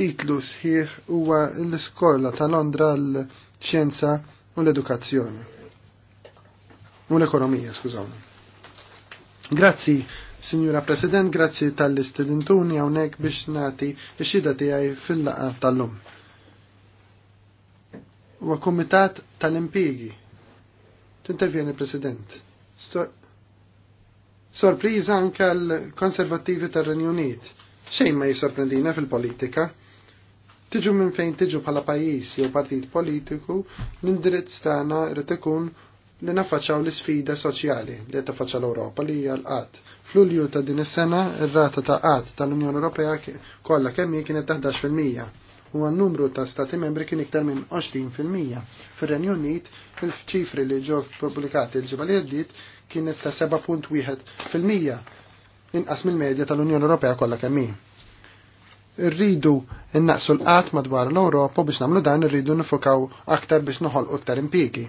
titlu sħiħ huwa l-Iskola ta' Londra l-Xjenza u l-Edukazzjoni. U l-Ekonomija, skużawni. Grazzi Signora President, grazzi tal istidintuni għawnek biex nati xida tijaj fil-laqa tal-lum. U komitat tal impigi Tintervjeni President. Sorpriza anka l-konservativi tal-Renju Unit. Xejn ma jisorprendina fil-politika. Tiġu minn fejn tiġu bħala pajis jew partit politiku, l-indirizz tagħna rrid ikun li nafaċaw l-sfida soċjali li tafaċa l-Europa li hija l-qatt. F'Lulju ta' din is-sena ir-rata ta' qat tal-Unjoni Ewropea kollha kemm hi kienet 11% u n-numru ta' stati membri kien iktar minn 20%. Fir-Renju Unit il-ċifri li ġew publikati l ġibali li kienet ta' 7.1% inqas mill-medja tal-Unjoni Ewropea kollha kemm hi rridu innaqsu l-qat madwar l-Europa biex namlu dan rridu nifokaw aktar biex noħolqu aktar impiegi.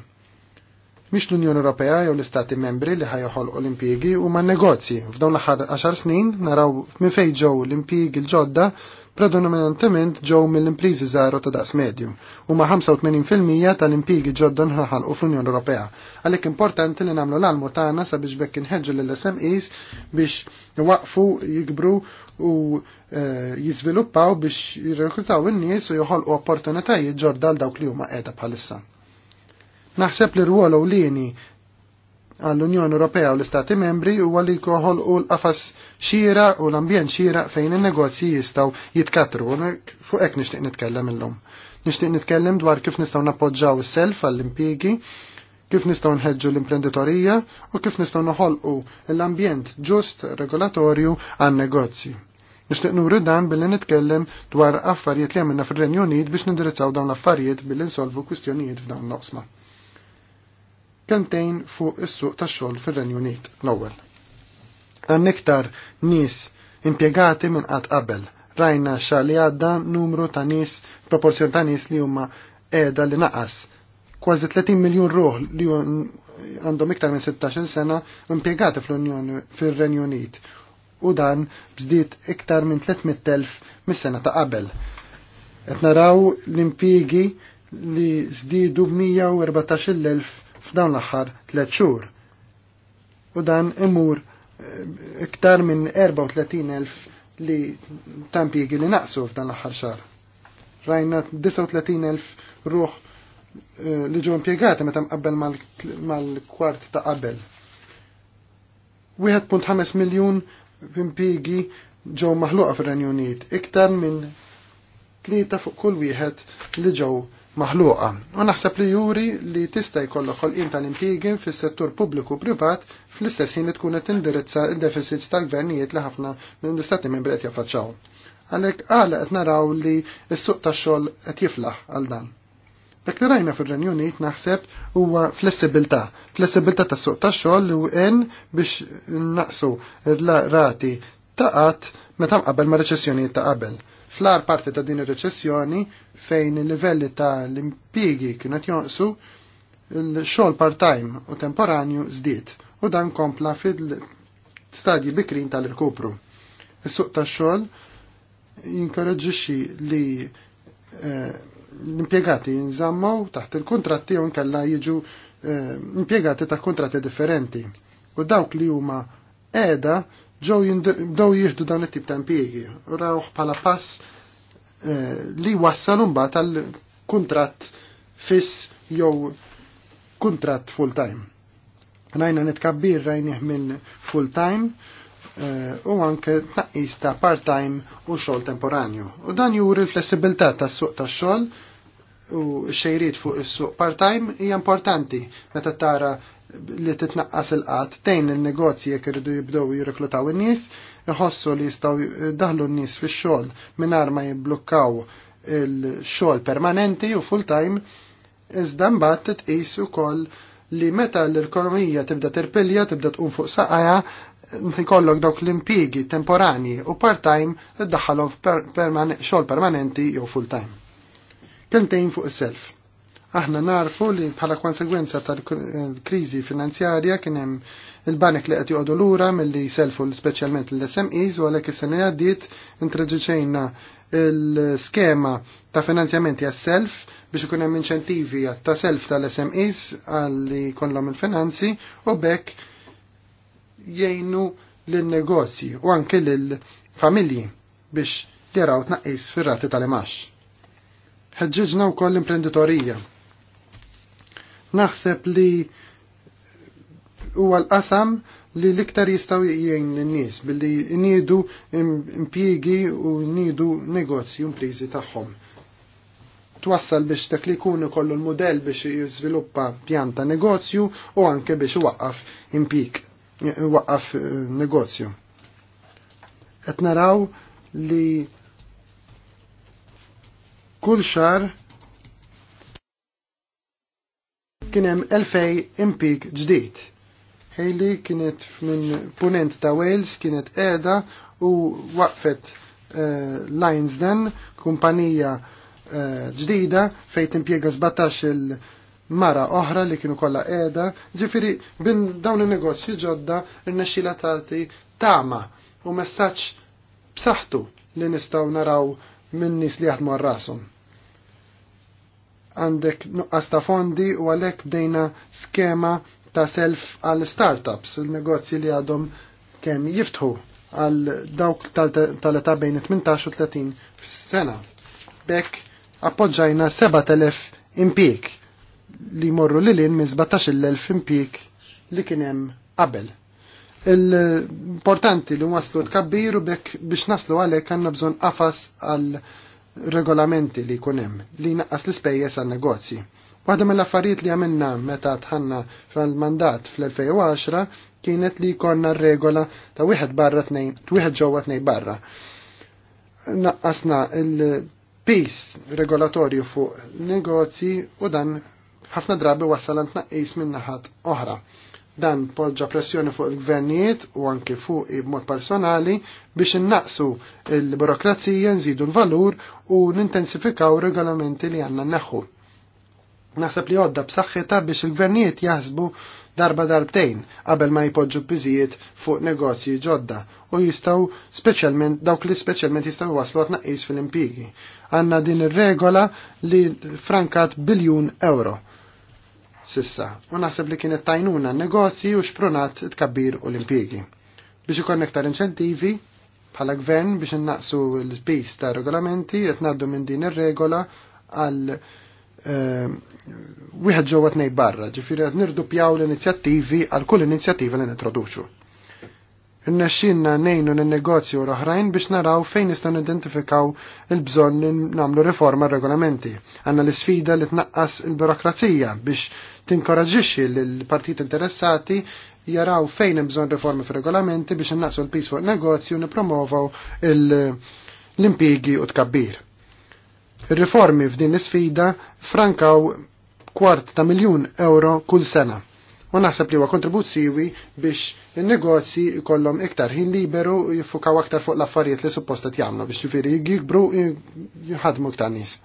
Mish l-Unjoni Ewropea jew l-Istati Membri li ħajħol l-impjiegi huma negozji. F'dawn l-aħħar 10 snin naraw minn fejn ġew l-impjiegi l-ġodda predominantement ġew mill impriżi żgħar ta' daqs medju. Huma 85% tal-impjiegi ġodda nħalqu fl-Unjoni Ewropea. Għalhekk importanti li nagħmlu l-almu tagħna sabiex bekk inħeġġu lill-SMEs biex waqfu jikbru u eh, jiżviluppaw biex jirrekrutaw in-nies u joħolqu opportunitajiet ġodda għal dawk li huma qiegħda bħalissa. Naħseb li rwol ewlieni għall-Unjoni Ewropea u l-Istati Membri huwa li koħol u l-qafas xira u l-ambjent xira fejn in-negozji jistgħu jitkatru fuq hekk nixtieq nitkellem illum. Nixtieq nitkellem dwar kif nistgħu nappoġġaw is-self għall-impjiegi, kif nistgħu nħedġu l-imprenditorija u kif nistgħu noħolqu l-ambjent ġust regolatorju għan-negozji. Nixtieq nuru dan billi nitkellem dwar affarijiet li għamilna fir-Renju Unit biex nindirizzaw dawn l-affarijiet billi nsolvu kwistjonijiet f'dawn l-oqsma kentejn fuq is-suq tax-xogħol fir-Renju Unit l-ewwel. Għan iktar nies impjegati minn qatt qabel. Rajna xar li għadda numru ta' nies, proporzjon ta' nies li huma qiegħda li naqas. Kważi 30 miljun ruħ li għandhom iktar minn 16 sena impjegati fl-Unjoni fir-Renju Unit u dan bżdiet iktar minn 300.000 mis-sena ta' qabel. Qed naraw l-impjiegi li żdiedu b'114,000 f'dawn l-aħħar tliet xhur. U dan imur eh, iktar minn 34.000 li tampjegi li naqsu f'dan l-aħħar xar. Rajna 39.000 ruħ eh, li ġew impjegati meta mqabbel mal-kwart ta' qabel. 1.5 miljun impiegi ġew maħluqa fir-Renju Unit, iktar minn tlieta fuq kull wieħed li ġew maħluqa u naħseb li juri li tista' jkollok ħolqien tal-impjiegi fis-settur pubbliku privat fl-istess ħin li tkun qed tindirizza d-deficits tal-gvernijiet li ħafna l istati membri qed jaffaċċaw. Għalhekk għal qed naraw li s-suq tax-xogħol qed jiflaħ għal dan. Dak li rajna fir-Renju Unit naħseb huwa flessibilità, flessibilità tas-suq tax-xogħol li wen biex naqsu r-rati ta' qatt meta qabel ma' reċessjonijiet ta' qabel Fl-ar parti ta' din ir-reċessjoni fejn il-livelli ta' l-impigi kienet jonqsu, il-xogħol part-time u temporanju żdied u dan kompla fil-stadji bikrin tal-irkupru. Is-suq tax-xogħol jinkoraġġixxi li eh, l-impjegati jinżammaw taħt il-kontratti u nkella jiġu eh, impjegati ta' kontratti differenti. U dawk li huma qiegħda ġew bdew jieħdu dawn it-tip ta' impjiegi u rawh bħala pass eh, li wassal mbagħad għal kuntratt fiss jew kuntratt full time. Rajna nitkabbir rajnih minn full time eh, u anke tnaqqis ta' part-time u xogħol temporanju. U dan juri l-flessibilità tas-suq tax-xogħol u xejrid fuq is-suq part-time hija importanti meta tara li titnaqqas il-qat tejn il-negozji jek irridu jibdew jirreklutaw in-nies, iħossu li jistgħu daħlu n-nies fix-xogħol mingħajr ma jiblukkaw il-xogħol permanenti u full-time, iżda mbagħad titqis ukoll li meta l-ekonomija tibda tirpilja, tibda tqum fuq saqaja, ikollok dawk l-impigi temporani u part-time iddaħħalhom xogħol permanenti jew full-time. Kentejn fuq is-self Aħna narfu li bħala konsegwenza tal-kriżi finanzjarja kien hemm il-banek li qed joqogħdu lura milli selfu speċjalment l-SMEs u għalhekk is-sena għaddiet introduċejna l-skema ta' finanzjamenti għas-self biex ikun hemm inċentivi ta' self tal-SMEs għalli jkollhom il-finanzi u bekk jgħinu l negozji u anke lill familji biex jaraw tnaqqis fir-rati tal-imax. Ħeġġiġna wkoll l-imprenditorija Naħseb li huwa l-qasam li l-iktar jistaw jgħin l-nies billi nidu impjiegi u nidu negozju imprizi tagħhom. Twassal biex dak li jkun ikollu l-modell biex jiżviluppa pjanta negozju u anke biex waqqaf impjieg, waqqaf eh, negozju. Qed naraw li kull xar kienem 2000 impik ġdid. Hayley kienet minn punent ta' Wales, kienet edha u waqfet uh, Lions Den, kumpanija uh, ġdida fejn timpiega 17 il mara oħra li kienu kollha edha, ġifieri bin dawn il negozji ġodda rnexxila tati tama u messaġġ b'saħħtu li nistgħu naraw minn nies li jaħdmu rashom għandek nuqqas ta' fondi u għalhekk bdejna skema ta' self għal startups, il-negozji li għadhom kemm jiftħu għal dawk tal-età bejn 18 u 30 sena. Bekk appoġġajna 7000 impik li morru li lin minn 17,000 impik li kien hemm qabel. Il-importanti li waslu tkabbiru bekk biex naslu għalek għanna bżon qafas għal regolamenti li kunem li naqqas l-ispejjeż għal negozji. Waħda mill-affarijiet li għamilna meta tħanna fil-mandat fl-2010 kienet li konna regola ta' wieħed barra tnejn, wieħed ġewwa tnejn barra. Naqqasna il pace regolatorju fuq negozji u dan ħafna drabi wasal għand tnaqqis minn naħat oħra. Dan poġġa pressjoni fuq il-gvernijiet u anke fuq mod personali biex innaqsu il-burokrazija, nżidu l-valur u nintensifikaw regolamenti li għanna neħu. Naħseb li għodda b'saħħitha biex il-gvernijiet jaħsbu darba darbtejn qabel ma jpoġġu biżijiet fuq negozji ġodda u jistaw speċjalment dawk li speċjalment jistaw waslu għat fil-impigi. Għanna din ir-regola li frankat biljun euro sissa u naħseb li kienet tajnuna negozji u xpronat tkabbir u l-impjegi. Biex ikon iktar inċentivi bħala gvern biex innaqsu l bis ta' regolamenti qed ngħaddu minn din ir-regola għal ehm, wieħed ġewwa tnej barra, ġifieri qed nirdupjaw l-inizjattivi għal kull inizjattiva li nintroduċu. Innexxinna nejnu n-negozju u oħrajn biex naraw fejn nistgħu nidentifikaw il-bżonn li nagħmlu riforma regolamenti. Għandna l-isfida li tnaqqas il birokrazija biex tinkoraġixxi l-partit interessati jaraw fejn hemm bżonn reformi fir-regolamenti biex innaqsu l-pis fuq negozju nippromovaw l-impjiegi u tkabbir. Ir-riformi f'din l-isfida frankaw kwart ta' miljun euro kull sena. U naħseb li huwa kontribuzziwi biex in-negozji jkollhom iktar ħin liberu jiffukaw aktar fuq l-affarijiet li supposta jagħmlu biex jifieri jikbru jħadmu iktar nies.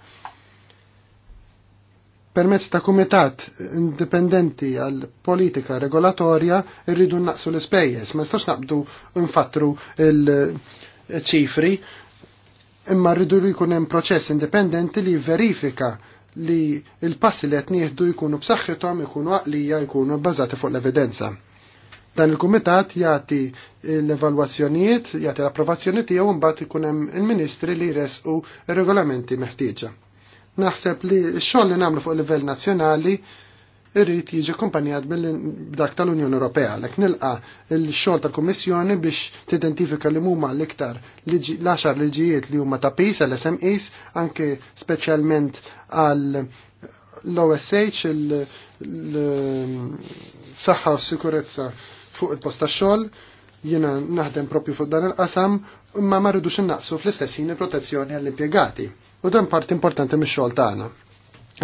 Permezz ta' kumitat indipendenti għal politika regolatorja rridu naqsu l-ispejjeż, ma nistax naqbdu nfattru l-ċifri, imma rridu li jkun hemm proċess indipendenti li verifika li il-passi li qed nieħdu jkunu b'saħħithom, jkunu għaqlija, jkunu bbażati fuq l-evidenza. Dan il-kumitat jagħti l-evalwazzjonijiet, jagħti l-approvazzjoni tiegħu mbagħad ikun hemm il-ministri li jresqu ir-regolamenti meħtieġa. Naħseb li x-xogħol li nagħmlu fuq livell nazzjonali irrit jiġi kumpanjat b'dak tal-Unjoni Ewropea. Lek nilqa l-xogħol tal-Kummissjoni biex tidentifika li muma l-iktar l-għaxar liġijiet li huma ta' PIS l-SMEs anke speċjalment għal l-OSH il-saħħa u sikurezza fuq il posta tax-xogħol jiena naħdem propju fuq dan il-qasam imma ma rridux innaqsu fl istessini il-protezzjoni għall-impjegati. U dan part importanti mix-xogħol tagħna.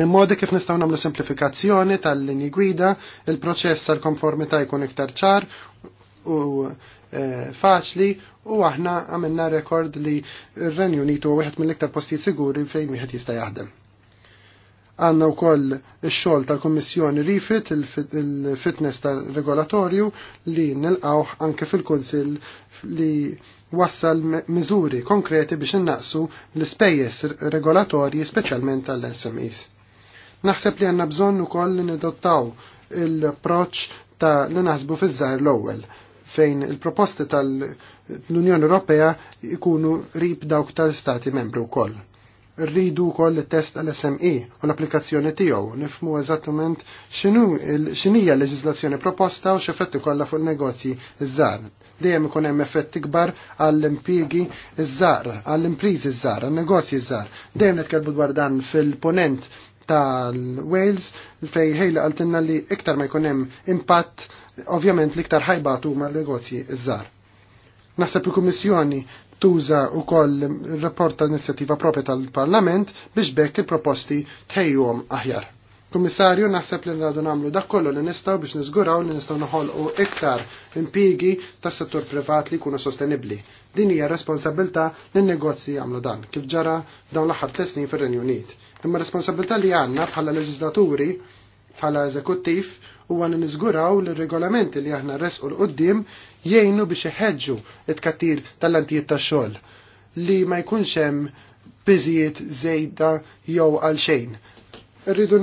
Il-modi kif nistgħu nagħmlu simplifikazzjoni tal-linji gwida, il-proċess tal-konformità jkun iktar ċar u eh, faċli u aħna għamilna rekord li r-Renju Unitu wieħed mill-iktar postijiet siguri fejn wieħed jista' jaħdem. Għanna u koll il-xol tal-Kommissjoni Rifit, il-fitness tal-regolatorju li nilqawħ anke fil konsil li wassal miżuri konkreti biex innaqsu l-spejjes regolatorji speċjalment tal-SMEs. Naħseb li għanna bżonn ukoll li nidottaw il proċ ta' li naħsbu fiż-żgħar l-ewwel fejn il-proposti tal-Unjoni Ewropea ikunu rib dawk tal-Stati membru wkoll rridu wkoll test l sme u l-applikazzjoni tiegħu nifmu eżattament x'inija l-leġiżlazzjoni proposta u x'effetti kollha fuq il-negozji iż-żgħar. Dejjem ikun hemm effetti kbar għall-impjiegi iż-żgħar, għall-impriżi iż-żgħar, għal negozji iż-żgħar. Dejjem netkelbu dwar dan fil-ponent tal-Wales fej ħejla għaltinna li iktar ma jkun hemm impatt ovvjament li iktar ħajbatu ma' negozji iż żar. Naħseb il-Kummissjoni tuża wkoll il-rapport tal-inizjattiva propja tal-Parlament biex bekk il-proposti tejjum aħjar. Kummissarju, naħseb li rridu nagħmlu dak kollu li nistgħu biex niżguraw li nistgħu u iktar impigi tas-settur privat li jkunu sostenibbli. Din hija responsabilità li n-negozji jagħmlu dan, kif ġara dawn l-aħħar tliet snin fir-Renju Unit. Imma responsabilità li għandna bħala leġislaturi, bħala eżekuttiv u għan nizguraw li regolamenti li aħna resqu l-qoddim jgħinu biex iħedġu it-kattir tal-antijiet ta' xogħol li ma jkunx hemm biżijiet żejda jew għal xejn. Rridu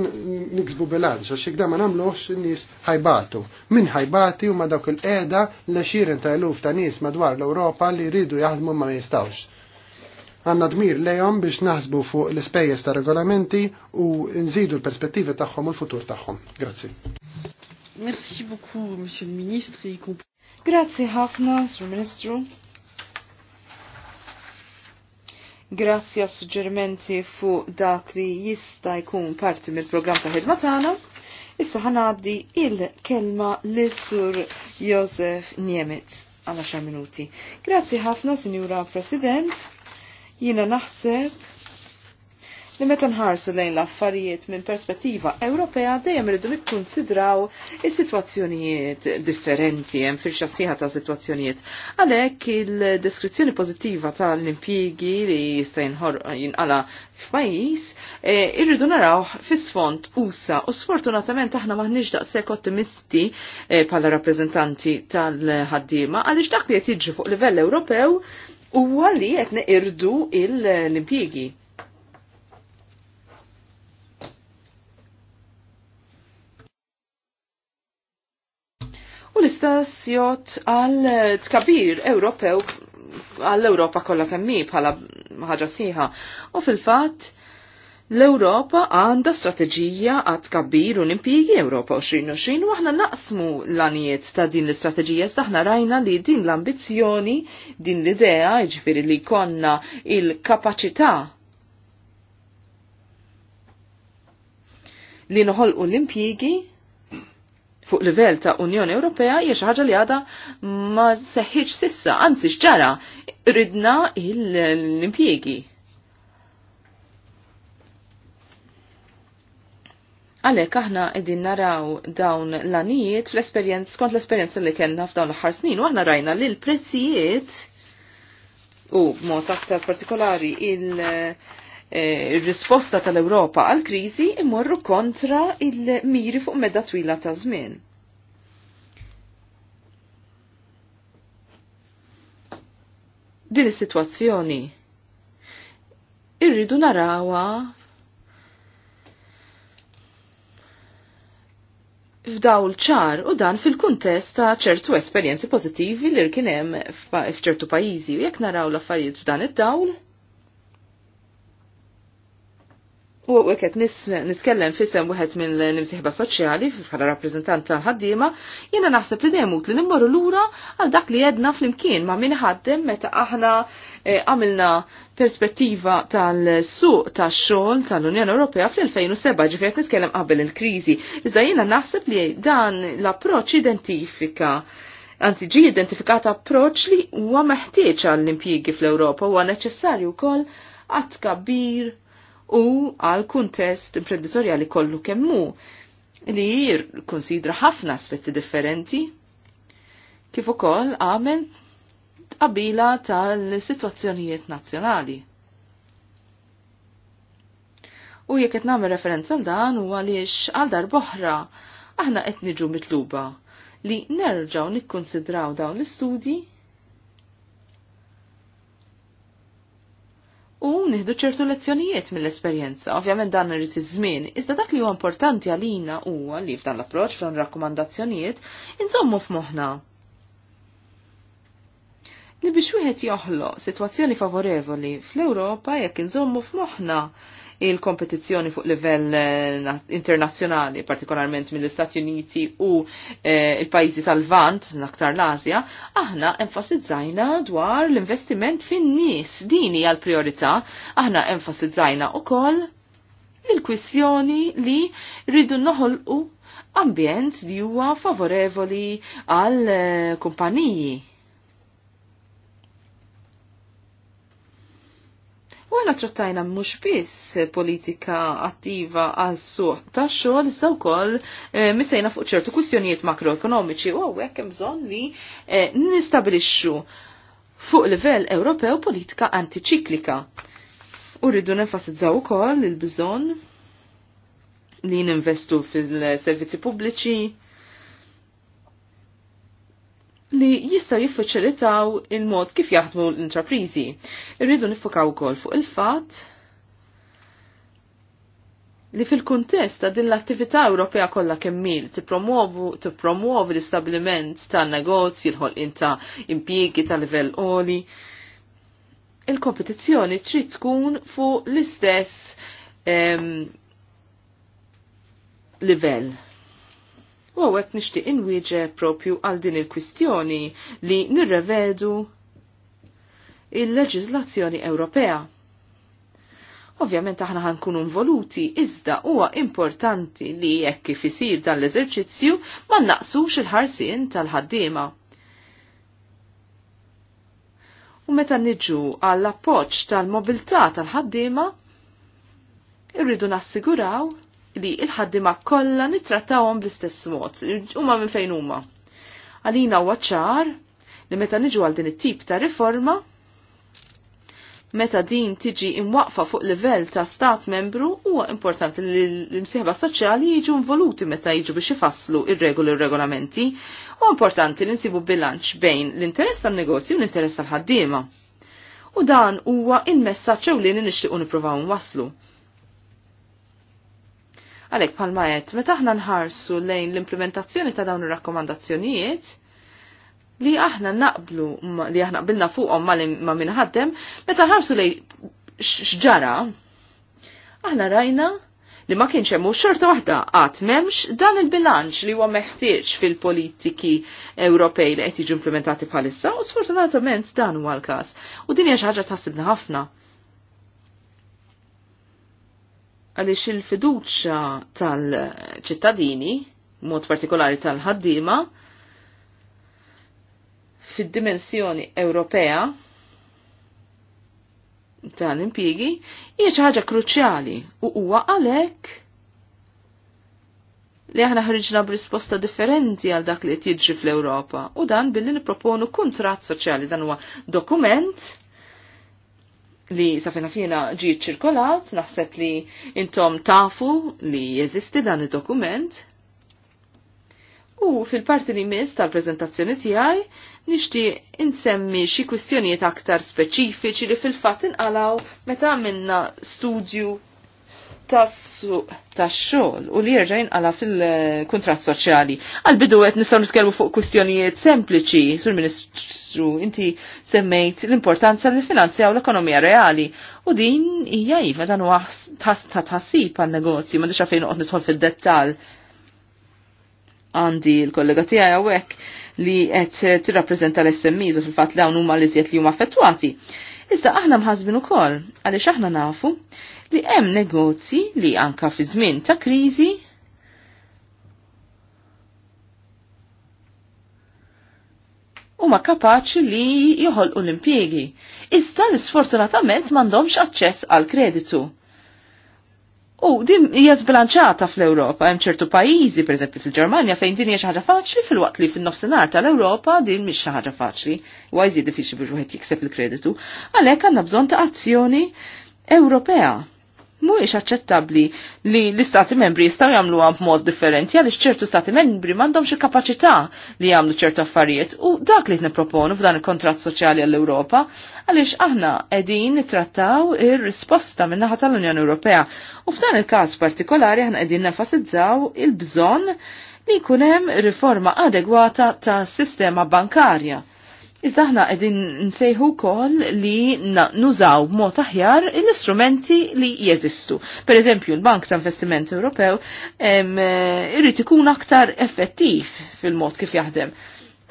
niksbu bilanċ għax ma nagħmluhx in-nies ħajbatu. Min ħajbati huma dawk il-qiegħda l xirin ta' eluf ta' nies madwar l-Ewropa li jridu jaħdmu ma jistawx Għanna dmir lejom biex naħsbu fuq l-ispejjeż ta' regolamenti u nżidu l-perspettivi tagħhom u l-futur tagħhom. Grazzi. Merci beaucoup, Monsieur le Ministre. Grazzi ħafna, Sur Ministru. Grazzi għas suġġerimenti fuq dak li jista' jkun parti mill-programm ta' ħidma tagħna. Issa ħanaddi il-kelma l-sur Josef Niemitz għal 10 minuti. Grazzi ħafna, Sinjura President. Jina naħseb li meta nħarsu lejn l-affarijiet minn perspettiva Ewropea dejjem irridu nikkunsidraw is-sitwazzjonijiet differenti hemm firxa sieħa ta' sitwazzjonijiet. Għalhekk il-deskrizzjoni pożittiva tal-impjiegi li jista' jinqala f'pajjiż e, irridu naraw fis-sfond usa u sfortunatament aħna maħniġ daqshekk ottimisti e, bħala pala rappreżentanti tal-ħaddiema għaliex dak li qed jiġri fuq livell Ewropew huwa li qed neqirdu l-impjiegi. U l-istess jot għal tkabir Ewropew għall-Ewropa kollha kemmi bħala ħaġa siħa. U fil-fatt l-Europa għanda strateġija għad kabbir u l-impjegi Europa 2020 u aħna naqsmu l-anijiet ta' din l strateġija staħna rajna li din l-ambizjoni, din l-idea, ġifiri li konna il-kapacità li noħolqu l impiegi fuq livell ta' Unjoni Ewropea hija xi ħaġa li għadha ma seħħitx sissa, anzi x'ġara ridna l-impjiegi Għalek aħna edin naraw dawn l-anijiet fl-esperienz, skont l-esperienza li kellna f'dawn l-ħar snin, u aħna rajna li l-prezzijiet u mod aktar partikolari eh, il-risposta tal-Europa għal-krizi imorru kontra il-miri fuq medda twila ta' żmien. Din is-sitwazzjoni irridu narawa f'dawl ċar u dan fil-kuntest ta' ċertu esperjenzi pozittivi li kien hemm f'ċertu pajjiżi u jekk naraw l-affarijiet f'dan id-dawl U għeket niskellem fissem wieħed minn l-imsiħba soċjali bħala rappreżentant tal-ħaddiema, jiena naħseb li demut li l lura għal dak li jedna flimkien ma' min ħaddem meta aħna eh, għamilna perspettiva tal-suq tax-xogħol tal-Unjoni Ewropea fl-2007 ġifieri nitkellem qabel il-kriżi. Iżda jiena naħseb li dan l-approċċ identifika Anzi, ġi identifikat approċċ li huwa meħtieġ għall-impjiegi fl-Ewropa huwa neċessarju wkoll għat kabbir u għal kuntest imprenditorjali kollu kemmu li konsidra ħafna aspetti differenti kif ukoll għamel qabila tal-sitwazzjonijiet nazzjonali. U jekk qed nagħmel referenza għal dan u għaliex għal darboħra aħna qed niġu mitluba li nerġgħu nikkonsidraw dawn l-istudji u nieħdu ċertu lezzjonijiet mill-esperjenza. Ovvjament dan irid iż-żmien, iżda dak li huwa importanti għalina huwa li f'dan l-approċċ f'dan rakkomandazzjonijiet inżommu f'moħħna li biex wieħed joħloq sitwazzjoni favorevoli fl-Ewropa jekk inżommu f'moħħna il-kompetizzjoni fuq livell eh, internazzjonali, partikolarment mill-Istati Uniti u eh, il-pajjiżi tal-Vant, naktar l-Asja, aħna enfasizzajna dwar l-investiment fin-nies. Dini għal-priorità, aħna enfasizzajna koll il-kwissjoni li rridu noħolqu ambjent li huwa favorevoli għal eh, kumpaniji U għana trattajna mux biss politika attiva għal suq ta' xogħol iżda wkoll eh, misajna fuq ċertu kwistjonijiet makroekonomiċi u għekem bżonn li eh, nistabilixxu fuq livell Ewropew politika antiċiklika. U rridu nenfasizzaw ukoll il-bżonn li ninvestu fil-servizzi pubbliċi, li jistaw jiffaċilitaw il-mod kif jaħdmu l-intraprizi. Irridu nifokaw ukoll fuq il fat li fil-kuntest ta' din l-attività Ewropea kollha kemmil tippromuovu tippromuovu l-istabbiliment ta' negozji l-ħolqien ta' impjiegi ta' livell oli. Il-kompetizzjoni trid tkun fuq l-istess livell u għet nishtiq inwieġe propju għal din il-kwistjoni li nirrevedu il-leġizlazzjoni Ewropea. Ovvjament aħna ħankunu involuti, iżda huwa importanti li jekk kif isir dan l-eżerċizzju ma naqsux il-ħarsien tal-ħaddiema. U meta niġu għall appoġġ tal-mobilità tal-ħaddiema, irridu nassiguraw li il-ħaddima kollha nittrattawhom bl-istess mod, huma minn fejn huma. Għalina huwa ċar li meta niġu għal din it-tip ta' riforma, meta din tiġi imwaqfa fuq livell ta' stat membru huwa importanti li l-imsieħba soċjali jiġu involuti meta jiġu biex ifasslu ir-regoli u regolamenti u importanti li nsibu bilanċ bejn l-interess tan-negozju u l-interess tal-ħaddiema. U dan huwa il-messaġġ ewlieni nixtiequ nippruvaw nwasslu. Għalek palma għet, meta aħna nħarsu lejn l-implementazzjoni ta' dawn ir-rakkomandazzjonijiet, li aħna naqblu, li aħna qbilna fuqhom ma minħaddem, meta ħarsu lejn xġara, aħna rajna li ma kienx hemm xorta waħda għad m'hemmx dan il-bilanċ li huwa meħtieġ fil-politiki Ewropej li qed jiġu implementati bħalissa u sfortunatament dan huwa l-każ. U din hija xi ħaġa taħsibna ħafna. għaliex il-fiduċa tal-ċittadini, mod partikolari tal-ħaddima, fid-dimensjoni Ewropea tal-impjigi hija ħaġa kruċjali u huwa għalhekk li aħna ħriġna b'risposta differenti għal dak li qed jiġri fl-Ewropa u dan billi nipproponu kuntratt soċjali dan huwa dokument li safina fina ġi ċirkolat, naħseb li intom tafu li jeżisti dan il-dokument. U fil-parti li mis tal-prezentazzjoni tiegħi nixti insemmi xi kwistjonijiet aktar speċifiċi li fil-fatt inqalaw meta għamilna studju tas-suq tax-xogħol u li jerġa' jinqala fil-kuntratt soċjali. Għal-bidu qed nistgħu nitkellmu fuq kwistjonijiet sempliċi, sur Ministru, inti semmejt l-importanza li finanzjaw l-ekonomija reali u din hija iva dan huwa ta' tħassib għan-negozji, m'għandix fejn noqgħod nidħol fid-dettall. Għandi l-kollega tiegħi għawek li qed tirrappreżenta l-SMEs u fil-fatt dawn huma li li huma affettwati. Iżda aħna mħazbin ukoll għaliex aħna nafu li hemm negozji li anka fi żmien ta' kriżi huma kapaċi li joħolqu l-impjiegi. Iżda l-sfortunatament m'għandhomx aċċess għal kreditu. U din hija zbilanċata fl-Ewropa, hemm ċertu pajjiżi, pereżempju fil-Ġermanja, fejn din hija xi ħaġa faċli fil-waqt li fin-nofsinhar tal-Ewropa din mhix xi ħaġa faċli. Huwa jżid diffiċli biex wieħed jikseb il-kreditu. Għalhekk għandna bżonn ta' azzjoni Ewropea mhuwiex aċċettabbli li l-istati membri jistgħu jagħmluha b'mod differenti għaliex ċertu stati membri m'għandhomx il-kapaċità li jagħmlu ċertu affarijiet u dak li nipproponu f'dan il-kontratt soċjali għall-Ewropa għaliex aħna qegħdin nittrattaw ir-risposta min-naħa tal-Unjoni Ewropea u f'dan il-każ partikolari aħna qegħdin nefasizzaw il-bżonn li jkun hemm riforma adegwata tas sistema bankarja Iżda aħna qegħdin nsejħu wkoll li nużaw b'mod aħjar l-istrumenti li jeżistu. Pereżempju l-Bank ta' Investiment Ewropew eh, irrid ikun aktar effettiv fil-mod kif jaħdem.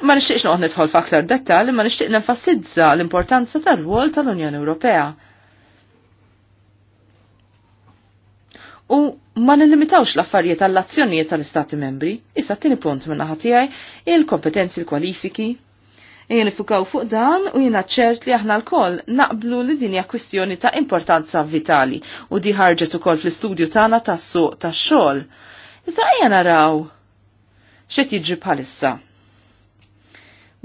Ma nixtieqx noqgħod nidħol f'aktar dettal, ma nixtieq nenfasizza l-importanza tar-rwol tal-Unjoni Ewropea. U ma nillimitawx l-affarijiet għall-azzjonijiet tal-Istati membri, issa t-tieni punt minna ħatijaj, il-kompetenzi l-kwalifiki, jenifikaw fuq dan u jina ċert li aħna l-koll naqblu li dinja kwistjoni ta' importanza vitali u di ħarġet ukoll fl-istudju tagħna tas-suq tax-xogħol. Iżda ejja naraw xed jiġri bħalissa.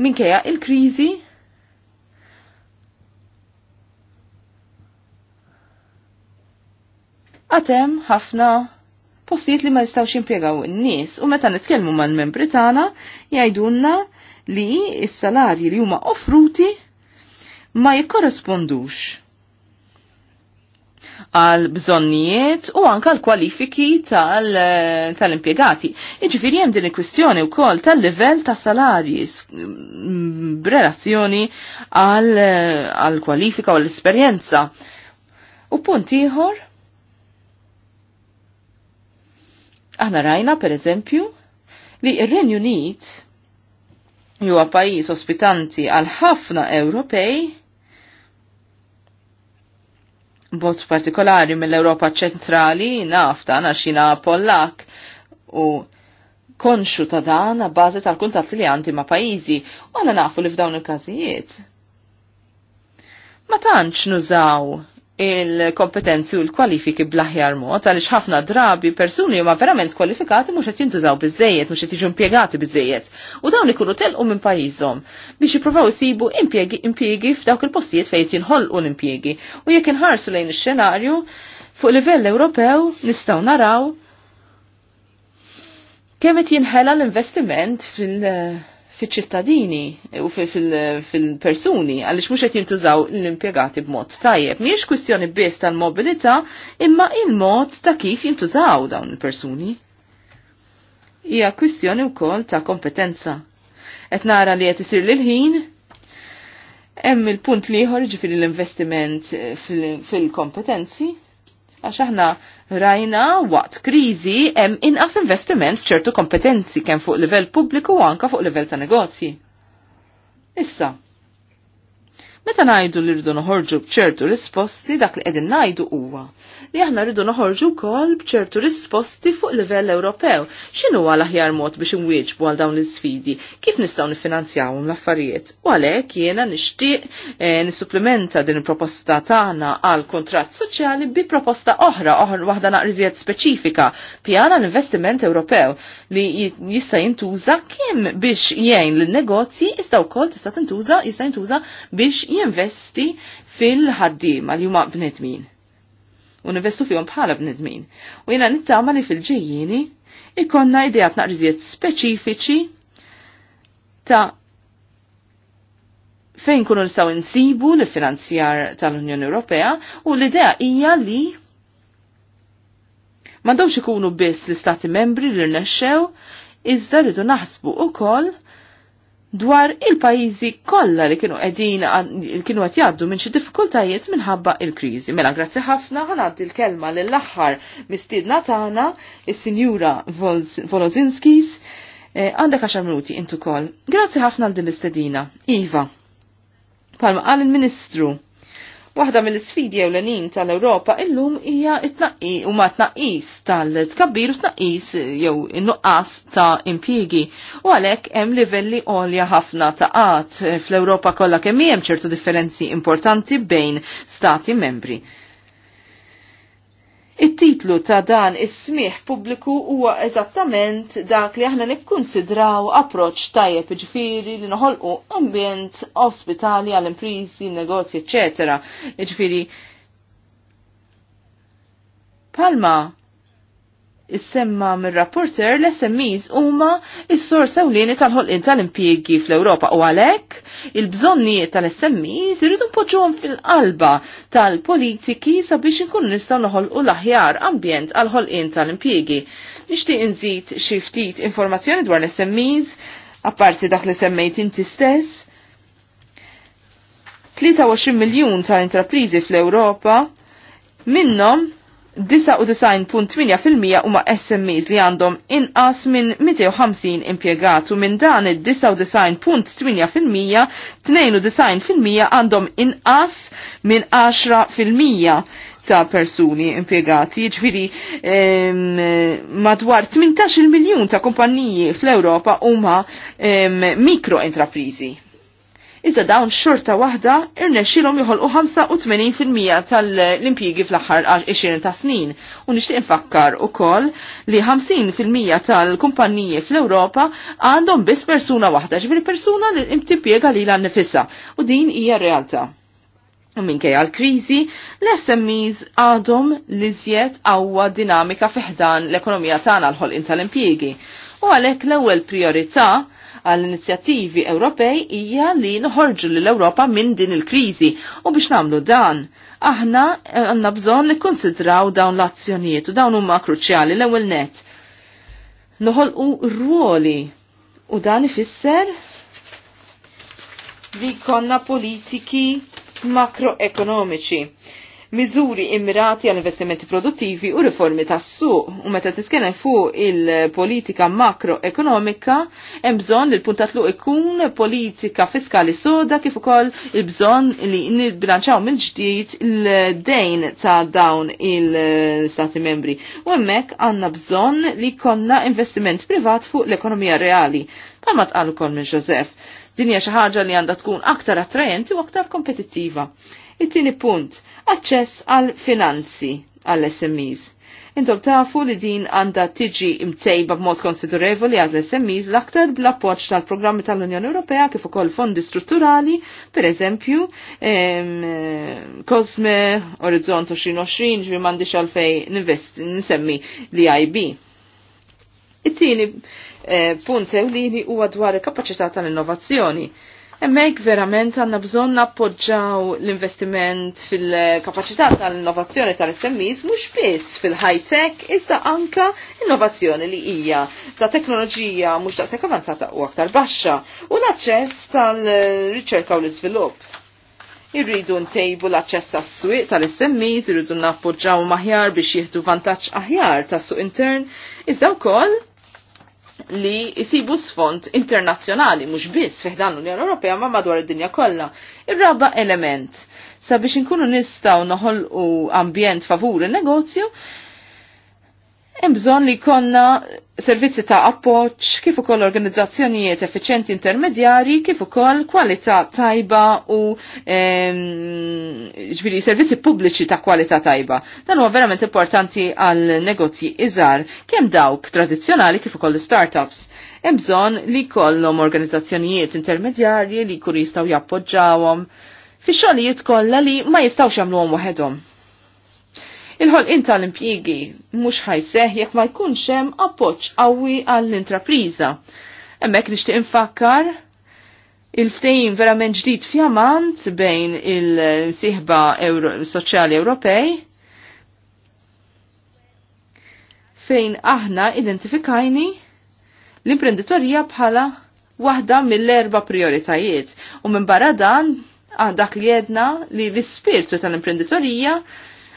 Minkejja il-kriżi għatem ħafna postijiet li ma jistawx jimpiegaw n-nies u meta nitkellmu mal-membri tagħna jgħidulna li s-salarji li huma offruti ma jikkorrespondux għal bżonnijiet u anka għal kwalifiki eh, tal-impiegati. Tal Iġifiri jem din il-kwistjoni u kol tal-level ta' salarji b'relazzjoni eh, għal kwalifika u l-esperienza. U punt iħor? aħna rajna per eżempju li ir-Renju Unit huwa pajjiż ospitanti għal ħafna Ewropej bot partikolari mill-Europa ċentrali nafta naxina Pollak u konxu ta' dan bazi tal-kuntat li għandi ma' pajizi u għana nafu li f'dawn il-każijiet. Ma tantx nużaw il-kompetenzi u l-kwalifiki blaħjar mod, għaliex ħafna drabi persuni huma verament kwalifikati mhux qed jintużaw biżejjed, mhux qed jiġu impjegati U dawn ikunu telqu minn pajjiżhom biex jiprofaw jisibu impiegi f'dawk il-postijiet fejn jinħolqu l impiegi. U jekk inħarsu lejn ix-xenarju fuq livell Ewropew nistgħu naraw kemm qed jinħela l-investiment fil- uh, fiċ-ċittadini u fil-persuni għaliex mhux qed jintużaw l-impjegati b'mod tajjeb. Mhijiex kwistjoni biss tal-mobilità imma il-mod ta' kif jintużaw dawn il-persuni. Hija kwistjoni wkoll ta' kompetenza. Qed nara li qed isir l ħin hemm il-punt liħor ġifieri l-investiment fil-kompetenzi għax aħna Rajna waqt kriżi hemm inqas investiment f'ċertu kompetenzi kemm fuq livell pubbliku u anka fuq livell ta' negozji. Issa, Meta ngħidu li rridu noħorġu bċertu risposti dak li qegħdin ngħidu huwa li aħna rridu noħorġu wkoll bċertu risposti fuq livell Ewropew. X'inhu huwa l-aħjar mod biex inwieġbu għal dawn l-isfidi? Kif nistgħu niffinanzjawhom l-affarijiet? U għalhekk jiena nixtieq eh, nisupplementa din il-proposta tagħna għal kontratt soċjali bi proposta oħra, oħra waħda naqriżiet speċifika, pjana l-investiment Ewropew li jista' jintuża kemm biex jgħin lin-negozji iżda wkoll tista' tintuża jista' jintuża biex jinvesti fil-ħaddim għal juma bnedmin. U nivestu fihom bħala bnedmin. U jina nittama li fil-ġejjini ikonna idejat naqriżiet speċifiċi ta' fejn kunu nistaw insibu li finanzjar tal-Unjoni Ewropea u l-idea hija li dawx ikunu biss l-istati membri li rnexxew iżda rridu naħsbu ukoll dwar il-pajizi kollha li kienu qegħdin kienu qed jgħaddu minn xi diffikultajiet minħabba il-kriżi. Mela grazzi ħafna ħanaddi l-kelma lill-aħħar mistiedna tagħna is-Sinjura Volozinskis eh, għandek 10 minuti intu kol. Grazzi ħafna għal din l-istedina. Iva, palma għal il-Ministru Waħda mill-sfidi ewlenin tal-Ewropa illum hija t naqqi u ma t tnaqqis tal-tkabbir u tnaqqis jew n-nuqqas ta' impjiegi. U għalhekk hemm livelli għolja ħafna ta' għat fl-Ewropa kollha kemm hemm ċertu differenzi importanti bejn stati membri. It-titlu ta' dan is-smieħ pubbliku huwa eżattament dak li aħna nikkunsidraw approċċ tajjeb ġifiri li noħolqu ambjent ospitali għall imprizi negozji, eċċetera. Ġifiri, palma is-semma mir-rapporter l-SMEs huma s-sors ewlieni tal-ħolqien tal-impjiegi fl-Ewropa u għalhekk il-bżonnijiet tal-SMEs iridu npoġġuhom fil-qalba tal-politiki sabiex inkunu nistgħu noħolqu l-aħjar ambjent għall ħolqien tal-impjiegi. Nixtieq inżid xi ftit informazzjoni dwar l-SMEs, apparti dak li semmejt inti stess. 23 miljun ta' intraprizi fl-Ewropa, minnhom 99.8% huma SMEs li għandhom inqas minn 250 u minn dan id-99.8% 92% għandhom inqas minn 10% ta' persuni impiegati, ġviri jiġifieri, madwar 18 miljon ta' kompanniji fl-Europa huma mikro-intraprizi iżda dawn xorta waħda irnexxilhom joħolqu 85% tal-impjigi fl-aħħar 20 ta' snin. U nixtieq infakkar ukoll li 50% tal-kumpanniji fl-Ewropa għandhom biss persuna waħda, ġifri persuna li impjega lilha nnifisha. U din hija realtà. U minkej għal-krizi, l-SMEs għadhom li zjed għawa dinamika fiħdan l-ekonomija tagħna l-ħolqin tal-impjiegi. U għalhekk l-ewwel priorità għall-inizjattivi Ewropej hija li nħorġu l ewropa minn din il-kriżi u biex nagħmlu dan aħna eh, għandna bżonn nikkonsidraw dawn l-azzjonijiet u dawn huma kruċjali l-ewwel net. Noħolqu ruoli u dan ifisser li konna politiki makroekonomiċi miżuri immirati għal investimenti produttivi u riformi tas-suq u meta titkellem fuq il-politika makroekonomika hemm bżonn l puntat luq ikun politika fiskali soda kif ukoll il-bżonn li nibbilanċaw minn ġdid il-dejn ta' dawn il-Stati membri. U hemmhekk għandna bżonn li konna investiment privat fuq l-ekonomija reali. Palma tqalu kol minn Joseph din hija xi ħaġa li għandha tkun aktar attrajenti u aktar kompetittiva. It-tieni punt, aċċess għal finanzi għall smes Intom tafu li din għanda tiġi imtejba b'mod konsiderevoli għal SMEs l-aktar bl-appoċ tal-programmi tal-Unjoni Ewropea kif ukoll fondi strutturali, per eżempju, Cosme, Orizzont 2020, ġvi mandi xalfej nsemmi li IB. It-tieni eh, punt ewlini huwa dwar il-kapaċità tal-innovazzjoni Emmek verament għanna bżon appoġġaw l-investiment fil-kapacità tal-innovazzjoni tal-SMEs mhux biss fil-high tech iżda anka innovazzjoni li hija ta' teknoloġija mhux daqshekk avanzata u aktar baxxa u l-aċċess tal-riċerka u l-iżvilupp. Irridu ntejbu l-aċċess tas swieq tal-SMEs, irridu nappoġġaw maħjar biex jieħdu vantaġġ aħjar tas-suq intern iżda wkoll li jisibu sfond internazzjonali, mhux biss fih dan l-Unjoni Ewropea ma madwar id-dinja kollha. Ir-raba element sabiex inkunu nistgħu noħolqu ambjent favur in-negozju hemm bżonn li konna servizzi ta' appoġġ kif ukoll organizzazzjonijiet effiċenti intermedjari kif ukoll kwalità tajba u ehm, ġbiri servizzi pubbliċi ta' kwalità tajba. Dan huwa verament importanti għal negozji iżar, kemm dawk tradizzjonali kif ukoll startups. Hemm bżonn li jkollhom organizzazzjonijiet intermedjarji li jkunu jistgħu jappoġġawhom fi xogħlijiet kollha li ma jistgħux jagħmluhom waħedhom. Il-ħolqien tal-impjiegi mhux ħajseħ jekk ma jkunx hemm appoġġ qawwi għall-intrapriża. Hemmhekk nixtieq infakkar il ftejn verament ġdid fjamant bejn il-sieħba soċjali Ewropej fejn aħna identifikajni l-imprenditorija bħala waħda mill-erba prioritajiet u minn barra dan ah, dak li jedna li l-ispirtu tal-imprenditorija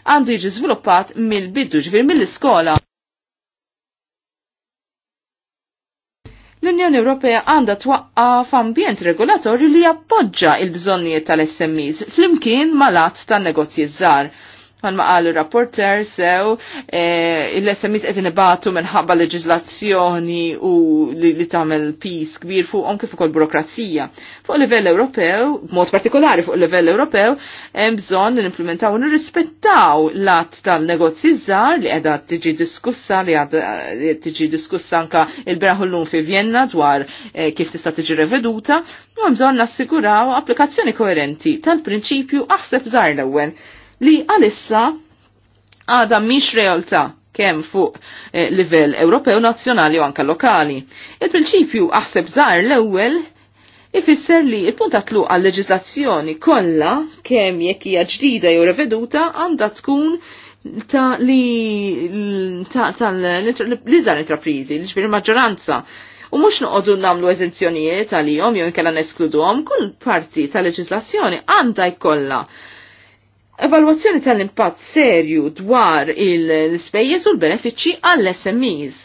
għandu jiġi żviluppat mill-bidu ġvir mill-iskola. l-Unjoni Ewropea għandha twaqqaf ambjent regolatorju li jappoġġa il-bżonnijiet tal-SMEs flimkien mal-att tan-negozji żgħar Għalma għal rapporter sew e, il-SMIs qed inibatu minħabba leġislazzjoni u li tagħmel pis kbir fuqhom kif ukoll burokrazija. Fuq livell Ewropew, b'mod partikolari fuq livell Ewropew, hemm bżonn li nimplementaw u nirrispettaw l-att tal-negozji żgħar li qiegħda tiġi diskussa li għadha tiġi diskussa anka il-beraħ llum fi Vienna dwar e, kif tista' tiġi reveduta, u hemm bżonn nassiguraw applikazzjoni koerenti tal-prinċipju aħseb żgħar l-ewwel li għalissa għada miex realtà kemm fuq eh, livell Ewropew, nazzjonali u anka lokali. Il-prinċipju aħseb żgħar l-ewwel ifisser li il-punt tluq għal leġislazzjoni kollha kemm jekk hija ġdida jew reveduta għandha tkun ta' li ta' tal-liżar intraprizi, l-ġbir maġġoranza U mux nuqodu namlu eżenzjonijiet għalihom jew inkella neskludhom, kull parti tal-leġislazzjoni għandha jkollha evalwazzjoni tal-impatt serju dwar il-spejjeż u l-benefiċċji għall-SMEs.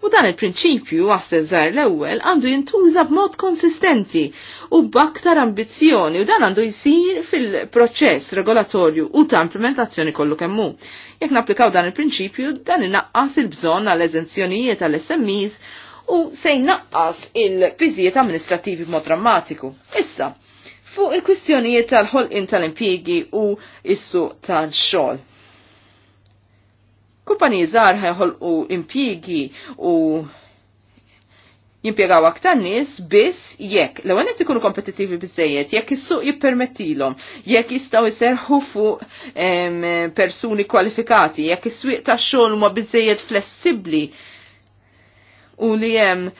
U dan il-prinċipju għasen żgħar l-ewwel għandu jintuża b'mod konsistenti u b'aktar ambizzjoni u dan għandu jsir fil-proċess regolatorju u ta' implementazzjoni kollu kemmu. Jekk napplikaw dan il-prinċipju, dan innaqqas il-bżonn għall eżenzjonijiet għall smes u se jnaqqas il piżijiet amministrativi b'mod drammatiku. Issa, fuq il-kwistjonijiet tal-ħolqin tal-impjigi u issu tal-xol. Kumpaniji żgħar ħolqu impjigi u jimpiegaw aktar nies biss jekk l qed ikunu kompetittivi biżejjed, jekk is-suq jippermettilhom, jekk jistgħu jserħu fuq persuni kwalifikati, jekk is-swieq tax-xogħol huma biżejjed flessibbli u li hemm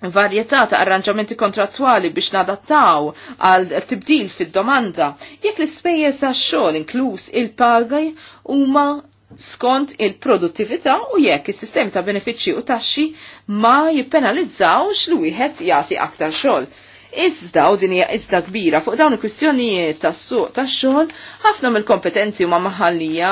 varjetà ta' arranġamenti kontrattuali biex nadattaw għal tibdil fid-domanda, jekk l-ispejjeż għax-xogħol inkluż il-pagaj huma skont il-produttività u jekk is-sistemi ta' benefiċċji u taxxi ma jippenalizzawx li wieħed jagħti aktar xogħol. Iżda u din hija iżda kbira fuq dawn il-kwistjonijiet tas-suq tax-xogħol, ħafna mill-kompetenzi huma maħallija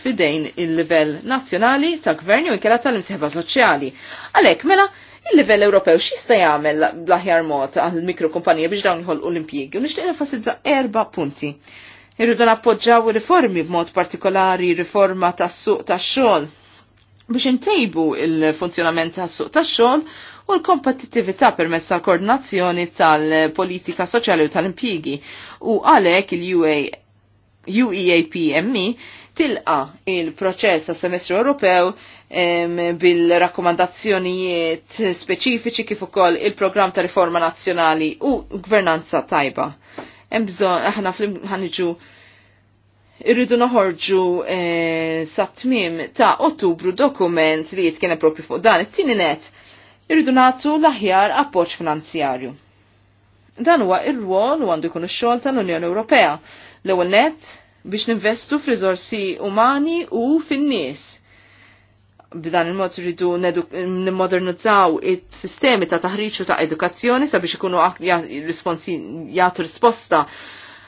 fidejn il-livell nazzjonali ta' gvern u inkela tal-imsieħba soċjali. Għalhekk mela il-livell Ewropew x'jista' jagħmel bl-aħjar mod għal mikrokumpanija biex dawn jħolqu l-impjiegi u nixtieq nenfasizza erba' punti. Irridu nappoġġaw riformi b'mod partikolari, riforma tas-suq tax-xogħol biex intejbu l funzjonament tas-suq tax-xogħol u l-kompetittività permezz tal-koordinazzjoni tal-politika soċjali u tal-impjiegi. U għalhekk il-UEAPME e tilqa il-proċess tas semestru Ewropew bil-rakkomandazzjonijiet speċifiċi kif ukoll il-programm ta' riforma nazzjonali u gvernanza tajba. Hemm bżonn aħna ħaniġu irridu noħorġu e, eh, sat-tmim ta' Ottubru dokument li jitkene propju fuq dan it-tieni net irridu nagħtu l-aħjar appoġġ finanzjarju. Dan huwa ir-rwol u għandu jkun ix-xogħol tal-Unjoni Ewropea. L-ewwel net biex ninvestu f'riżorsi umani u fin-nies b'dan il-mod rridu nimmodernizzaw it-sistemi ta' taħriġ u ta' edukazzjoni sabiex ikunu jagħtu risposta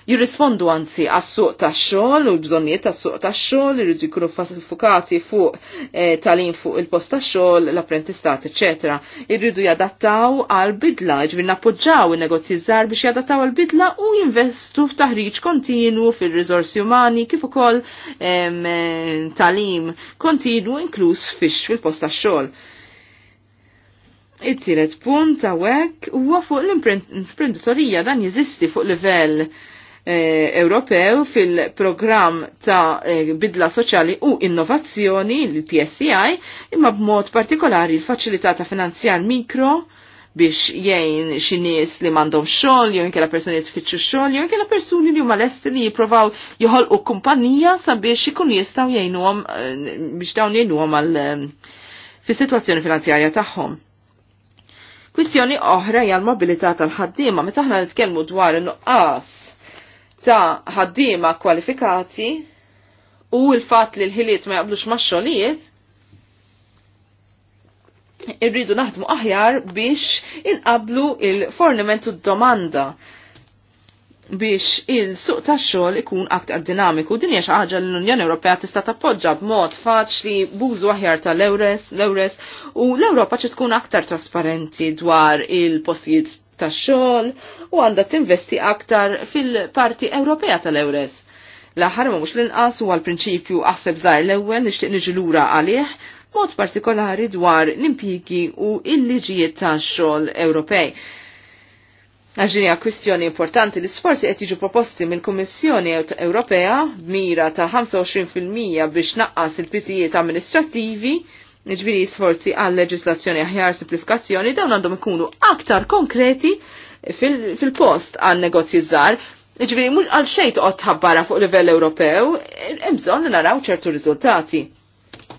jirrispondu anzi għas-suq tax-xogħol u l-bżonnijiet tas-suq tax-xogħol irridu jkunu fokati fuq eh, talin fuq il-post tax-xogħol, l-apprentistat, eċetera. Irridu jadattaw għal bidla, ġbir nappoġġaw in-negozji żgħar biex jadattaw għal bidla u jinvestu f'taħriġ kontinu fil-riżorsi umani kif ukoll eh, talim kontinu inkluż fix fil-post tax-xogħol. It-tielet punt għawek huwa fuq l-imprenditorija dan jeżisti fuq livell Eh, Ewropew fil-programm ta' eh, bidla soċjali u innovazzjoni, l-PSCI, imma b'mod partikolari l-faċilità ta' finanzjar mikro biex jgħin xinis li mandom xol, jew inkella persuni tfittxu xol, jew kella persuni li huma lesti li jiprovaw joħolqu kumpanija sabiex ikun jistgħu jgħinuhom eh, biex dawn jgħinuhom għal fis-sitwazzjoni finanzjarja tagħhom. Kwistjoni oħra hija l-mobilità tal-ħaddiema metaħna aħna nitkellmu dwar n nuqqas ta' ħaddiema kwalifikati u l-fat li l-ħiliet ma jaqblux ma' xogħlijiet, irridu naħdmu aħjar biex inqablu il fornimentu u d-domanda biex il-suq ta' xogħol ikun aktar dinamiku. Din hija xi ħaġa li l-Unjoni Ewropea tista' tappoġġa b'mod faċli bużu aħjar tal-Ewres, l u l-Ewropa ċi tkun aktar trasparenti dwar il-postijiet ta' xogħol u għandha tinvesti aktar fil-parti Ewropea tal-Ewres. L-aħħar ma mhux l-inqas huwa l-prinċipju aħseb żgħar l-ewwel nixtieq niġi lura għalih mod partikolari dwar l-impjigi u l-liġijiet tax-xogħol Ewropej. Għaxġinja kwistjoni importanti li sforzi qed jiġu proposti mill-Kummissjoni Ewropea b'mira ta' 25% biex naqqas il-pisijiet amministrattivi ġviri sforzi għal leġislazzjoni aħjar simplifikazzjoni dawn għandhom ikunu aktar konkreti fil-post fil għal negozji żgħar. Ġviri mhux għal xejn toqgħod tħabbara fuq livell Ewropew, imżon li naraw ċertu riżultati.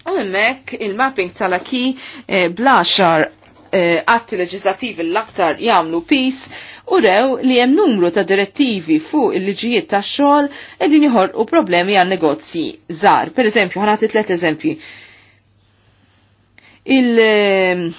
Hemmhekk il-mapping tal-aki e, eh, blaxar eh, atti leġislativi l-aktar jagħmlu pis u rew li hemm numru ta' direttivi fuq il-liġijiet tax-xogħol qegħdin u problemi għan negozji żgħar. Pereżempju, ħanati tliet eżempji il- ehm,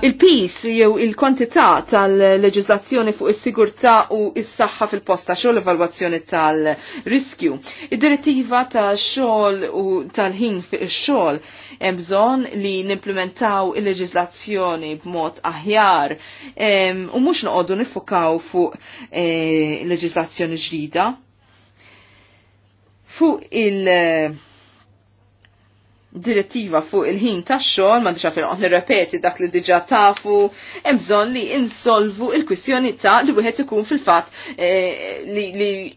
Il-pis jew il-kwantità tal-leġislazzjoni fuq is-sigurtà u s-saħħa fil-posta xogħol evalwazzjoni tal-riskju. Id-direttiva tax xogħol u tal-ħin fuq ix-xogħol hemm bżonn li nimplementaw il-leġislazzjoni b'mod aħjar ehm, u mhux noqogħdu nifukaw fuq eh, leġislazzjoni ġdida Fuq il- eh, direttiva fuq il-ħin tax xogħol ma diċa fil nirrepeti dak li diġà tafu, hemm bżonn li insolvu il-kwistjoni ta' li wieħed ikun fil-fatt eh, li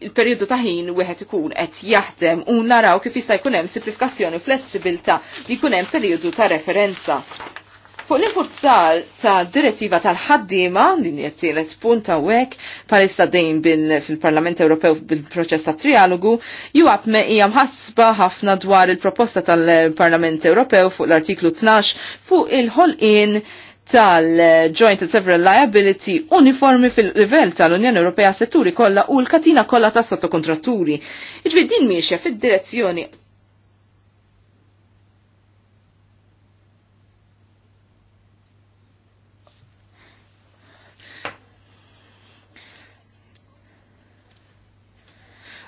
l periodu ta' ħin wieħed ikun qed jaħdem u naraw kif jista' jkun hemm simplifikazzjoni u flessibilità li jkun hemm perjodu ta' referenza. Fuq l-infurzar ta' direttiva tal-ħaddima, din jettilet punta wek, palissa dejn fil-Parlament Ewropew bil-proċess ta' trialogu, juqab me ijam ħasba ħafna dwar il-proposta tal-Parlament Ewropew fuq l-artiklu 12 fuq il-ħolqin tal-Joint and Several Liability uniformi fil-livell tal-Unjoni Ewropea setturi kollha u l-katina kollha tas sottokontratturi. Iġbi din miexja fid-direzzjoni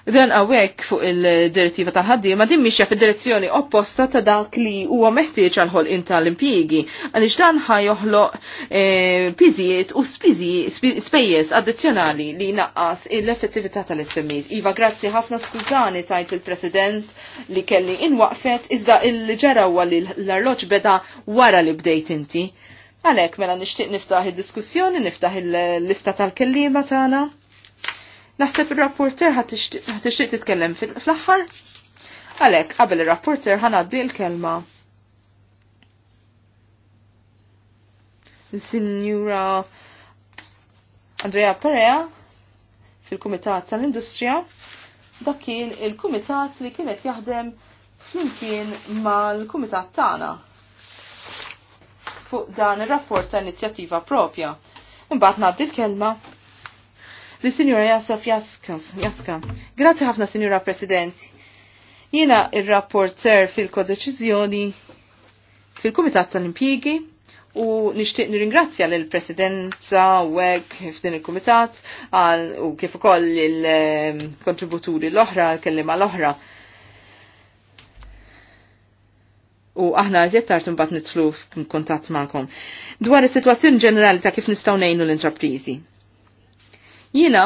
Dan għawek fuq il-direttiva tal-ħaddiema din mixja fid-direzzjoni opposta ta' dak li huwa meħtieġ għal ħolqien tal-impjiegi għaliex dan ħajoħloq eh, piżijiet u spejjeż addizzjonali li naqqas l-effettività tal-SMEs. Iva, grazzi ħafna skużani tajt il-President li kelli inwaqfet iżda il-ġarawa li l-arloġ beda wara li bdejt inti. Għalek, mela nishtiq niftaħ il-diskussjoni, niftaħ il-lista tal-kellima tagħna. Naħseb il-rapporter ħatixtieq titkellem fl-aħħar? Għalhekk qabel ir-rapporter ħanaddi l-kelma. Signora Andrea Perea fil-Kumitat tal-Industrija. Dak kien il-Kumitat li kienet jaħdem flimkien mal-Kumitat tagħna fuq dan ir-rapport ta' inizjattiva propja. Imbagħad ngħaddi l-kelma li Sinjura Jasaf Jaska. Grazie ħafna Sinjura President. Jiena rapport rapporter fil-kodeċiżjoni fil-Kumitat tal-Impjiegi u nixtieq nirringrazzja lill presidenza u hekk f'din il-Kumitat u kif ukoll il-kontributuri ehm, l-oħra, l-kellima l-oħra. u aħna għazjet tartum bat nitlu f'kuntat ma'kom. Dwar is-situazzjoni ġenerali ta' kif nistaw nejnu l-intraprizi. Jina,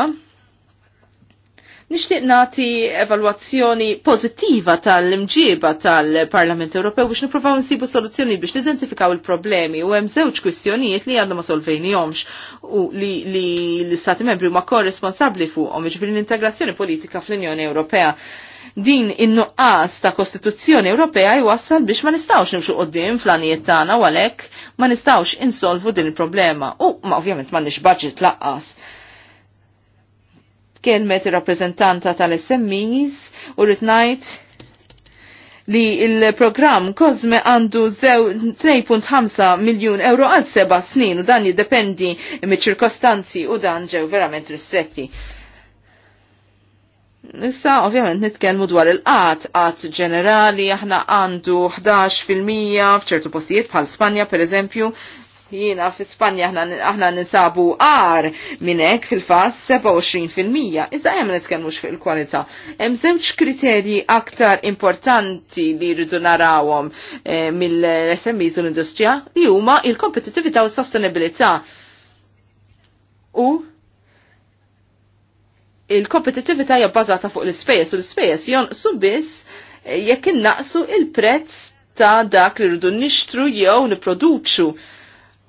nishtiq nati evalwazzjoni pozittiva tal mġiba tal-Parlament Ewropew biex niprofaw nsibu soluzzjoni biex nidentifikaw il-problemi u hemm żewġ kwistjonijiet li għandhom ma solvejnihomx u li l-Istati membri huma korresponsabbli fuqhom jiġifieri l-integrazzjoni politika fl-Unjoni Ewropea din in-nuqqas ta' Kostituzzjoni Ewropea jwassal biex ma nistawx nimxu qoddim fl-għanijiet tagħna u għalhekk ma nistawx insolvu din il-problema u ma ovvjament ma nix budget laqqas kelmet il-rappresentanta tal-SMEs u rritnajt li il-programm Kozme għandu 2.5 miljon euro għal seba snin u dan jiddependi mit ċirkostanzi u dan ġew verament ristretti. Issa, ovvjament, nitkellmu dwar il-qat, qat ġenerali, aħna għandu 11% f'ċertu postijiet bħal Spanja, per eżempju, Jiena fi Spanja aħna ninsabu ar minn hekk fil-fatt 27%. Iżda hemm nitkellmux fuq il-kwalità. Hemm żewġ kriterji aktar importanti li rridu narawhom eh, mill-SMEs u l-industrija li huma il kompetitività u s-sostenibilità. U il kompetitività hija bbażata fuq l-ispejjeż u l-ispejjeż jonqsu biss eh, jekk innaqsu il-prezz ta' dak li rridu nixtru jew niproduċu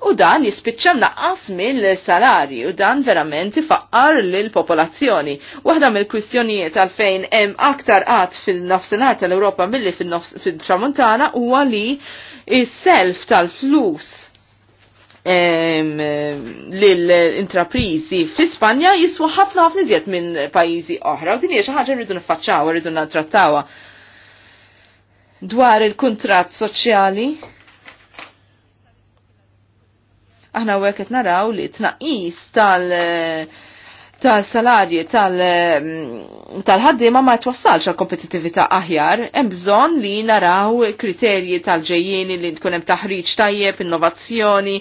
U dan jispiċċa naqas mill-salari u dan verament ifaqqar lill-popolazzjoni. Waħda mill-kwistjonijiet għalfejn hemm aktar qatt fil-nofsinhar tal-Ewropa milli fil-tramuntana huwa li is-self tal-flus lill-intraprizi fl-Ispanja jiswa ħafna ħafna iżjed minn pajjiżi oħra u din hija xi ħaġa rridu niffaċċawha, rridu nattrattawha. Dwar il-kuntratt soċjali, Aħna u naraw li tnaqis tal- tal-salarji tal mm, ħaddiema ma twassalx għal kompetitività aħjar, hemm bżonn li naraw kriterji tal-ġejjieni li tkun hemm taħriġ tajjeb, innovazzjoni,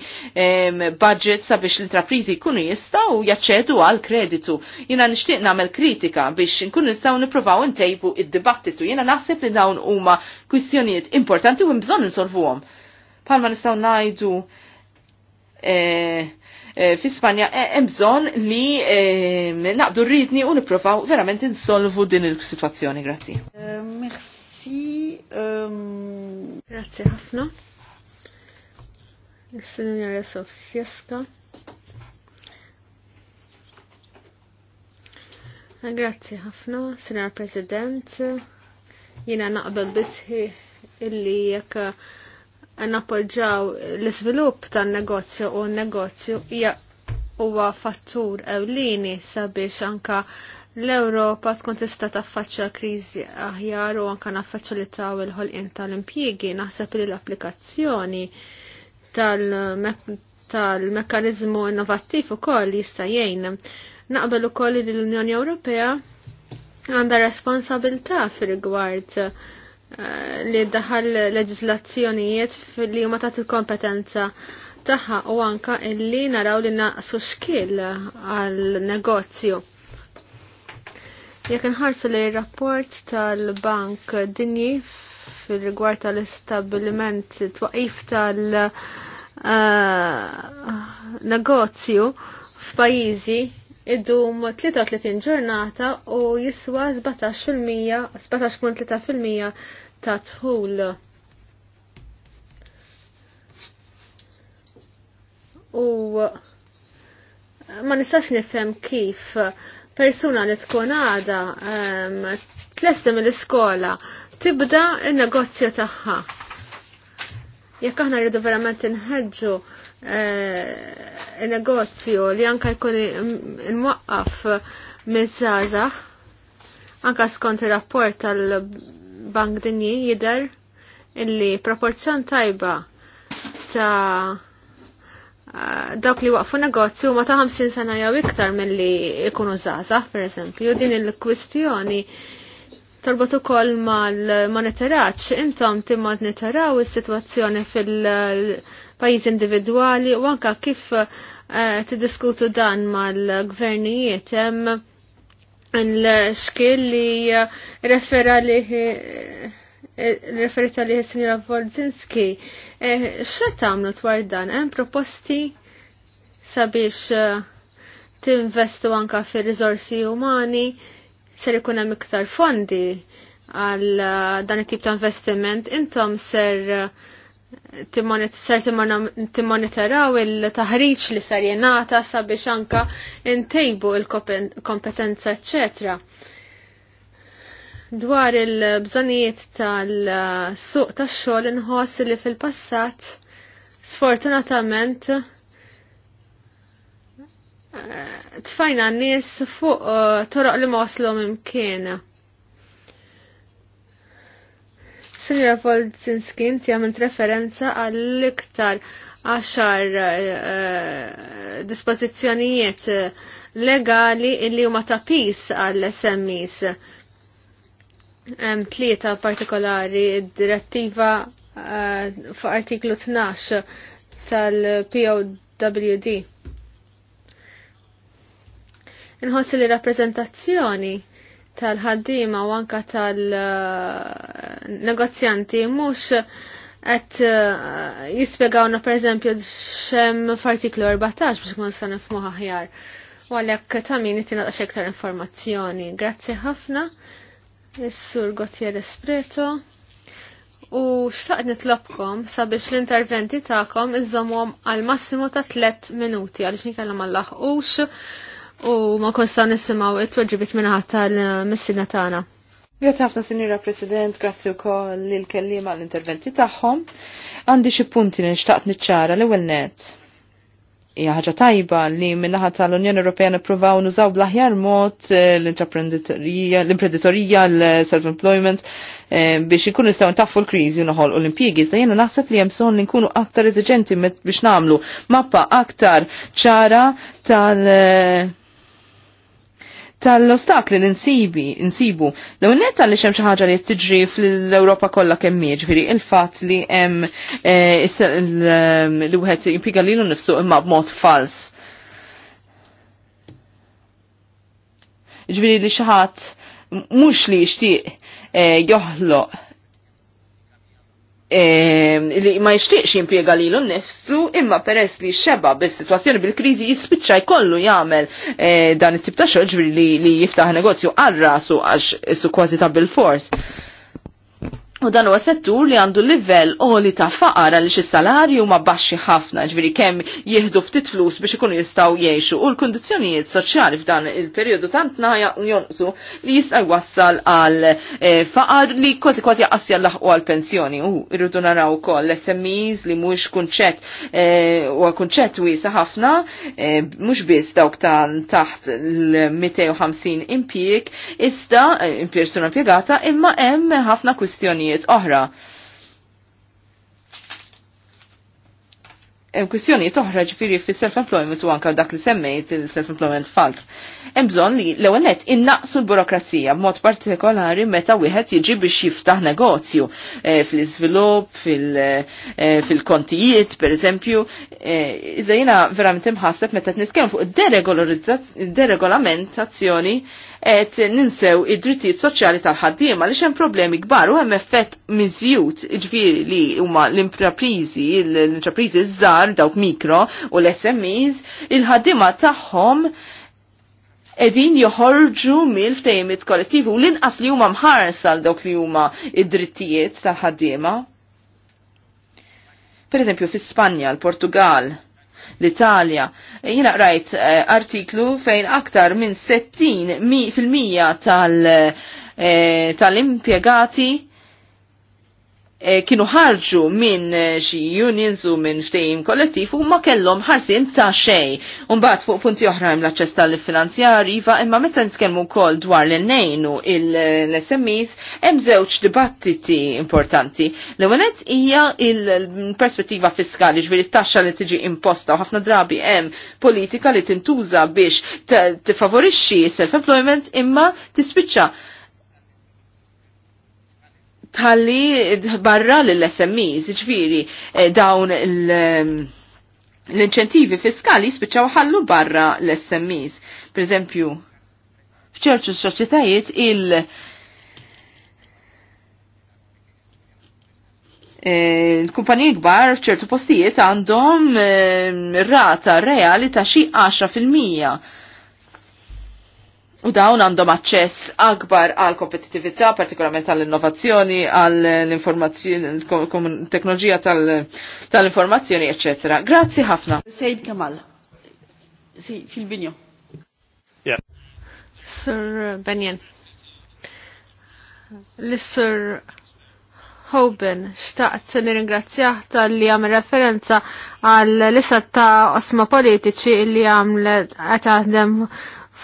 budget sabiex l-intrapriżi jkunu jistgħu jaċċedu għal kreditu. Jiena nixtieq nagħmel kritika biex nkunu nistgħu nippruvaw intejbu id-dibattitu. Jiena naħseb li dawn huma kwistjonijiet importanti u hemm bżonn insolvuhom. Palma nistgħu ngħidu Eh, eh, fi Spanja eh, hemm li naqdu rritni u nipprovaw verament insolvu din il-sitwazzjoni. Grazzi. Merci. Ehm, Grazzi ħafna. Is-Sinjora Sofsjeska. Grazzi ħafna, Sinar President. Jina naqbel bisħi illi jekk nappoġġaw l-iżvilupp tan-negozju u n-negozju hija huwa fattur ewlieni sabiex anka l-Ewropa tkun tista' taffaċċja kriżi aħjar u anka naffaċilitaw il-ħolqien tal-impjiegi naħseb li l-applikazzjoni tal-mekkaniżmu innovattiv ukoll jista' jgħin. Naqbel ukoll li l-Unjoni Ewropea għandha responsabilità fir-rigward Eh, li daħal leġislazzjonijiet li huma tagħti l-kompetenza tagħha u anka illi naraw li naqsu xkil għal negozju. Jekk inħarsu li rapport tal-Bank Dinji fil-rigward tal-istabilment twaqif tal-negozju eh, f'pajjiżi idum 33 ġurnata u jiswa 17%, 17.3% ta' tħul u ma nistax nifhem kif persuna li tkun għada um, tlesta mill-iskola tibda il-negozju tagħha. Jekk aħna rridu verament inħeġġu il-negozju eh, li anka jkun imwaqqaf minn anka skont ir-rapport tal bank dinji jider illi proporzjon tajba ta' eh, dawk li waqfu negozju ma ta' 50 sena jew iktar milli ikunu per pereżempju din il-kwistjoni torbot ukoll mal-monitoraġġ intom timmonitoraw is-sitwazzjoni fil-pajjiż individwali u anke kif eh, tiddiskutu dan mal-gvernijiet hemm l skill li refera referita li s-sinjora eh, Volzinski. Eh, Xe tamlu dwar dan? Hemm proposti sabiex eh, tinvestu anka fi rizorsi umani ser ikun hemm iktar fondi għal dan it-tip ta' investiment intom ser uh, ser timmonitaraw il-taħriġ li sar jenata sabiex anka intejbu il-kompetenza etc. Dwar il-bżonijiet tal-suq tax-xogħol inħoss li fil-passat sfortunatament eh, tfajna n-nies fuq eh, toroq li moslu minn Sinjora Volzinski, inti għamilt referenza għall-iktar għaxar eh, eh, dispozizjonijiet eh, legali illi huma ta' pis għall-SMEs. Tlieta partikolari, direttiva fuq artiklu 12 tal-POWD. Inħossi li rappresentazzjoni tal-ħaddima u anka tal-negozjanti mhux qed eh, jispjegawna pereżempju xemm f'artiklu 14 biex kun sa nifhmuha aħjar. U għalhekk ta' min qed jingħata xektar informazzjoni. Grazzi ħafna, is-Sur Gotier Espreto. U xtaqt nitlobkom sabiex l-interventi tagħkom iżommhom għal massimu ta' tliet minuti għaliex nkellem għal laħqux u ma konstaw nisimaw it-tweġibit minnaħat tal-missina tagħna. Grazie ħafna Sinjura President, grazie wkoll l kellima l-interventi tagħhom. Għandi xi punti li nixtaqt niċċara l-ewwel net. Ija ħaġa tajba li minnaħat tal-Unjoni Ewropea nippruvaw nużaw bl-aħjar mod eh, l-imprenditorija, l-self-employment eh, biex ikun nistaw ntaffu l-kriżi u noħolqu l-impjiegi. sta jiena naħseb li hemm bżonn li nkunu aktar eżigenti biex nagħmlu mappa aktar ċara tal- tal-ostakli li nsibi, nsibu. Law netta li xi ħaġa li tiġri fl-Ewropa kollha kemm jiġri il-fatt li hemm eh, li wieħed li l nnifsu imma b'mod fals. Ġifieri li xi ħadd mhux li xtiq eh, joħloq Ehm, li ma jimpiega jimpjega lilu nnifsu imma peress li xeba bis-sitwazzjoni bil-kriżi jispiċċa jkollu jagħmel eh, dan it-tip ta' xogħol li jiftaħ negozju għal rasu għax su kważi ta' bil-fors. U dan huwa settur li għandu livell oli ta' faqara li xis-salarju ma' baxxi ħafna, ġviri kemm jieħdu ftit flus biex ikunu jistgħu jgħixu u l-kundizzjonijiet soċjali f'dan il periodu tant naja jonqsu li jista' jwassal għal e, faqar li kważi kważi jaqqasja jallaħqu għal pensjoni u irridu naraw ukoll l-SMEs li mhux kunċett e, u kunċett wiesa ħafna e, mhux biss dawk ta' taħt l-250 impjieg iżda impirsuna impjegata imma hemm ħafna kwistjoni kwistjonijiet oħra. hemm kwistjoni toħra ġifieri fi self employment u anke dak li semmejt il-self-employment falt. Hemm bżonn li l-ewwel nett innaqsu l-burokrazija b'mod partikolari meta wieħed jiġi biex jiftaħ negozju eh, fl-iżvilupp, eh, fil-kontijiet per eżempju. Eh, iżda jiena verament imħasseb meta qed nitkellem fuq id-deregolamentazzjoni qed ninsew id-drittijiet soċjali tal-ħaddiema li hemm problemi kbar u hemm effett miżjud ġviri li huma l imprapriżi l-intraprizi żar dawk mikro u l-SMEs, il-ħaddiema tagħhom edin joħorġu mill-ftejmit kollettivu u l-inqas li huma mħarsal dawk li huma id-drittijiet tal-ħaddiema. Per eżempju, fi Spanja, l-Portugal, l-Italja. Jina rajt eh, artiklu fejn aktar minn 60 fil-mija tal- eh, tal Eh, kienu ħarġu minn eh, xi unions u minn ftehim kollettiv u ma kellhom ħarsin ta' xej. Umbagħad fuq punti oħra hemm l-aċċess tal-finanzjar iva imma meta nitkellmu wkoll dwar l-nejn u l-SMEs hemm żewġ dibattiti importanti. L-ewwel hija il-perspettiva fiskali ġifieri t-taxxa li tiġi imposta u ħafna drabi hemm politika li tintuża biex tifavorixxi self-employment imma tispiċċa tħalli barra l-SMEs, ġviri, eh, dawn ehm, l-inċentivi fiskali spiċċaw ħallu barra l-SMEs. Per eżempju, fċerċu soċjetajiet il- l-kumpaniji eh, kbar f'ċertu postijiet għandhom ehm, rata reali ta' xi 10 fil-mija U dawn għandhom aċċess akbar għal kompetitività, partikolarment għall innovazzjoni għall informazzjoni teknoloġija tal-informazzjoni, eccetera. Grazzi ħafna. Sejd Kamal, fil-binjo. Sir Benjen. L-Sir Hoban, xtaqt nir-ingrazzjaħ tal-li għam referenza għal l-issa ta' osma politiċi li għam għataħdem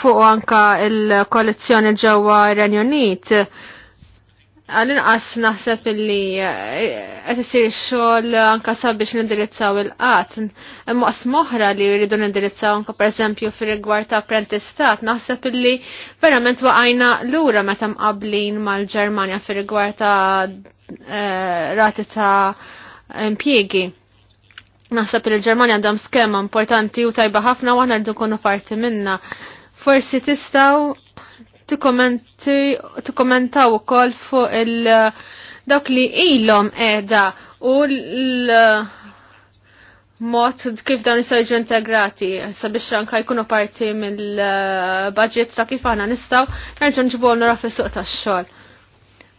fuq anka il koalizjoni ġewwa Unit. Għal-inqas naħseb illi eh, qed isir xogħol anka sabiex nindirizzaw il-qatt. Imma moħra li jridu nindirizzaw anka pereżempju fir-rigward ta' apprentistat, naħseb illi verament waqajna lura meta mqablin mal-Ġermanja fir-rigward ta' eh, rati ta' impjiegi. Naħseb li l-Ġermanja għandhom skema importanti u tajba ħafna u għana rridu kunu parti minna. Forsi tistaw u ukoll fuq il dok li ilhom qiegħda u l mod kif dan jistgħu integrati sabiex anke jkunu parti mill-budget ta' kif aħna nistgħu nerġgħu nġibuhom nara fis-suq tax-xogħol.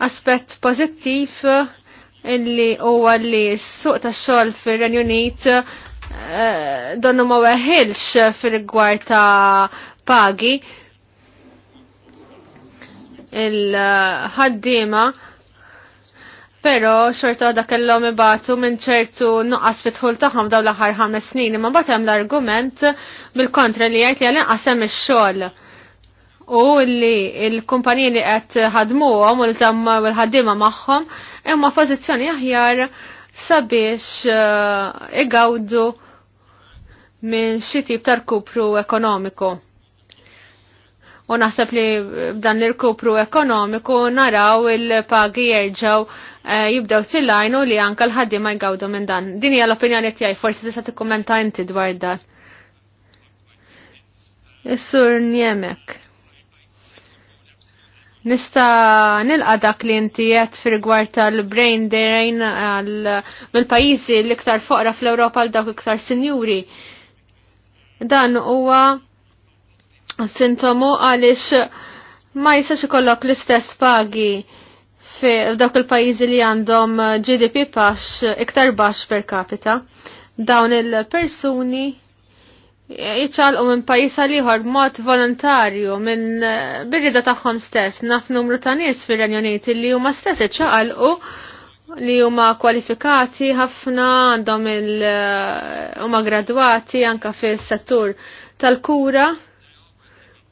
Aspett pożittiv illi huwa li s-suq tax-xogħol fir-Renju Unit eh, donnu ma weħilx fil-rigward ta' pagi il-ħaddima Pero xorta għada kellhom ibatu minn ċertu nuqqas fitħul tagħhom dawn l-aħħar ħames snin, imma bagħad hemm l-argument bil-kontra li jgħid li għalin qasem ix-xogħol. U li l-kumpaniji li qed ħadmuhom u l-tam u l-ħaddiema magħhom imma pożizzjoni aħjar sabiex uh, igawdu minn xi tip ta' rkupru ekonomiku u naħseb li dan l-irkupru ekonomiku naraw il-pagi jerġaw eh, jibdew tillajnu li anka l-ħaddi ma jgawdu minn dan. Din hija l-opinjoni tiegħi, forsi tista' t-kommenta inti dwar dan. Is-sur Njemek. Nista nilqa dak li inti jett fil-gwar tal-brain drain mill-pajjiżi l-iktar foqra fl-Ewropa l dawk iktar sinjuri. Dan huwa sintomu għaliex ma jistax ikollok l-istess pagi f'dawk il-pajjiżi li għandhom GDP bax iktar baxx per capita. Dawn il-persuni jiċċalqu minn pajjiż għal ieħor b'mod volontarju minn birrida tagħhom stess. Naf numru ta' nies fir-Renju li huma stess iċċaqalqu li huma kwalifikati ħafna għandhom il huma gradwati anka fis-settur tal-kura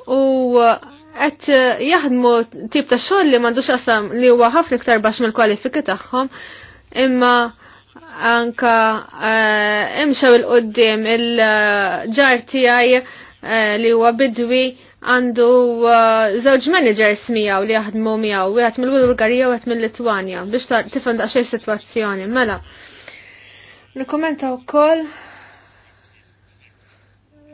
u qed uh, uh, jaħdmu tip ta' xogħol li m'għandux qasam li huwa ħafna iktar baxx mill-kwalifiki tagħhom, imma anka uh, imxaw il-qoddim il-ġar tiegħi li huwa bidwi għandu żewġ managers miegħu li jaħdmu miegħu, wieħed mill-Bulgarija u wieħed mill-Litwanja biex tifhem daqsxejn sitwazzjoni. Mela, nikkumenta wkoll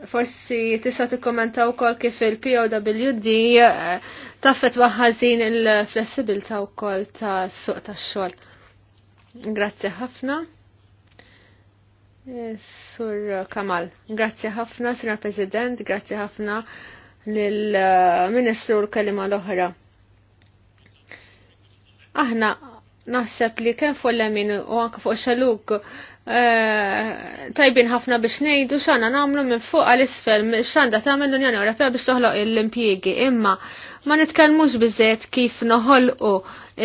Forsi tista' tikkommenta wkoll kif il-POWD eh, taffet waħazin il-flessibilità wkoll ta' suq tax-xogħol. Grazzi ħafna. Eh, Sur Kamal, grazzi ħafna, Sr. President, grazzi ħafna lill-Ministru eh, l-kelima l-oħra. Aħna naħseb li kemm fuq lemin u anke fuq xaluk eh, tajbin ħafna biex ngħidu xana nagħmlu minn fuq għal isfel x'għandha tagħmel l-Unjoni Ewropea biex toħloq l-impjiegi imma ma nitkellmux bizzet kif noħolqu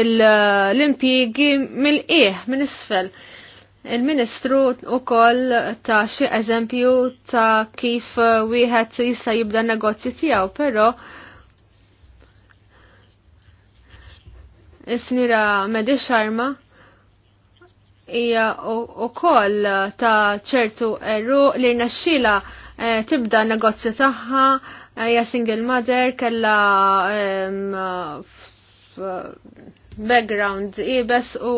l-impjiegi mill-qiegħ minn isfel. Il-Ministru ukoll ta' xi eżempju ta' kif wieħed jista' jibda negozji tiegħu, però Is-snira Medi Sharma hija wkoll ta' ċertu erru li rnexxila eh, tibda negozju tagħha eh, hija single mother kella background ibes u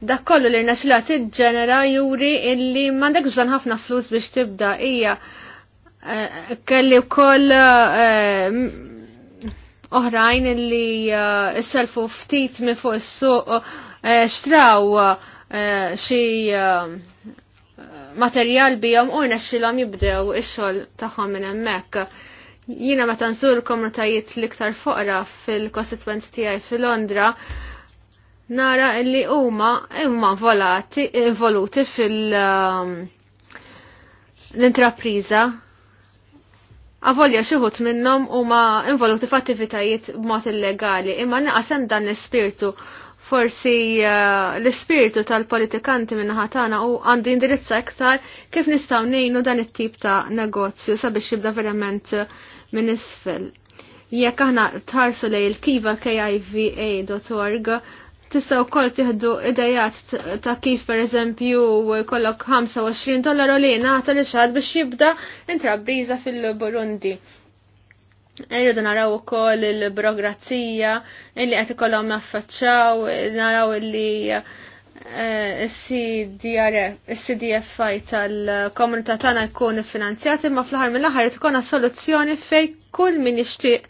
dak kollu li rnexxila tiġġenera juri illi m'għandek bżonn ħafna flus biex tibda hija eh, kelli wkoll oħrajn li eh, s-selfu ftit minn fuq s suq eh, xtraw eh, xi materjal bijom u nexxilhom jibdew ix-xogħol tagħhom minn hemmhekk. Jiena meta nżur komunitajiet l-iktar foqra fil-kostituenz tiegħi fil-Londra, nara li huma imma volati involuti fil- l-intrapriża Avolja xuħut minnom u ma involuti f'attivitajiet b'mod illegali, imma naqasem dan l-ispirtu. Forsi eh, l-ispirtu tal-politikanti minnaħatana u għandu indirizza iktar kif nistaw nejnu dan it-tip ta' negozju sabiex jibda verament minn isfel. Jekk aħna tħarsu lej il-kiva KIVA.org. Tista' wkoll tieħdu idejat ta' kif pereżempju kollok 25 dollaru li jingħata li xad biex jibda intrabbiza fil-Burundi. Irridu naraw ukoll il-burokrazija illi qed ikollhom affaċċaw, naraw illi eh, il-CDFI tal-komunità tagħna jkun finanzjati ma fl-aħħar mill-aħħar tkun soluzzjoni fej kull min jixtieq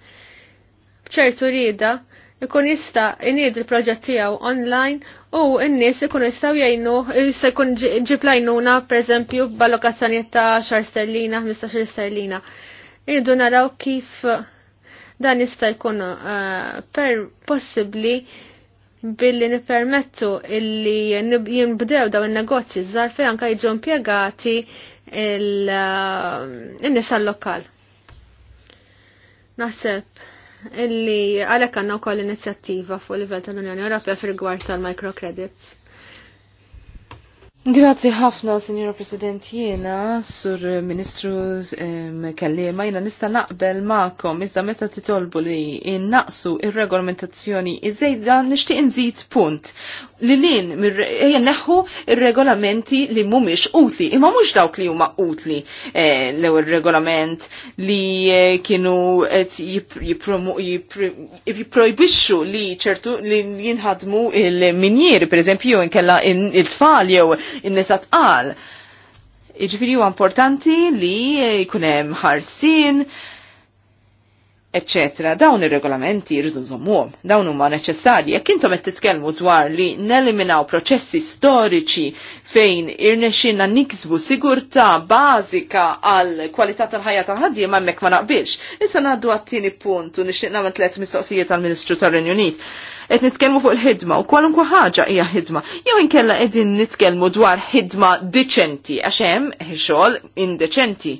ċertu rieda ikun jista' inied il-proġett tiegħu online u n-nies ikun jistgħu jgħinu jista' jkun ġib lajnuna pereżempju b'allokazzjonijiet ta' xar sterlina, 15 sterlina. Irdu naraw kif dan jista' jkun uh, possibbli billi nipermettu illi jinbdew daw il-negozji żgħar fejn anke jiġu impjegati il-nisa eh, lokal. Naħseb illi għalhekk għandna wkoll inizjattiva fuq livell tal-Unjoni Ewropea fil-gwar tal-microcredits. Grazzi ħafna, Signora President, jiena, Sur Ministru Kellima, jiena nista naqbel ma'kom, iżda meta titolbu li innaqsu il regolamentazzjoni iżejda nixtieq inżid punt. Li lin eh, neħu ir-regolamenti li mhumiex utli, imma mhux dawk li huma utli eh, l-ewwel regolament li eh, kienu jipprojbixxu li ċertu li jinħadmu il-minjieri, pereżempju, inkella il-tfal jew in-nisa Iġifiri u huwa importanti li jkun hemm ħarsien, ecc. Dawn ir-regolamenti jridu nżommuhom, dawn huma neċessarji. Jekk intom qed titkellmu dwar li neliminaw proċessi storiċi fejn irnexxinna niksbu sigurtà bażika għal kwalità tal-ħajja tal-ħaddiem hemmhekk ma naqbilx. Issa ngħaddu għat-tieni punt u nixtieq nagħmel tliet mistoqsijiet tal-Ministru tar-Renju Unit. Qed nitkellmu fuq il-ħidma u kwalunkwe ħaġa hija ħidma. Jew inkella qegħdin nitkellmu dwar ħidma deċenti għax hemm xogħol indeċenti.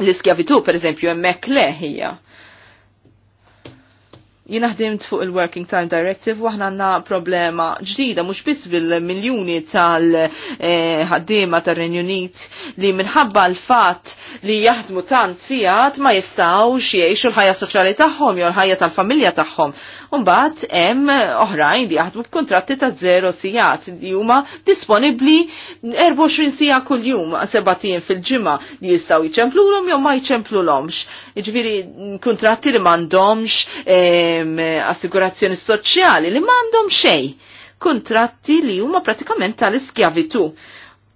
L-iskjavitu, per eżempju, emmek le hija. Jien ħdimt fuq il-Working Time Directive waħna għanna problema ġdida mhux biss bil-miljuni tal-ħaddiema tar-Renju Unit li minħabba l-fatt li jaħdmu tant sigħat ma jistgħux jgħixu l-ħajja soċjali tagħhom jew l-ħajja tal-familja tagħhom. Unbat, hemm oħrajn li jaħdmu b'kuntratti ta' zero sijat li huma disponibbli 24 sija kuljum sebatijin fil-ġimgħa li jistgħu jiċemplulhom jew ma jċemplulhomx. Jiġifieri kuntratti li m'għandhomx assigurazzjoni soċjali li m'għandhom xejn. Kuntratti li huma pratikament tal-iskjavitu.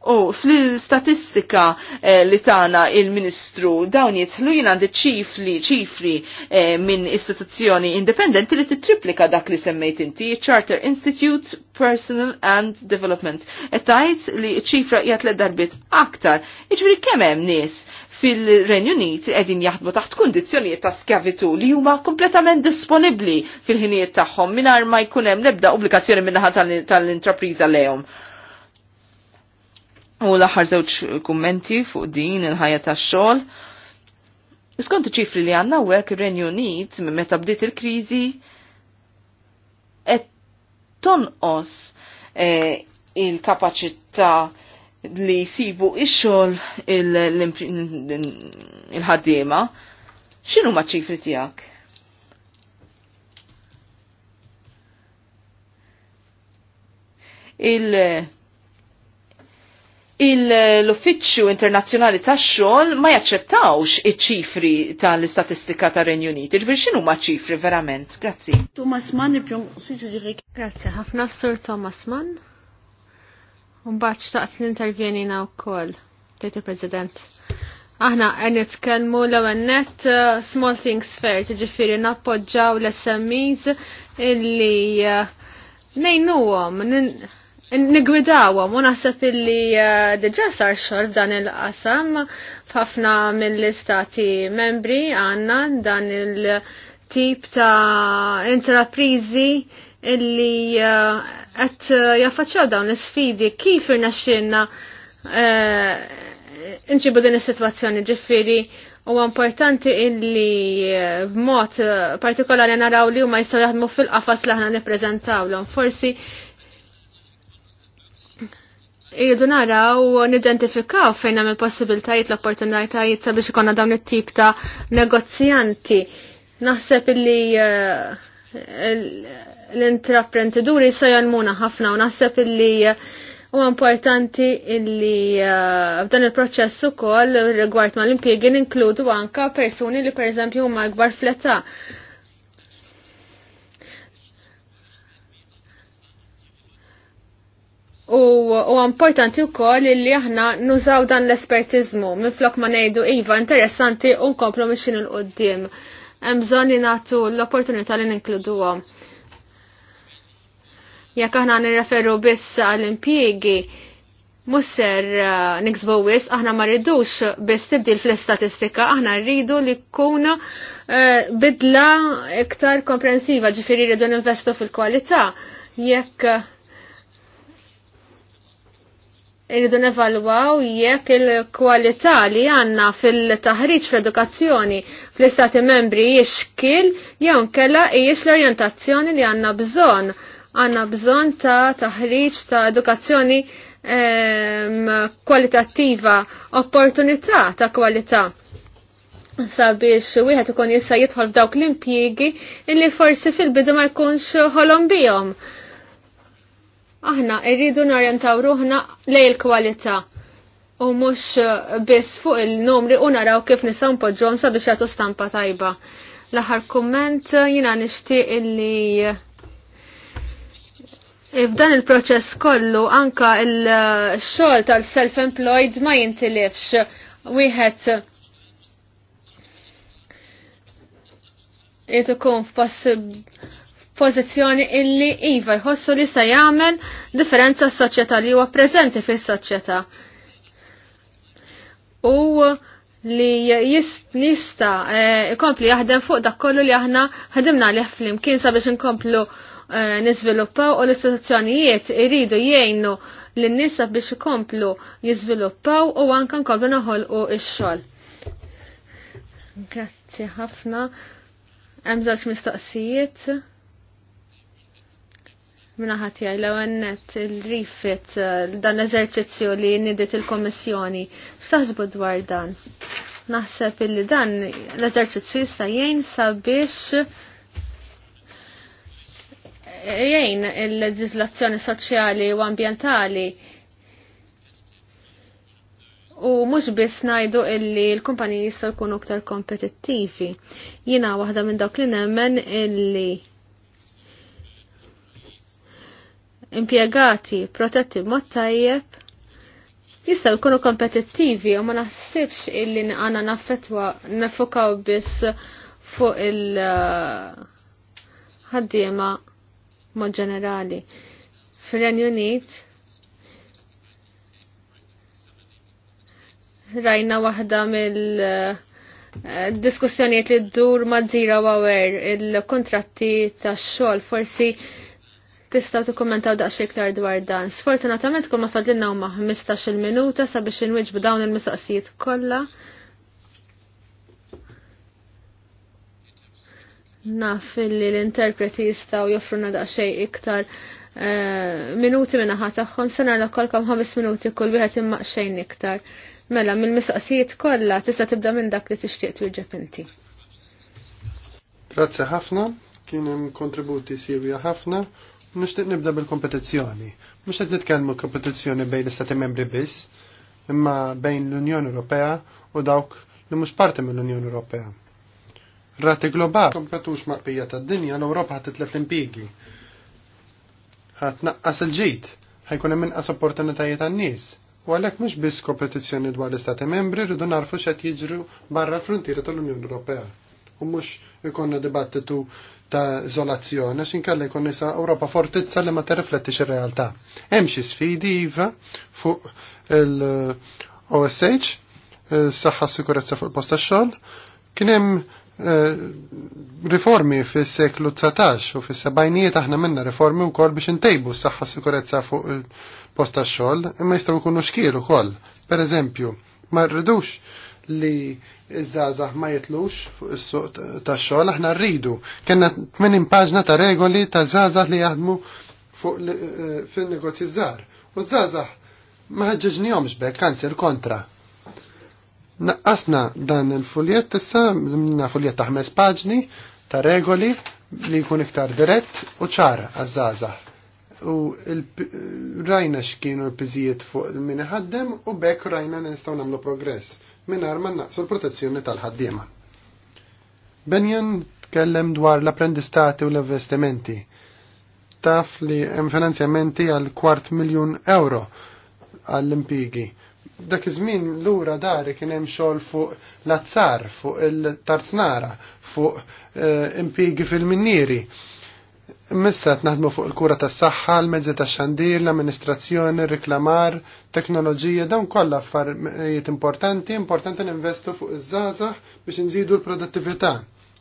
U fl-statistika eh, li tana il-Ministru dawn jitħlu jien għandi ċifri ċifri eh, minn istituzzjoni indipendenti li titriplika dak li semmejt inti, Charter Institute Personal and Development. Et tajt li ċifra jgħat l darbit aktar. Iġveri kemem nis fil-Renju Unit edin jaħdmu taħt kondizjonijiet ta' skavitu li huma kompletament disponibli fil-ħinijiet tagħhom mingħajr ma jkun hemm l-ebda obbligazzjoni minnaħa tal-intrapriża lehom. U l-aħħar żewġ kummenti fuq din il-ħajja tax-xogħol. Skont i-ċifri li għandna hekk ir-Renju Unit meta bdiet il-kriżi qed tonqos eh, il-kapaċità li jisibu ix-xogħol il-ħaddiema. Il X'inhu ma ċifri tiegħek? il- l-Uffiċċju Internazzjonali tax-xogħol ma jaċċettawx iċ-ċifri tal-istatistika tar renju Unit. Iġbir x'inhu ma ċifri verament? Grazzi. Thomas Mann Grazzi ħafna Sur Thomas Mann. Mbagħad xtaqt l wkoll, tgħid il-President. Aħna qed nitkellmu l-ewwel net uh, small things fair, tiġifieri nappoġġaw l-SMEs illi uh, ngħinuhom Nigwidawa, mu naħseb illi eh, diġa sar xor f'dan il-qasam f'ħafna mill-istati membri għanna dan il-tip ta' intraprizi illi għet eh, jaffaċċaw dawn l-sfidi kif irnaxxinna eh, nġibu din is-sitwazzjoni ġifiri u importanti illi b'mod partikolari naraw li huma jistgħu jaħdmu fil-qafas li aħna nippreżentawlhom. Forsi Jidu u nidentifikaw fejn hemm il-possibiltajiet l-opportunitajiet sabiex ikonna dawn it-tip ta' negozjanti. Naħseb illi eh, l-intraprendiduri se jalmuna ħafna u naħseb illi eh, u importanti illi eh, f'dan il-proċess ukoll rigward mal-impjegi ninkludu anka persuni li perżempju huma fl fleta' U, u importanti u koll li aħna nużaw dan l-espertizmu, minn flok ma nejdu iva interessanti u nkomplu mixin l-qoddim. Mżon li natu l-opportunità li ninkludu għom. Jekk aħna nirreferu biss għall-impjiegi, musser uh, niksbu wis, aħna ma rridux biss tibdil fl-istatistika, aħna rridu li jkunu uh, bidla iktar komprensiva, ġifiri rridu ninvestu fil-kwalità. Jekk irridu nevalwaw jekk il-kwalità li għanna fil-taħriġ fl-edukazzjoni fl-istati membri jiexkil jew kella jiex l orientazzjoni li għanna bżonn. Għanna bżonn ta' taħriġ ta' edukazzjoni ehm, kwalitattiva, opportunità ta' kwalità sabiex wieħed ikun jista' jidħol f'dawk l-impjiegi illi forsi fil-bidu ma jkunx ħolom bihom aħna irridu narjantaw ruħna lej il-kwalità u mhux eh, biss fuq il-numri u naraw kif nistgħu npoġġhom sabiex jagħtu stampa tajba. L-aħħar kumment eh, jiena nixtieq illi eh, F'dan il-proċess kollu anka il-xogħol tal-self-employed ma jintilifx. Wieħed jitu kun f'possibbli pożizzjoni illi iva jħossu li sta jagħmel differenza s-soċjetà li huwa preżenti fis-soċjetà. U li jista eh, ikompli jaħdem fuq dak kollu li aħna ħadimna li flimkien sabiex inkomplu eh, niżviluppaw u l-istituzzjonijiet iridu jgħinu lin nies biex ikomplu jiżviluppaw u anke nkomplu noħolqu x-xogħol. Grazzi ħafna. Hemm żewġ mistoqsijiet. Mina ħatijaj, l għennet il-rifit eh, dan l-eżerċizzju li nidit il-Komissjoni. F'taħsbu dwar dan? Naħseb illi dan l-eżerċizzju jista' jgħin sabiex eh, jgħin il-leġizlazzjoni soċjali u ambientali u mhux biss ngħidu illi l-kumpaniji jistgħu jkunu aktar kompetittivi. Jiena waħda minn dawk li nemmen illi impjegati protetti mod tajjeb jistaw jkunu kompetittivi u ma naħsibx illi għana naffetwa nafukaw biss fuq il uh, ħaddiema mod ġenerali. Fil-Renju Unit rajna waħda mill uh, diskussjonijiet li d-dur ma' Zira Wawer il-kontratti ta' xol forsi Tistaw tikkommentaw daqsxejn iktar dwar dan. Sfortunatament kumma fadlinna huma 15-il minuta sabiex inwiġbu dawn il-mistoqsijiet kollha. Naf li l-interpreti jistgħu joffruna daqsxejn iktar eh, minuti minna ħataħħon, sena l-kolkom 5 minuti kull wieħed immaqxejn iktar. Mela, mill-mistoqsijiet kollha tista' tibda minn dak li tixtieq twieġeb inti. Grazzi ħafna, kien hemm kontributi sirja ħafna Nixtieq nibda bil-kompetizzjoni. Mhux qed nitkellmu kompetizzjoni bejn l-Istati Membri biss, imma bejn l-Unjoni Ewropea u dawk li mhux parti mill-Unjoni Ewropea. Rati globali kompetux maqbija tad-dinja l-Ewropa ħadd titlef l-impjiegi. Ħadd naqqas il-ġid, ħajkun hemm inqas opportunitajiet għan-nies. U għalhekk mhux biss kompetizzjoni dwar l-Istati Membri rridu narfu x'qed jiġru barra l-frontiera tal-Unjoni Ewropea. U mhux ikonna dibattitu ta' izolazzjoni għax inkella jkun nisa Ewropa fortizza li ma tirriflettix ir-realtà. Hemm xi sfidi iva fuq il-OSH, s-saħħa sikurezza fuq il-post tax-xogħol, kien hemm eh, riformi fis-seklu 19 u fis-sebgħinijiet aħna minna riformi wkoll biex intejbu s-saħħa sikurezza fuq il-post tax-xogħol, imma jistgħu jkunu xkiel ukoll. Per eżempju, ma rridux li iż-żgħażagħ ma jitlux fuq is-suq tax-xogħol aħna rridu. Kenna 80 paġna ta' regoli ta' żgħażagħ li jaħdmu fuq eh, fin-negozji żgħar. U żgħażagħ ma ħaġġeġnihomx bekk, anzi l-kontra. Naqqasna dan il-fuljett issa minna fuljett ta' ħmes paġni ta' regoli li jkun iktar dirett u ċar għaż-żgħażagħ u rajna xkienu l-pizijiet fuq il-mini ħaddem u bekk rajna nistgħu nagħmlu progress minar man naqsu l-protezzjoni tal-ħaddiema. Benjan tkellem dwar l-apprendistati u l-investimenti. Taf li hemm finanzjamenti għal kwart miljun euro għall-impigi. Dak iż-żmien lura dari kien hemm xogħol fuq l-azzar, fuq il-tarznara, fuq eh, impigi fil minieri Missa naħdmu fuq il-kura tas saħħa l-mezzi ta' xandir, l-amministrazzjoni, reklamar, teknoloġija, dawn kollha affarijiet importanti, importanti ninvestu fuq iż-żgħażagħ biex inżidu l-produttività.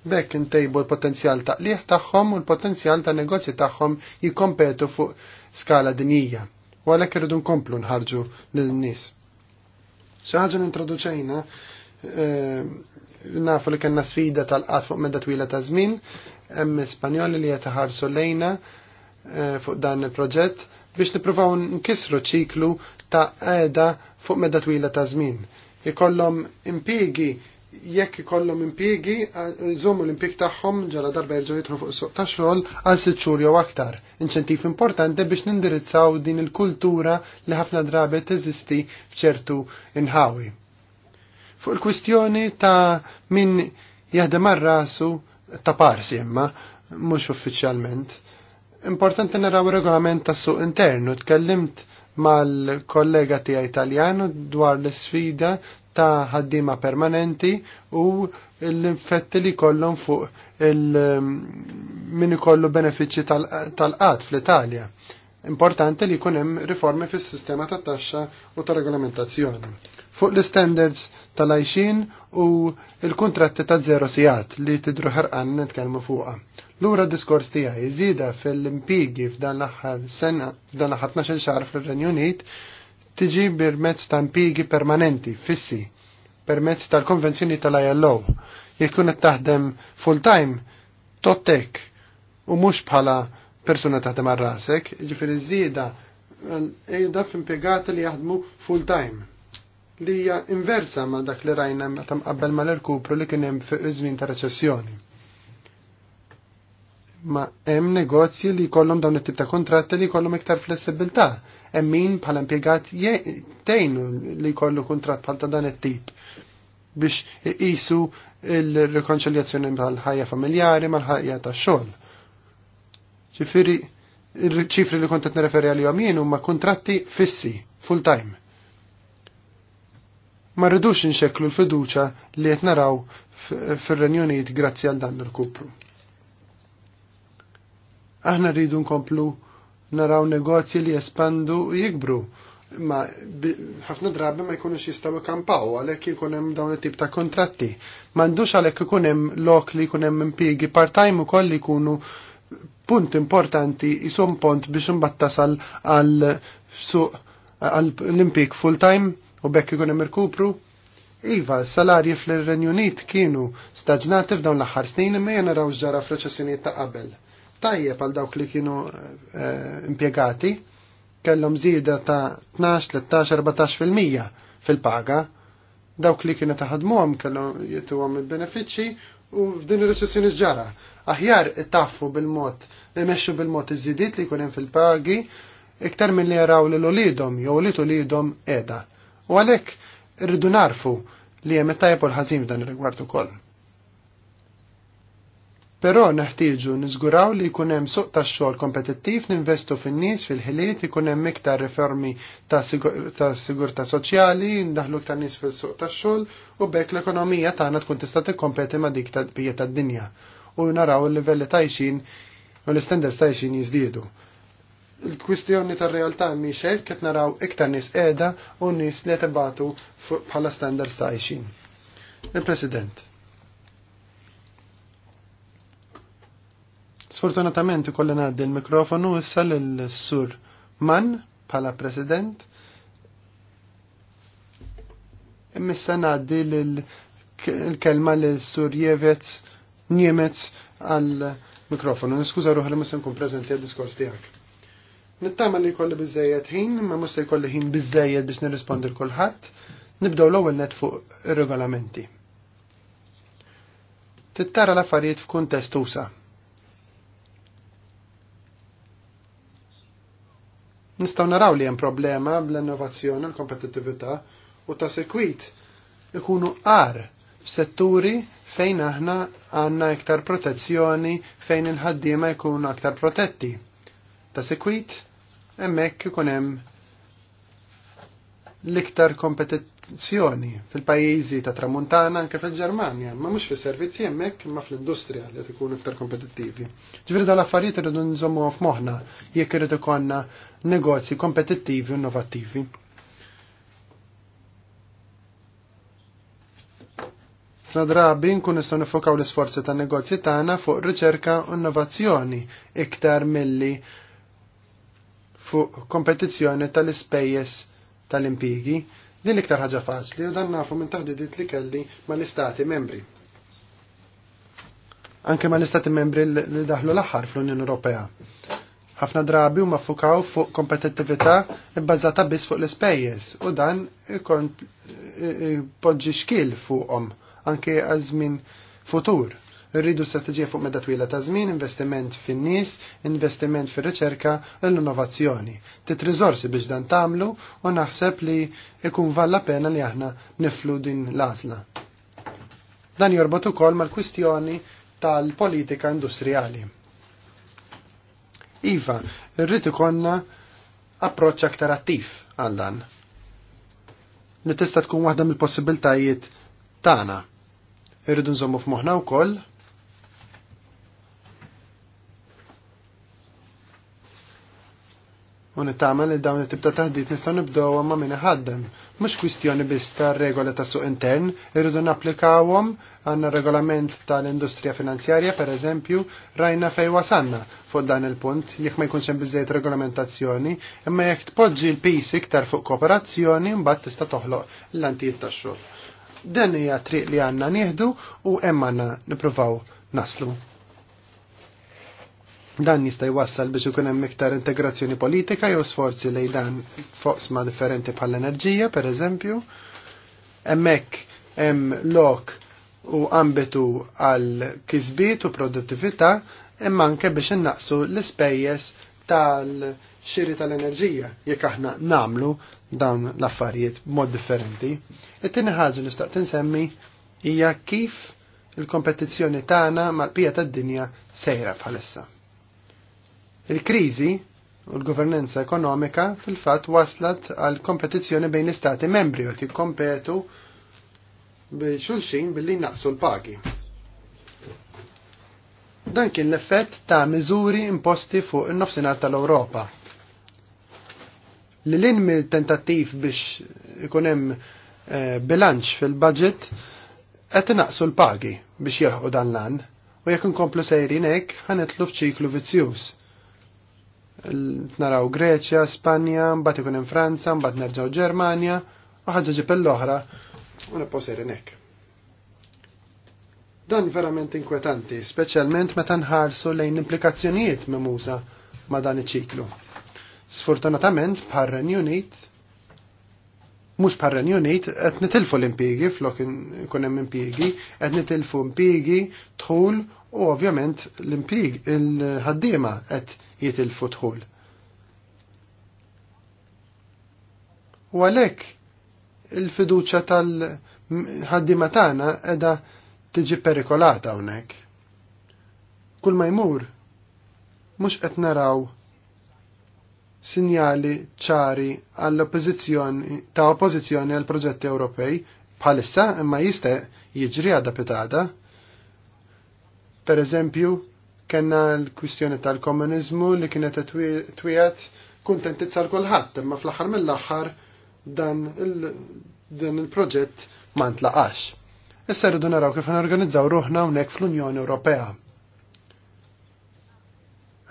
Bekk intejbu l-potenzjal ta' liħ tagħhom u l-potenzjal ta' negozji tagħhom jikkompetu fuq skala dinjija. U għalhekk irridu nkomplu nħarġu lin-nies. Xi ħaġa nintroduċejna eh, nafu li kellna sfida tal-qat fuq medda twila ta' żmien, hemm Spanjoli li qed iħarsu lejna eh, fuq dan il-proġett biex nippruvaw nkisru ċiklu ta' għeda fuq medda twila ta' żmien. Ikollhom impigi jekk ikollhom impigi, jżommu eh, l impieg tagħhom ġara darba jerġgħu jitru fuq suq ta' xogħol għal sitt xhur jew aktar. Inċentif importanti biex nindirizzaw din il-kultura li ħafna drabi teżisti f'ċertu inħawi. Fuq il-kwistjoni ta' min jaħdem ar-rasu ta' parsi imma, mhux uffiċjalment. Importanti naraw regolament tas suq internu, tkellimt mal-kollega tiegħi Italjanu dwar l-sfida ta' ħaddima permanenti u l-infetti li kollon fuq il-min mm, ikollu benefiċċji tal-qat fl-Italja. Importanti li jkun hemm riformi fis-sistema tat-taxxa u ta' regolamentazzjoni fuq l-standards tal ajxin u l-kontratti ta' zero sijat li tidru ħarqan nitkellmu fuqha. ura diskors tiegħi iżida fil-impigi f'dan l-aħħar sena f'dan l axar 12 xahar fir-Renju Unit tiġi permezz ta' impigi permanenti fissi permezz tal-konvenzjoni tal-ILO Jikun qed taħdem full-time tottek u mhux bħala persuna taħdem għal rasek, ġifir iż-żieda qiegħda eh, f'impjegati li jaħdmu full-time li hija inversa ma' dak li rajna meta mqabbel mal-irkupru li kien hemm fi żmien ta' reċessjoni. Ma hemm negozji li jkollhom dawn it-tip ta' kontratti li jkollhom iktar flessibilità. Hemm min bħala impjegat tgħin li jkollu kuntratt bħal ta' dan it-tip biex iqisu il-rekonċiljazzjoni mal-ħajja familjari mal-ħajja ta' xogħol. Ġifieri il-ċifri li kont qed nirreferi għalihom jien huma kontratti fissi, full time ma rridux nxeklu l-fiduċa li qed naraw fir-Renju Unit grazzi għal dan il-kupru. Aħna rridu nkomplu naraw negozji li jespandu u jikbru. Ma ħafna drabi ma jkunux jistaw kampaw għalhekk ikun hemm dawn it-tip ta' kontratti. M'għandux għalhekk ikun hemm lok li jkun hemm impjiegi part-time ukoll li jkunu punt importanti jisum pont biex imbattasal għal suq għal l impieg full-time u bekk ikun hemm irkupru Iva, salarji fl-Renju Unit kienu staġnati f'dawn l-aħħar snin imma jena raw ġara f'reċessjonijiet ta' qabel. Tajjeb għal dawk li kienu eh, impjegati kellhom żieda ta' 12-13-14% fil-paga. Dawk li kienu taħadmuhom kellhom jituhom il-benefiċċji u f'din ir-reċessjoni ġara. Aħjar taffu bil-mod, imexxu bil-mod iż-żidiet li jkun hemm fil-pagi iktar minn li jaraw l-olidhom jew li tulidhom qiegħda U għalhekk rridu narfu li hemm tajb u l-ħażin f'dan ir-rigward ukoll. Però neħtieġu niżguraw li jkun hemm suq tax-xogħol kompetittiv ninvestu fin-nies fil-ħiliet ikun hemm iktar riformi ta' sigurtà soċjali, ndaħlu iktar nies fil-suq tax-xogħol u bekk l-ekonomija tagħna tkun tista' tikkompeti ma' dik ta' bija tad-dinja u naraw il-livelli tajxin u l-istenders tajxin jiżdiedu il-kwistjoni tar-realtà miexed kiet qed naraw iktar nies qiegħda u nies li qed bħala standards ta' għajxin. Il-President. Sfortunatament ikolli ngħaddi l-mikrofonu issa lill-Sur Mann bħala President. Imissa ngħaddi l-kelma lill-Sur Jevez Niemetz għal mikrofonu. Niskuża ruħi li ma se preżenti għad-diskors tiegħek. Nittama li kolli bizzejiet ħin, ma musta jkolli ħin bizzejiet biex nirrispondi l-kulħadd. Nibdew l-ewwel net fuq ir-regolamenti. Tittara l-affarijiet f'kuntest usa. Nistgħu naraw li hemm problema bl-innovazzjoni u l-kompetittività u ta' sekwit ikunu qar f'setturi fejn aħna għandna iktar protezzjoni fejn il-ħaddiema jkunu aktar protetti. Ta' sekwit hemmhekk ikun hemm l-iktar kompetizzjoni fil-pajjiżi ta' tramuntana anke fil-Ġermanja, ma mhux fis-servizzi hemmhekk ma fl-industrija li tkun iktar kompetittivi. Ġifieri dal-affarijiet irridu nżommu f'moħħna jekk irid konna negozji kompetittivi u innovattivi. ħafna drabi nkun nistgħu nifokaw l-isforzi tan negozji tagħna fuq riċerka u innovazzjoni iktar milli fuq kompetizzjoni tal-ispejjeż tal-impigi din iktar ħaġa faċli u dan nafu minn taħdidit li kelli mal-istati membri. Anke mal-istati membri li daħlu l-aħħar fl-Unjoni Ewropea. Ħafna drabi huma fukaw fuq kompetittività bbażata biss fuq l-ispejjeż u dan ikon poġġi xkil fuqhom anke għal żmien futur Rridu strategija fuq meta twila ta' żmien, investiment fin-nies, investiment fir-riċerka u l-innovazzjoni. Tit riżorsi biex dan tagħmlu u naħseb li ikun valla pena li aħna niflu din l-għażla. Dan jorbot ukoll mal-kwistjoni tal-politika industrijali. Iva, rrid ikonna approċċ aktar attiv għal dan. Li tista' tkun waħda mill-possibiltajiet tagħna. Irridu nżommu f'moħħna wkoll U nittama li dawn it tibta ta' taħdit nistgħu nibdew ma' min ħaddem. Mhux kwistjoni biss ta' regola ta' suq intern, irridu napplikawhom għanna regolament tal-industrija finanzjarja pereżempju rajna fej wasanna fuq dan il-punt jekk ma jkunx hemm regolamentazzjoni, imma jekk tpoġġi l pc iktar fuq kooperazzjoni mbagħad tista' toħloq l-antijiet tax-xogħol. Dan hija triq li għandna nieħdu u hemm għandna nippruvaw naslu. Dan jista' jwassal biex ikun hemm iktar integrazzjoni politika jew sforzi lejn dan foqsma differenti bħall-enerġija, pereżempju. Hemmhekk hemm lok u ambitu għal kisbiet u produttività imma anke biex innaqsu l-ispejjeż tal-xiri tal-enerġija jekk aħna namlu dawn l-affarijiet mod differenti. It-tieni ħaġa li staqt insemmi hija kif il-kompetizzjoni tagħna mal-pija tad-dinja sejra bħalissa. Il-kriżi u l-governanza ekonomika fil-fatt waslat għal kompetizzjoni bejn l-istati membri u tikkompetu xulxin billi naqsu l-pagi. Dan kien l-effett ta' miżuri imposti fuq in-nofsinhar tal-Ewropa. l lin tentattiv biex ikun hemm eh, bilanċ fil-budget qed naqsu l-pagi biex jelħu dan l-an u jekk inkomplu sejrin hekk ħanetlu f'ċiklu vizzjuż naraw Greċja, Spanja, mbagħad ikun hemm Franza, mbagħad nerġgħu Ġermanja u ħaġa ġib l-oħra u nippow hekk. Dan verament inkwetanti, speċjalment meta nħarsu lejn implikazzjonijiet memuża ma' dan iċ-ċiklu. Sfortunatament bħal Unit mhux bħal Unit qed nitilfu l impiegi flok ikun hemm impjiegi, qed nitilfu impjiegi, dħul u ovvjament l-impig il-ħaddiema qed il-futħul. U għalhekk il-fiduċja tal-ħaddiema tagħna qiegħda tiġi perikolata hawnhekk. Kull ma jmur mhux qed naraw sinjali ċari għall-oppożizzjoni ta' oppożizzjoni għall proġetti Ewropej bħalissa imma jista' jiġri għadha pitada Per eżempju, kena l-kwistjoni tal-komunizmu li kienet twijat kuntentizza l-kolħat, imma fl-axar mill-axar dan il-proġett il ma ntlaqax. Issa rridu naraw kif norganizzaw ruħna hawnhekk fl-Unjoni Ewropea.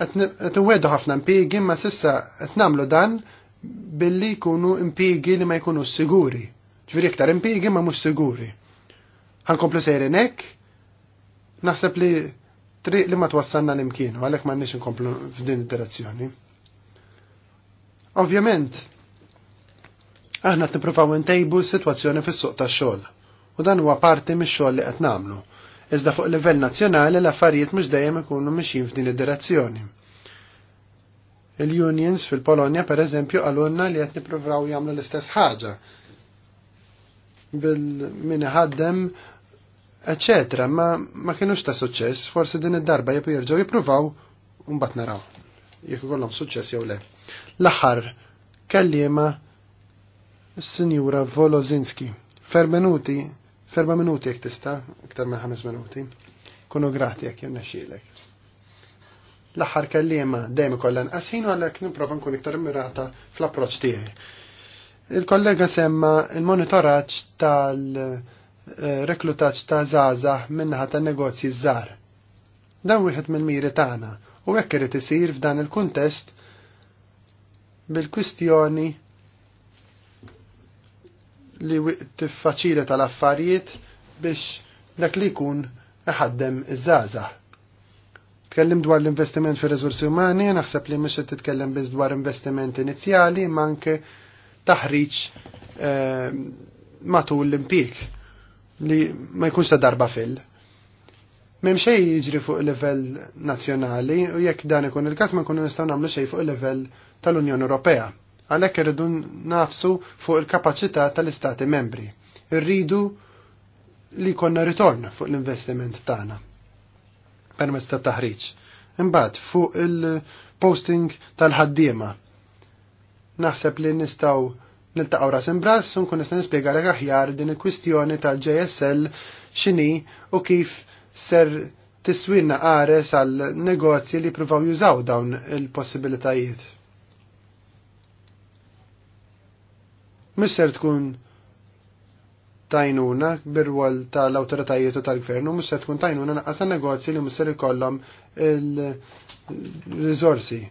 Qed iwedu ħafna impjiegi ma sissa qed nagħmlu dan billi jkunu impjiegi li ma jkunux siguri. Ġifieri iktar impjiegi ma mhux siguri. Ħankomplu sejrin hekk Naħseb li triq li ma twassalna l-imkien, għalek ma nix nkomplu f'din id-direzzjoni. Ovvjament, aħna t-niprofaw s situazzjoni fis-suq tax-xogħol, u dan huwa parti mix-xogħol li qed nagħmlu iżda fuq livell nazzjonali l-affarijiet mhux dejjem ikunu mixjin f'din id-direzzjoni. Il-unions fil-Polonja pereżempju għalunna li qed nippruvaw jagħmlu l-istess ħaġa bil min ħaddem eccetera, ma, ma kienux ta' suċċess, forsi din id-darba jepu jirġaw jipruvaw un bat naraw, jekk kollom suċċess jew le. L-aħħar kellima s-sinjura Volozinski, fer minuti, ferba minuti jek tista, iktar minn ħames minuti, kunu grati jek jirnexilek. L-aħħar kellima dejjem kollan asħinu għalhekk nipprova nkun iktar mirata fl-approċċ tiegħi. Il-kollega semma il-monitoraġġ tal- Eh, reklutaċ ta' zazah minnaħa ta' negozji żgħar. Dan wieħed mill-miri tagħna u hekk irid isir f'dan il-kuntest bil-kwistjoni li tiffaċili tal-affarijiet biex dak li jkun iħaddem iż-żgħażagħ. Tkellim dwar l-investiment fi riżorsi umani, naħseb li mhux titkellem biss dwar investiment inizjali, ma anke taħriġ eh, matul l-impik li ma jkunx ta' darba fil. Mem xej jiġri fuq livell nazzjonali u jekk dan ikun il-każ ma nkunu nistgħu nagħmlu xej fuq il-livell tal-Unjoni Ewropea. Għalhekk irridu nafsu fuq il-kapaċità tal-Istati membri. Irridu li konna ritorn fuq l-investiment tagħna permezz ta' taħriġ. Imbagħad fuq il-posting tal-ħaddiema. Naħseb li nistgħu niltaqgħu ras imbras unkun nista nispjega l aħjar din il-kwistjoni tal-JSL x'inhi u kif ser tiswinna qares għal negozji li pruvaw jużaw dawn il-possibilitajiet. Misser tkun tajnuna bir-rwol tal-autoritajiet u tal-gvern u musser tkun tajnuna naqqasa negozji li musser ikollhom il-rizorsi.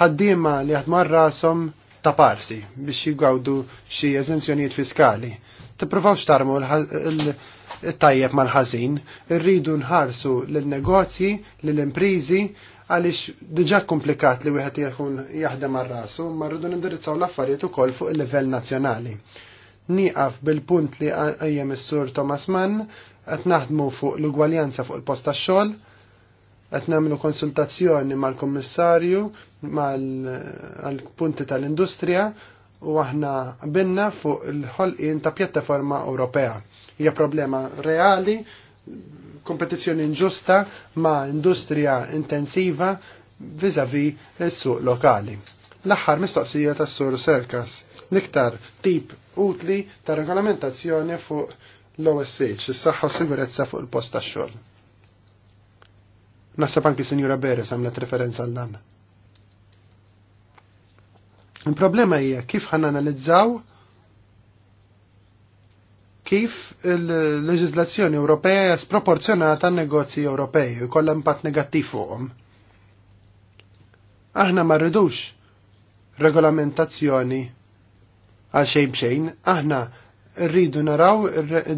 Ħaddiema li ħatmar rasom ta' parti biex jgawdu xi eżenzjoniet fiskali. Tipprovaw xtarmu l-tajjeb mal ħazin rridu nħarsu l-negozji, l-imprizi, għaliex diġà komplikat li wieħed jkun jaħdem ar rasu ma rridu nindirizzaw l-affarijiet ukoll fuq il-livell nazzjonali. Nieqaf bil-punt li għajjem is-sur Thomas Mann qed naħdmu fuq l-ugwaljanza fuq il-post tax-xogħol, qed nagħmlu konsultazzjoni mal-Kummissarju mal-punti tal-industrija u aħna binna fuq il-ħolqien ta' pjattaforma Ewropea. Hija problema reali, kompetizzjoni inġusta ma' industrija intensiva vizavi il-suq lokali. L-aħħar mistoqsija tas sur Serkas, niktar tip utli ta' regolamentazzjoni fuq l-OSH, is-saħħa u sigurezza fuq il-post tax-xogħol. Naħseb anki Sinjura Beres għamlet referenza għal dan. Il-problema hija kif ħan analizzaw kif il-leġizlazzjoni Ewropea sproporzjonata għan negozji Ewropej u jkollha impatt negattiv fuqhom. Aħna ma rridux regolamentazzjoni għal xejn b'xejn, aħna rridu naraw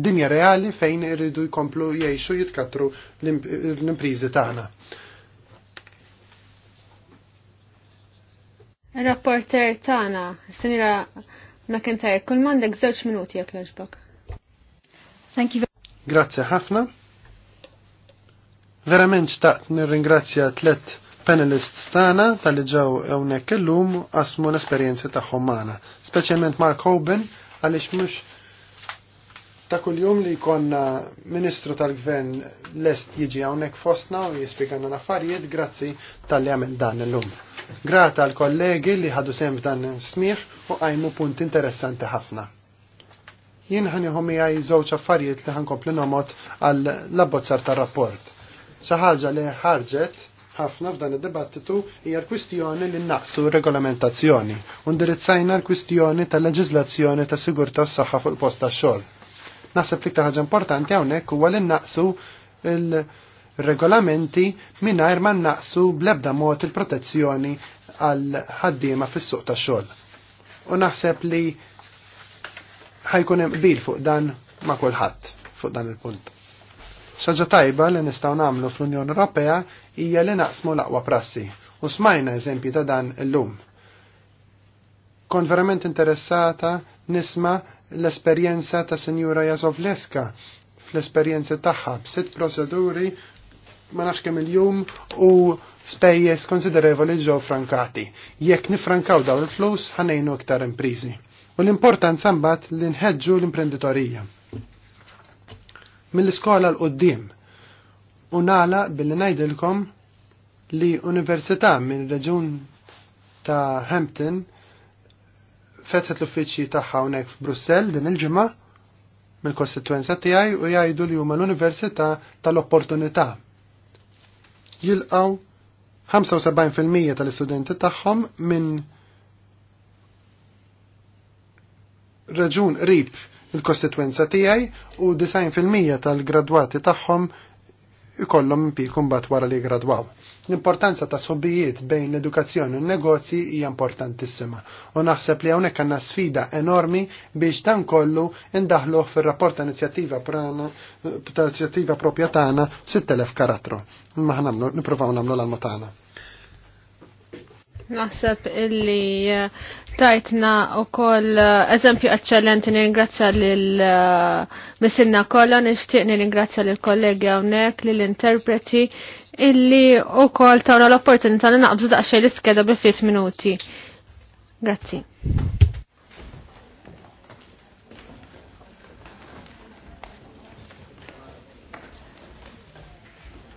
dinja reali fejn rridu jkomplu jgħixu jitkatru l-imprizi tagħna. Rapporter tagħna, senira McIntyre, kull mandek żewġ minuti jekk jogħġbok. Thank you. Grazzi ħafna. Verament xtaqt nirringrazzja tlet panelists tagħna tal ġew hawnhekk illum qasmu l-esperjenzi tagħhom magħna, speċjalment Mark Hoban għaliex mhux ta' kuljum li konna ministru tal-gvern lest jiġi hawnhekk fostna u jispiegħanna l-affarijiet grazzi tal-li għamil dan illum. Grata għal kollegi li ħadu sem dan smieħ u għajmu punt interessanti ħafna. Jien ħaniħom għaj żewġ affarijiet li komplin għomot għal labbozzar tar-rapport. Xi ħaġa li ħarġet ħafna f'dan id-dibattitu hija l-kwistjoni li naqsu regolamentazzjoni u ndirizzajna l-kwistjoni tal leġizlazzjoni ta' sigurtà s-saħħa fuq il-post tax-xogħol Naħseb li ħaġa importanti hawnhekk huwa li naqsu il-regolamenti mingħajr ma naqsu blebda mod il-protezzjoni għal ħaddiema fis-suq tax-xogħol. U naħseb li ħajkunem hemm fuq dan ma' kulħadd fuq dan il-punt. Xaġa tajba li nistgħu nagħmlu fl-Unjoni Ewropea hija li naqsmu l-aqwa prassi u smajna eżempji ta' dan illum. Kont verament interessata nisma' l-esperjenza ta' Senjura Jasovleska fl-esperjenza tagħha b'sitt proseduri ma nafx kemm il-jum u spejjeż konsiderevoli ġew frankati. Jekk nifrankaw dawn il-flus ħanejnu iktar imprizi. U l-importanza mbagħad li nħeġġu l-imprenditorija. Mill-iskola l-qoddim u nala billi ngħidilkom li università minn reġun ta' Hampton fetħet l-uffiċċji tagħha hawnhekk f'Brussell din il-ġimgħa mill-kostituenza tiegħi u jgħidu li huma l-Università tal-Opportunità. Jilqgħu 75% tal-istudenti tagħhom minn raġun qrib il-kostituenza tiegħi u 90% tal-gradwati tagħhom ikollhom impiekum mbagħad wara li gradwaw. L-importanza ta' sobijiet bejn l-edukazzjoni u n-negozji hija importantissima u naħseb li hawnhekk għandna sfida enormi biex dan kollu indaħluh fir-rapport ta' inizjattiva ta' inizjattiva propja tagħna b'6000 karattru. Ma ħnamlu nippruvaw nagħmlu l tagħna. Naħseb illi eh, tajtna u koll eh, eżempju eccellenti nirringrazzja l-missinna eh, kollha nixtieq nirringrazzja l-kollegi hawnhekk lill interpreti illi u kol tawra l-opportunità li naqbżu daqsxejn l-iskeda bi ftit minuti. Grazzi.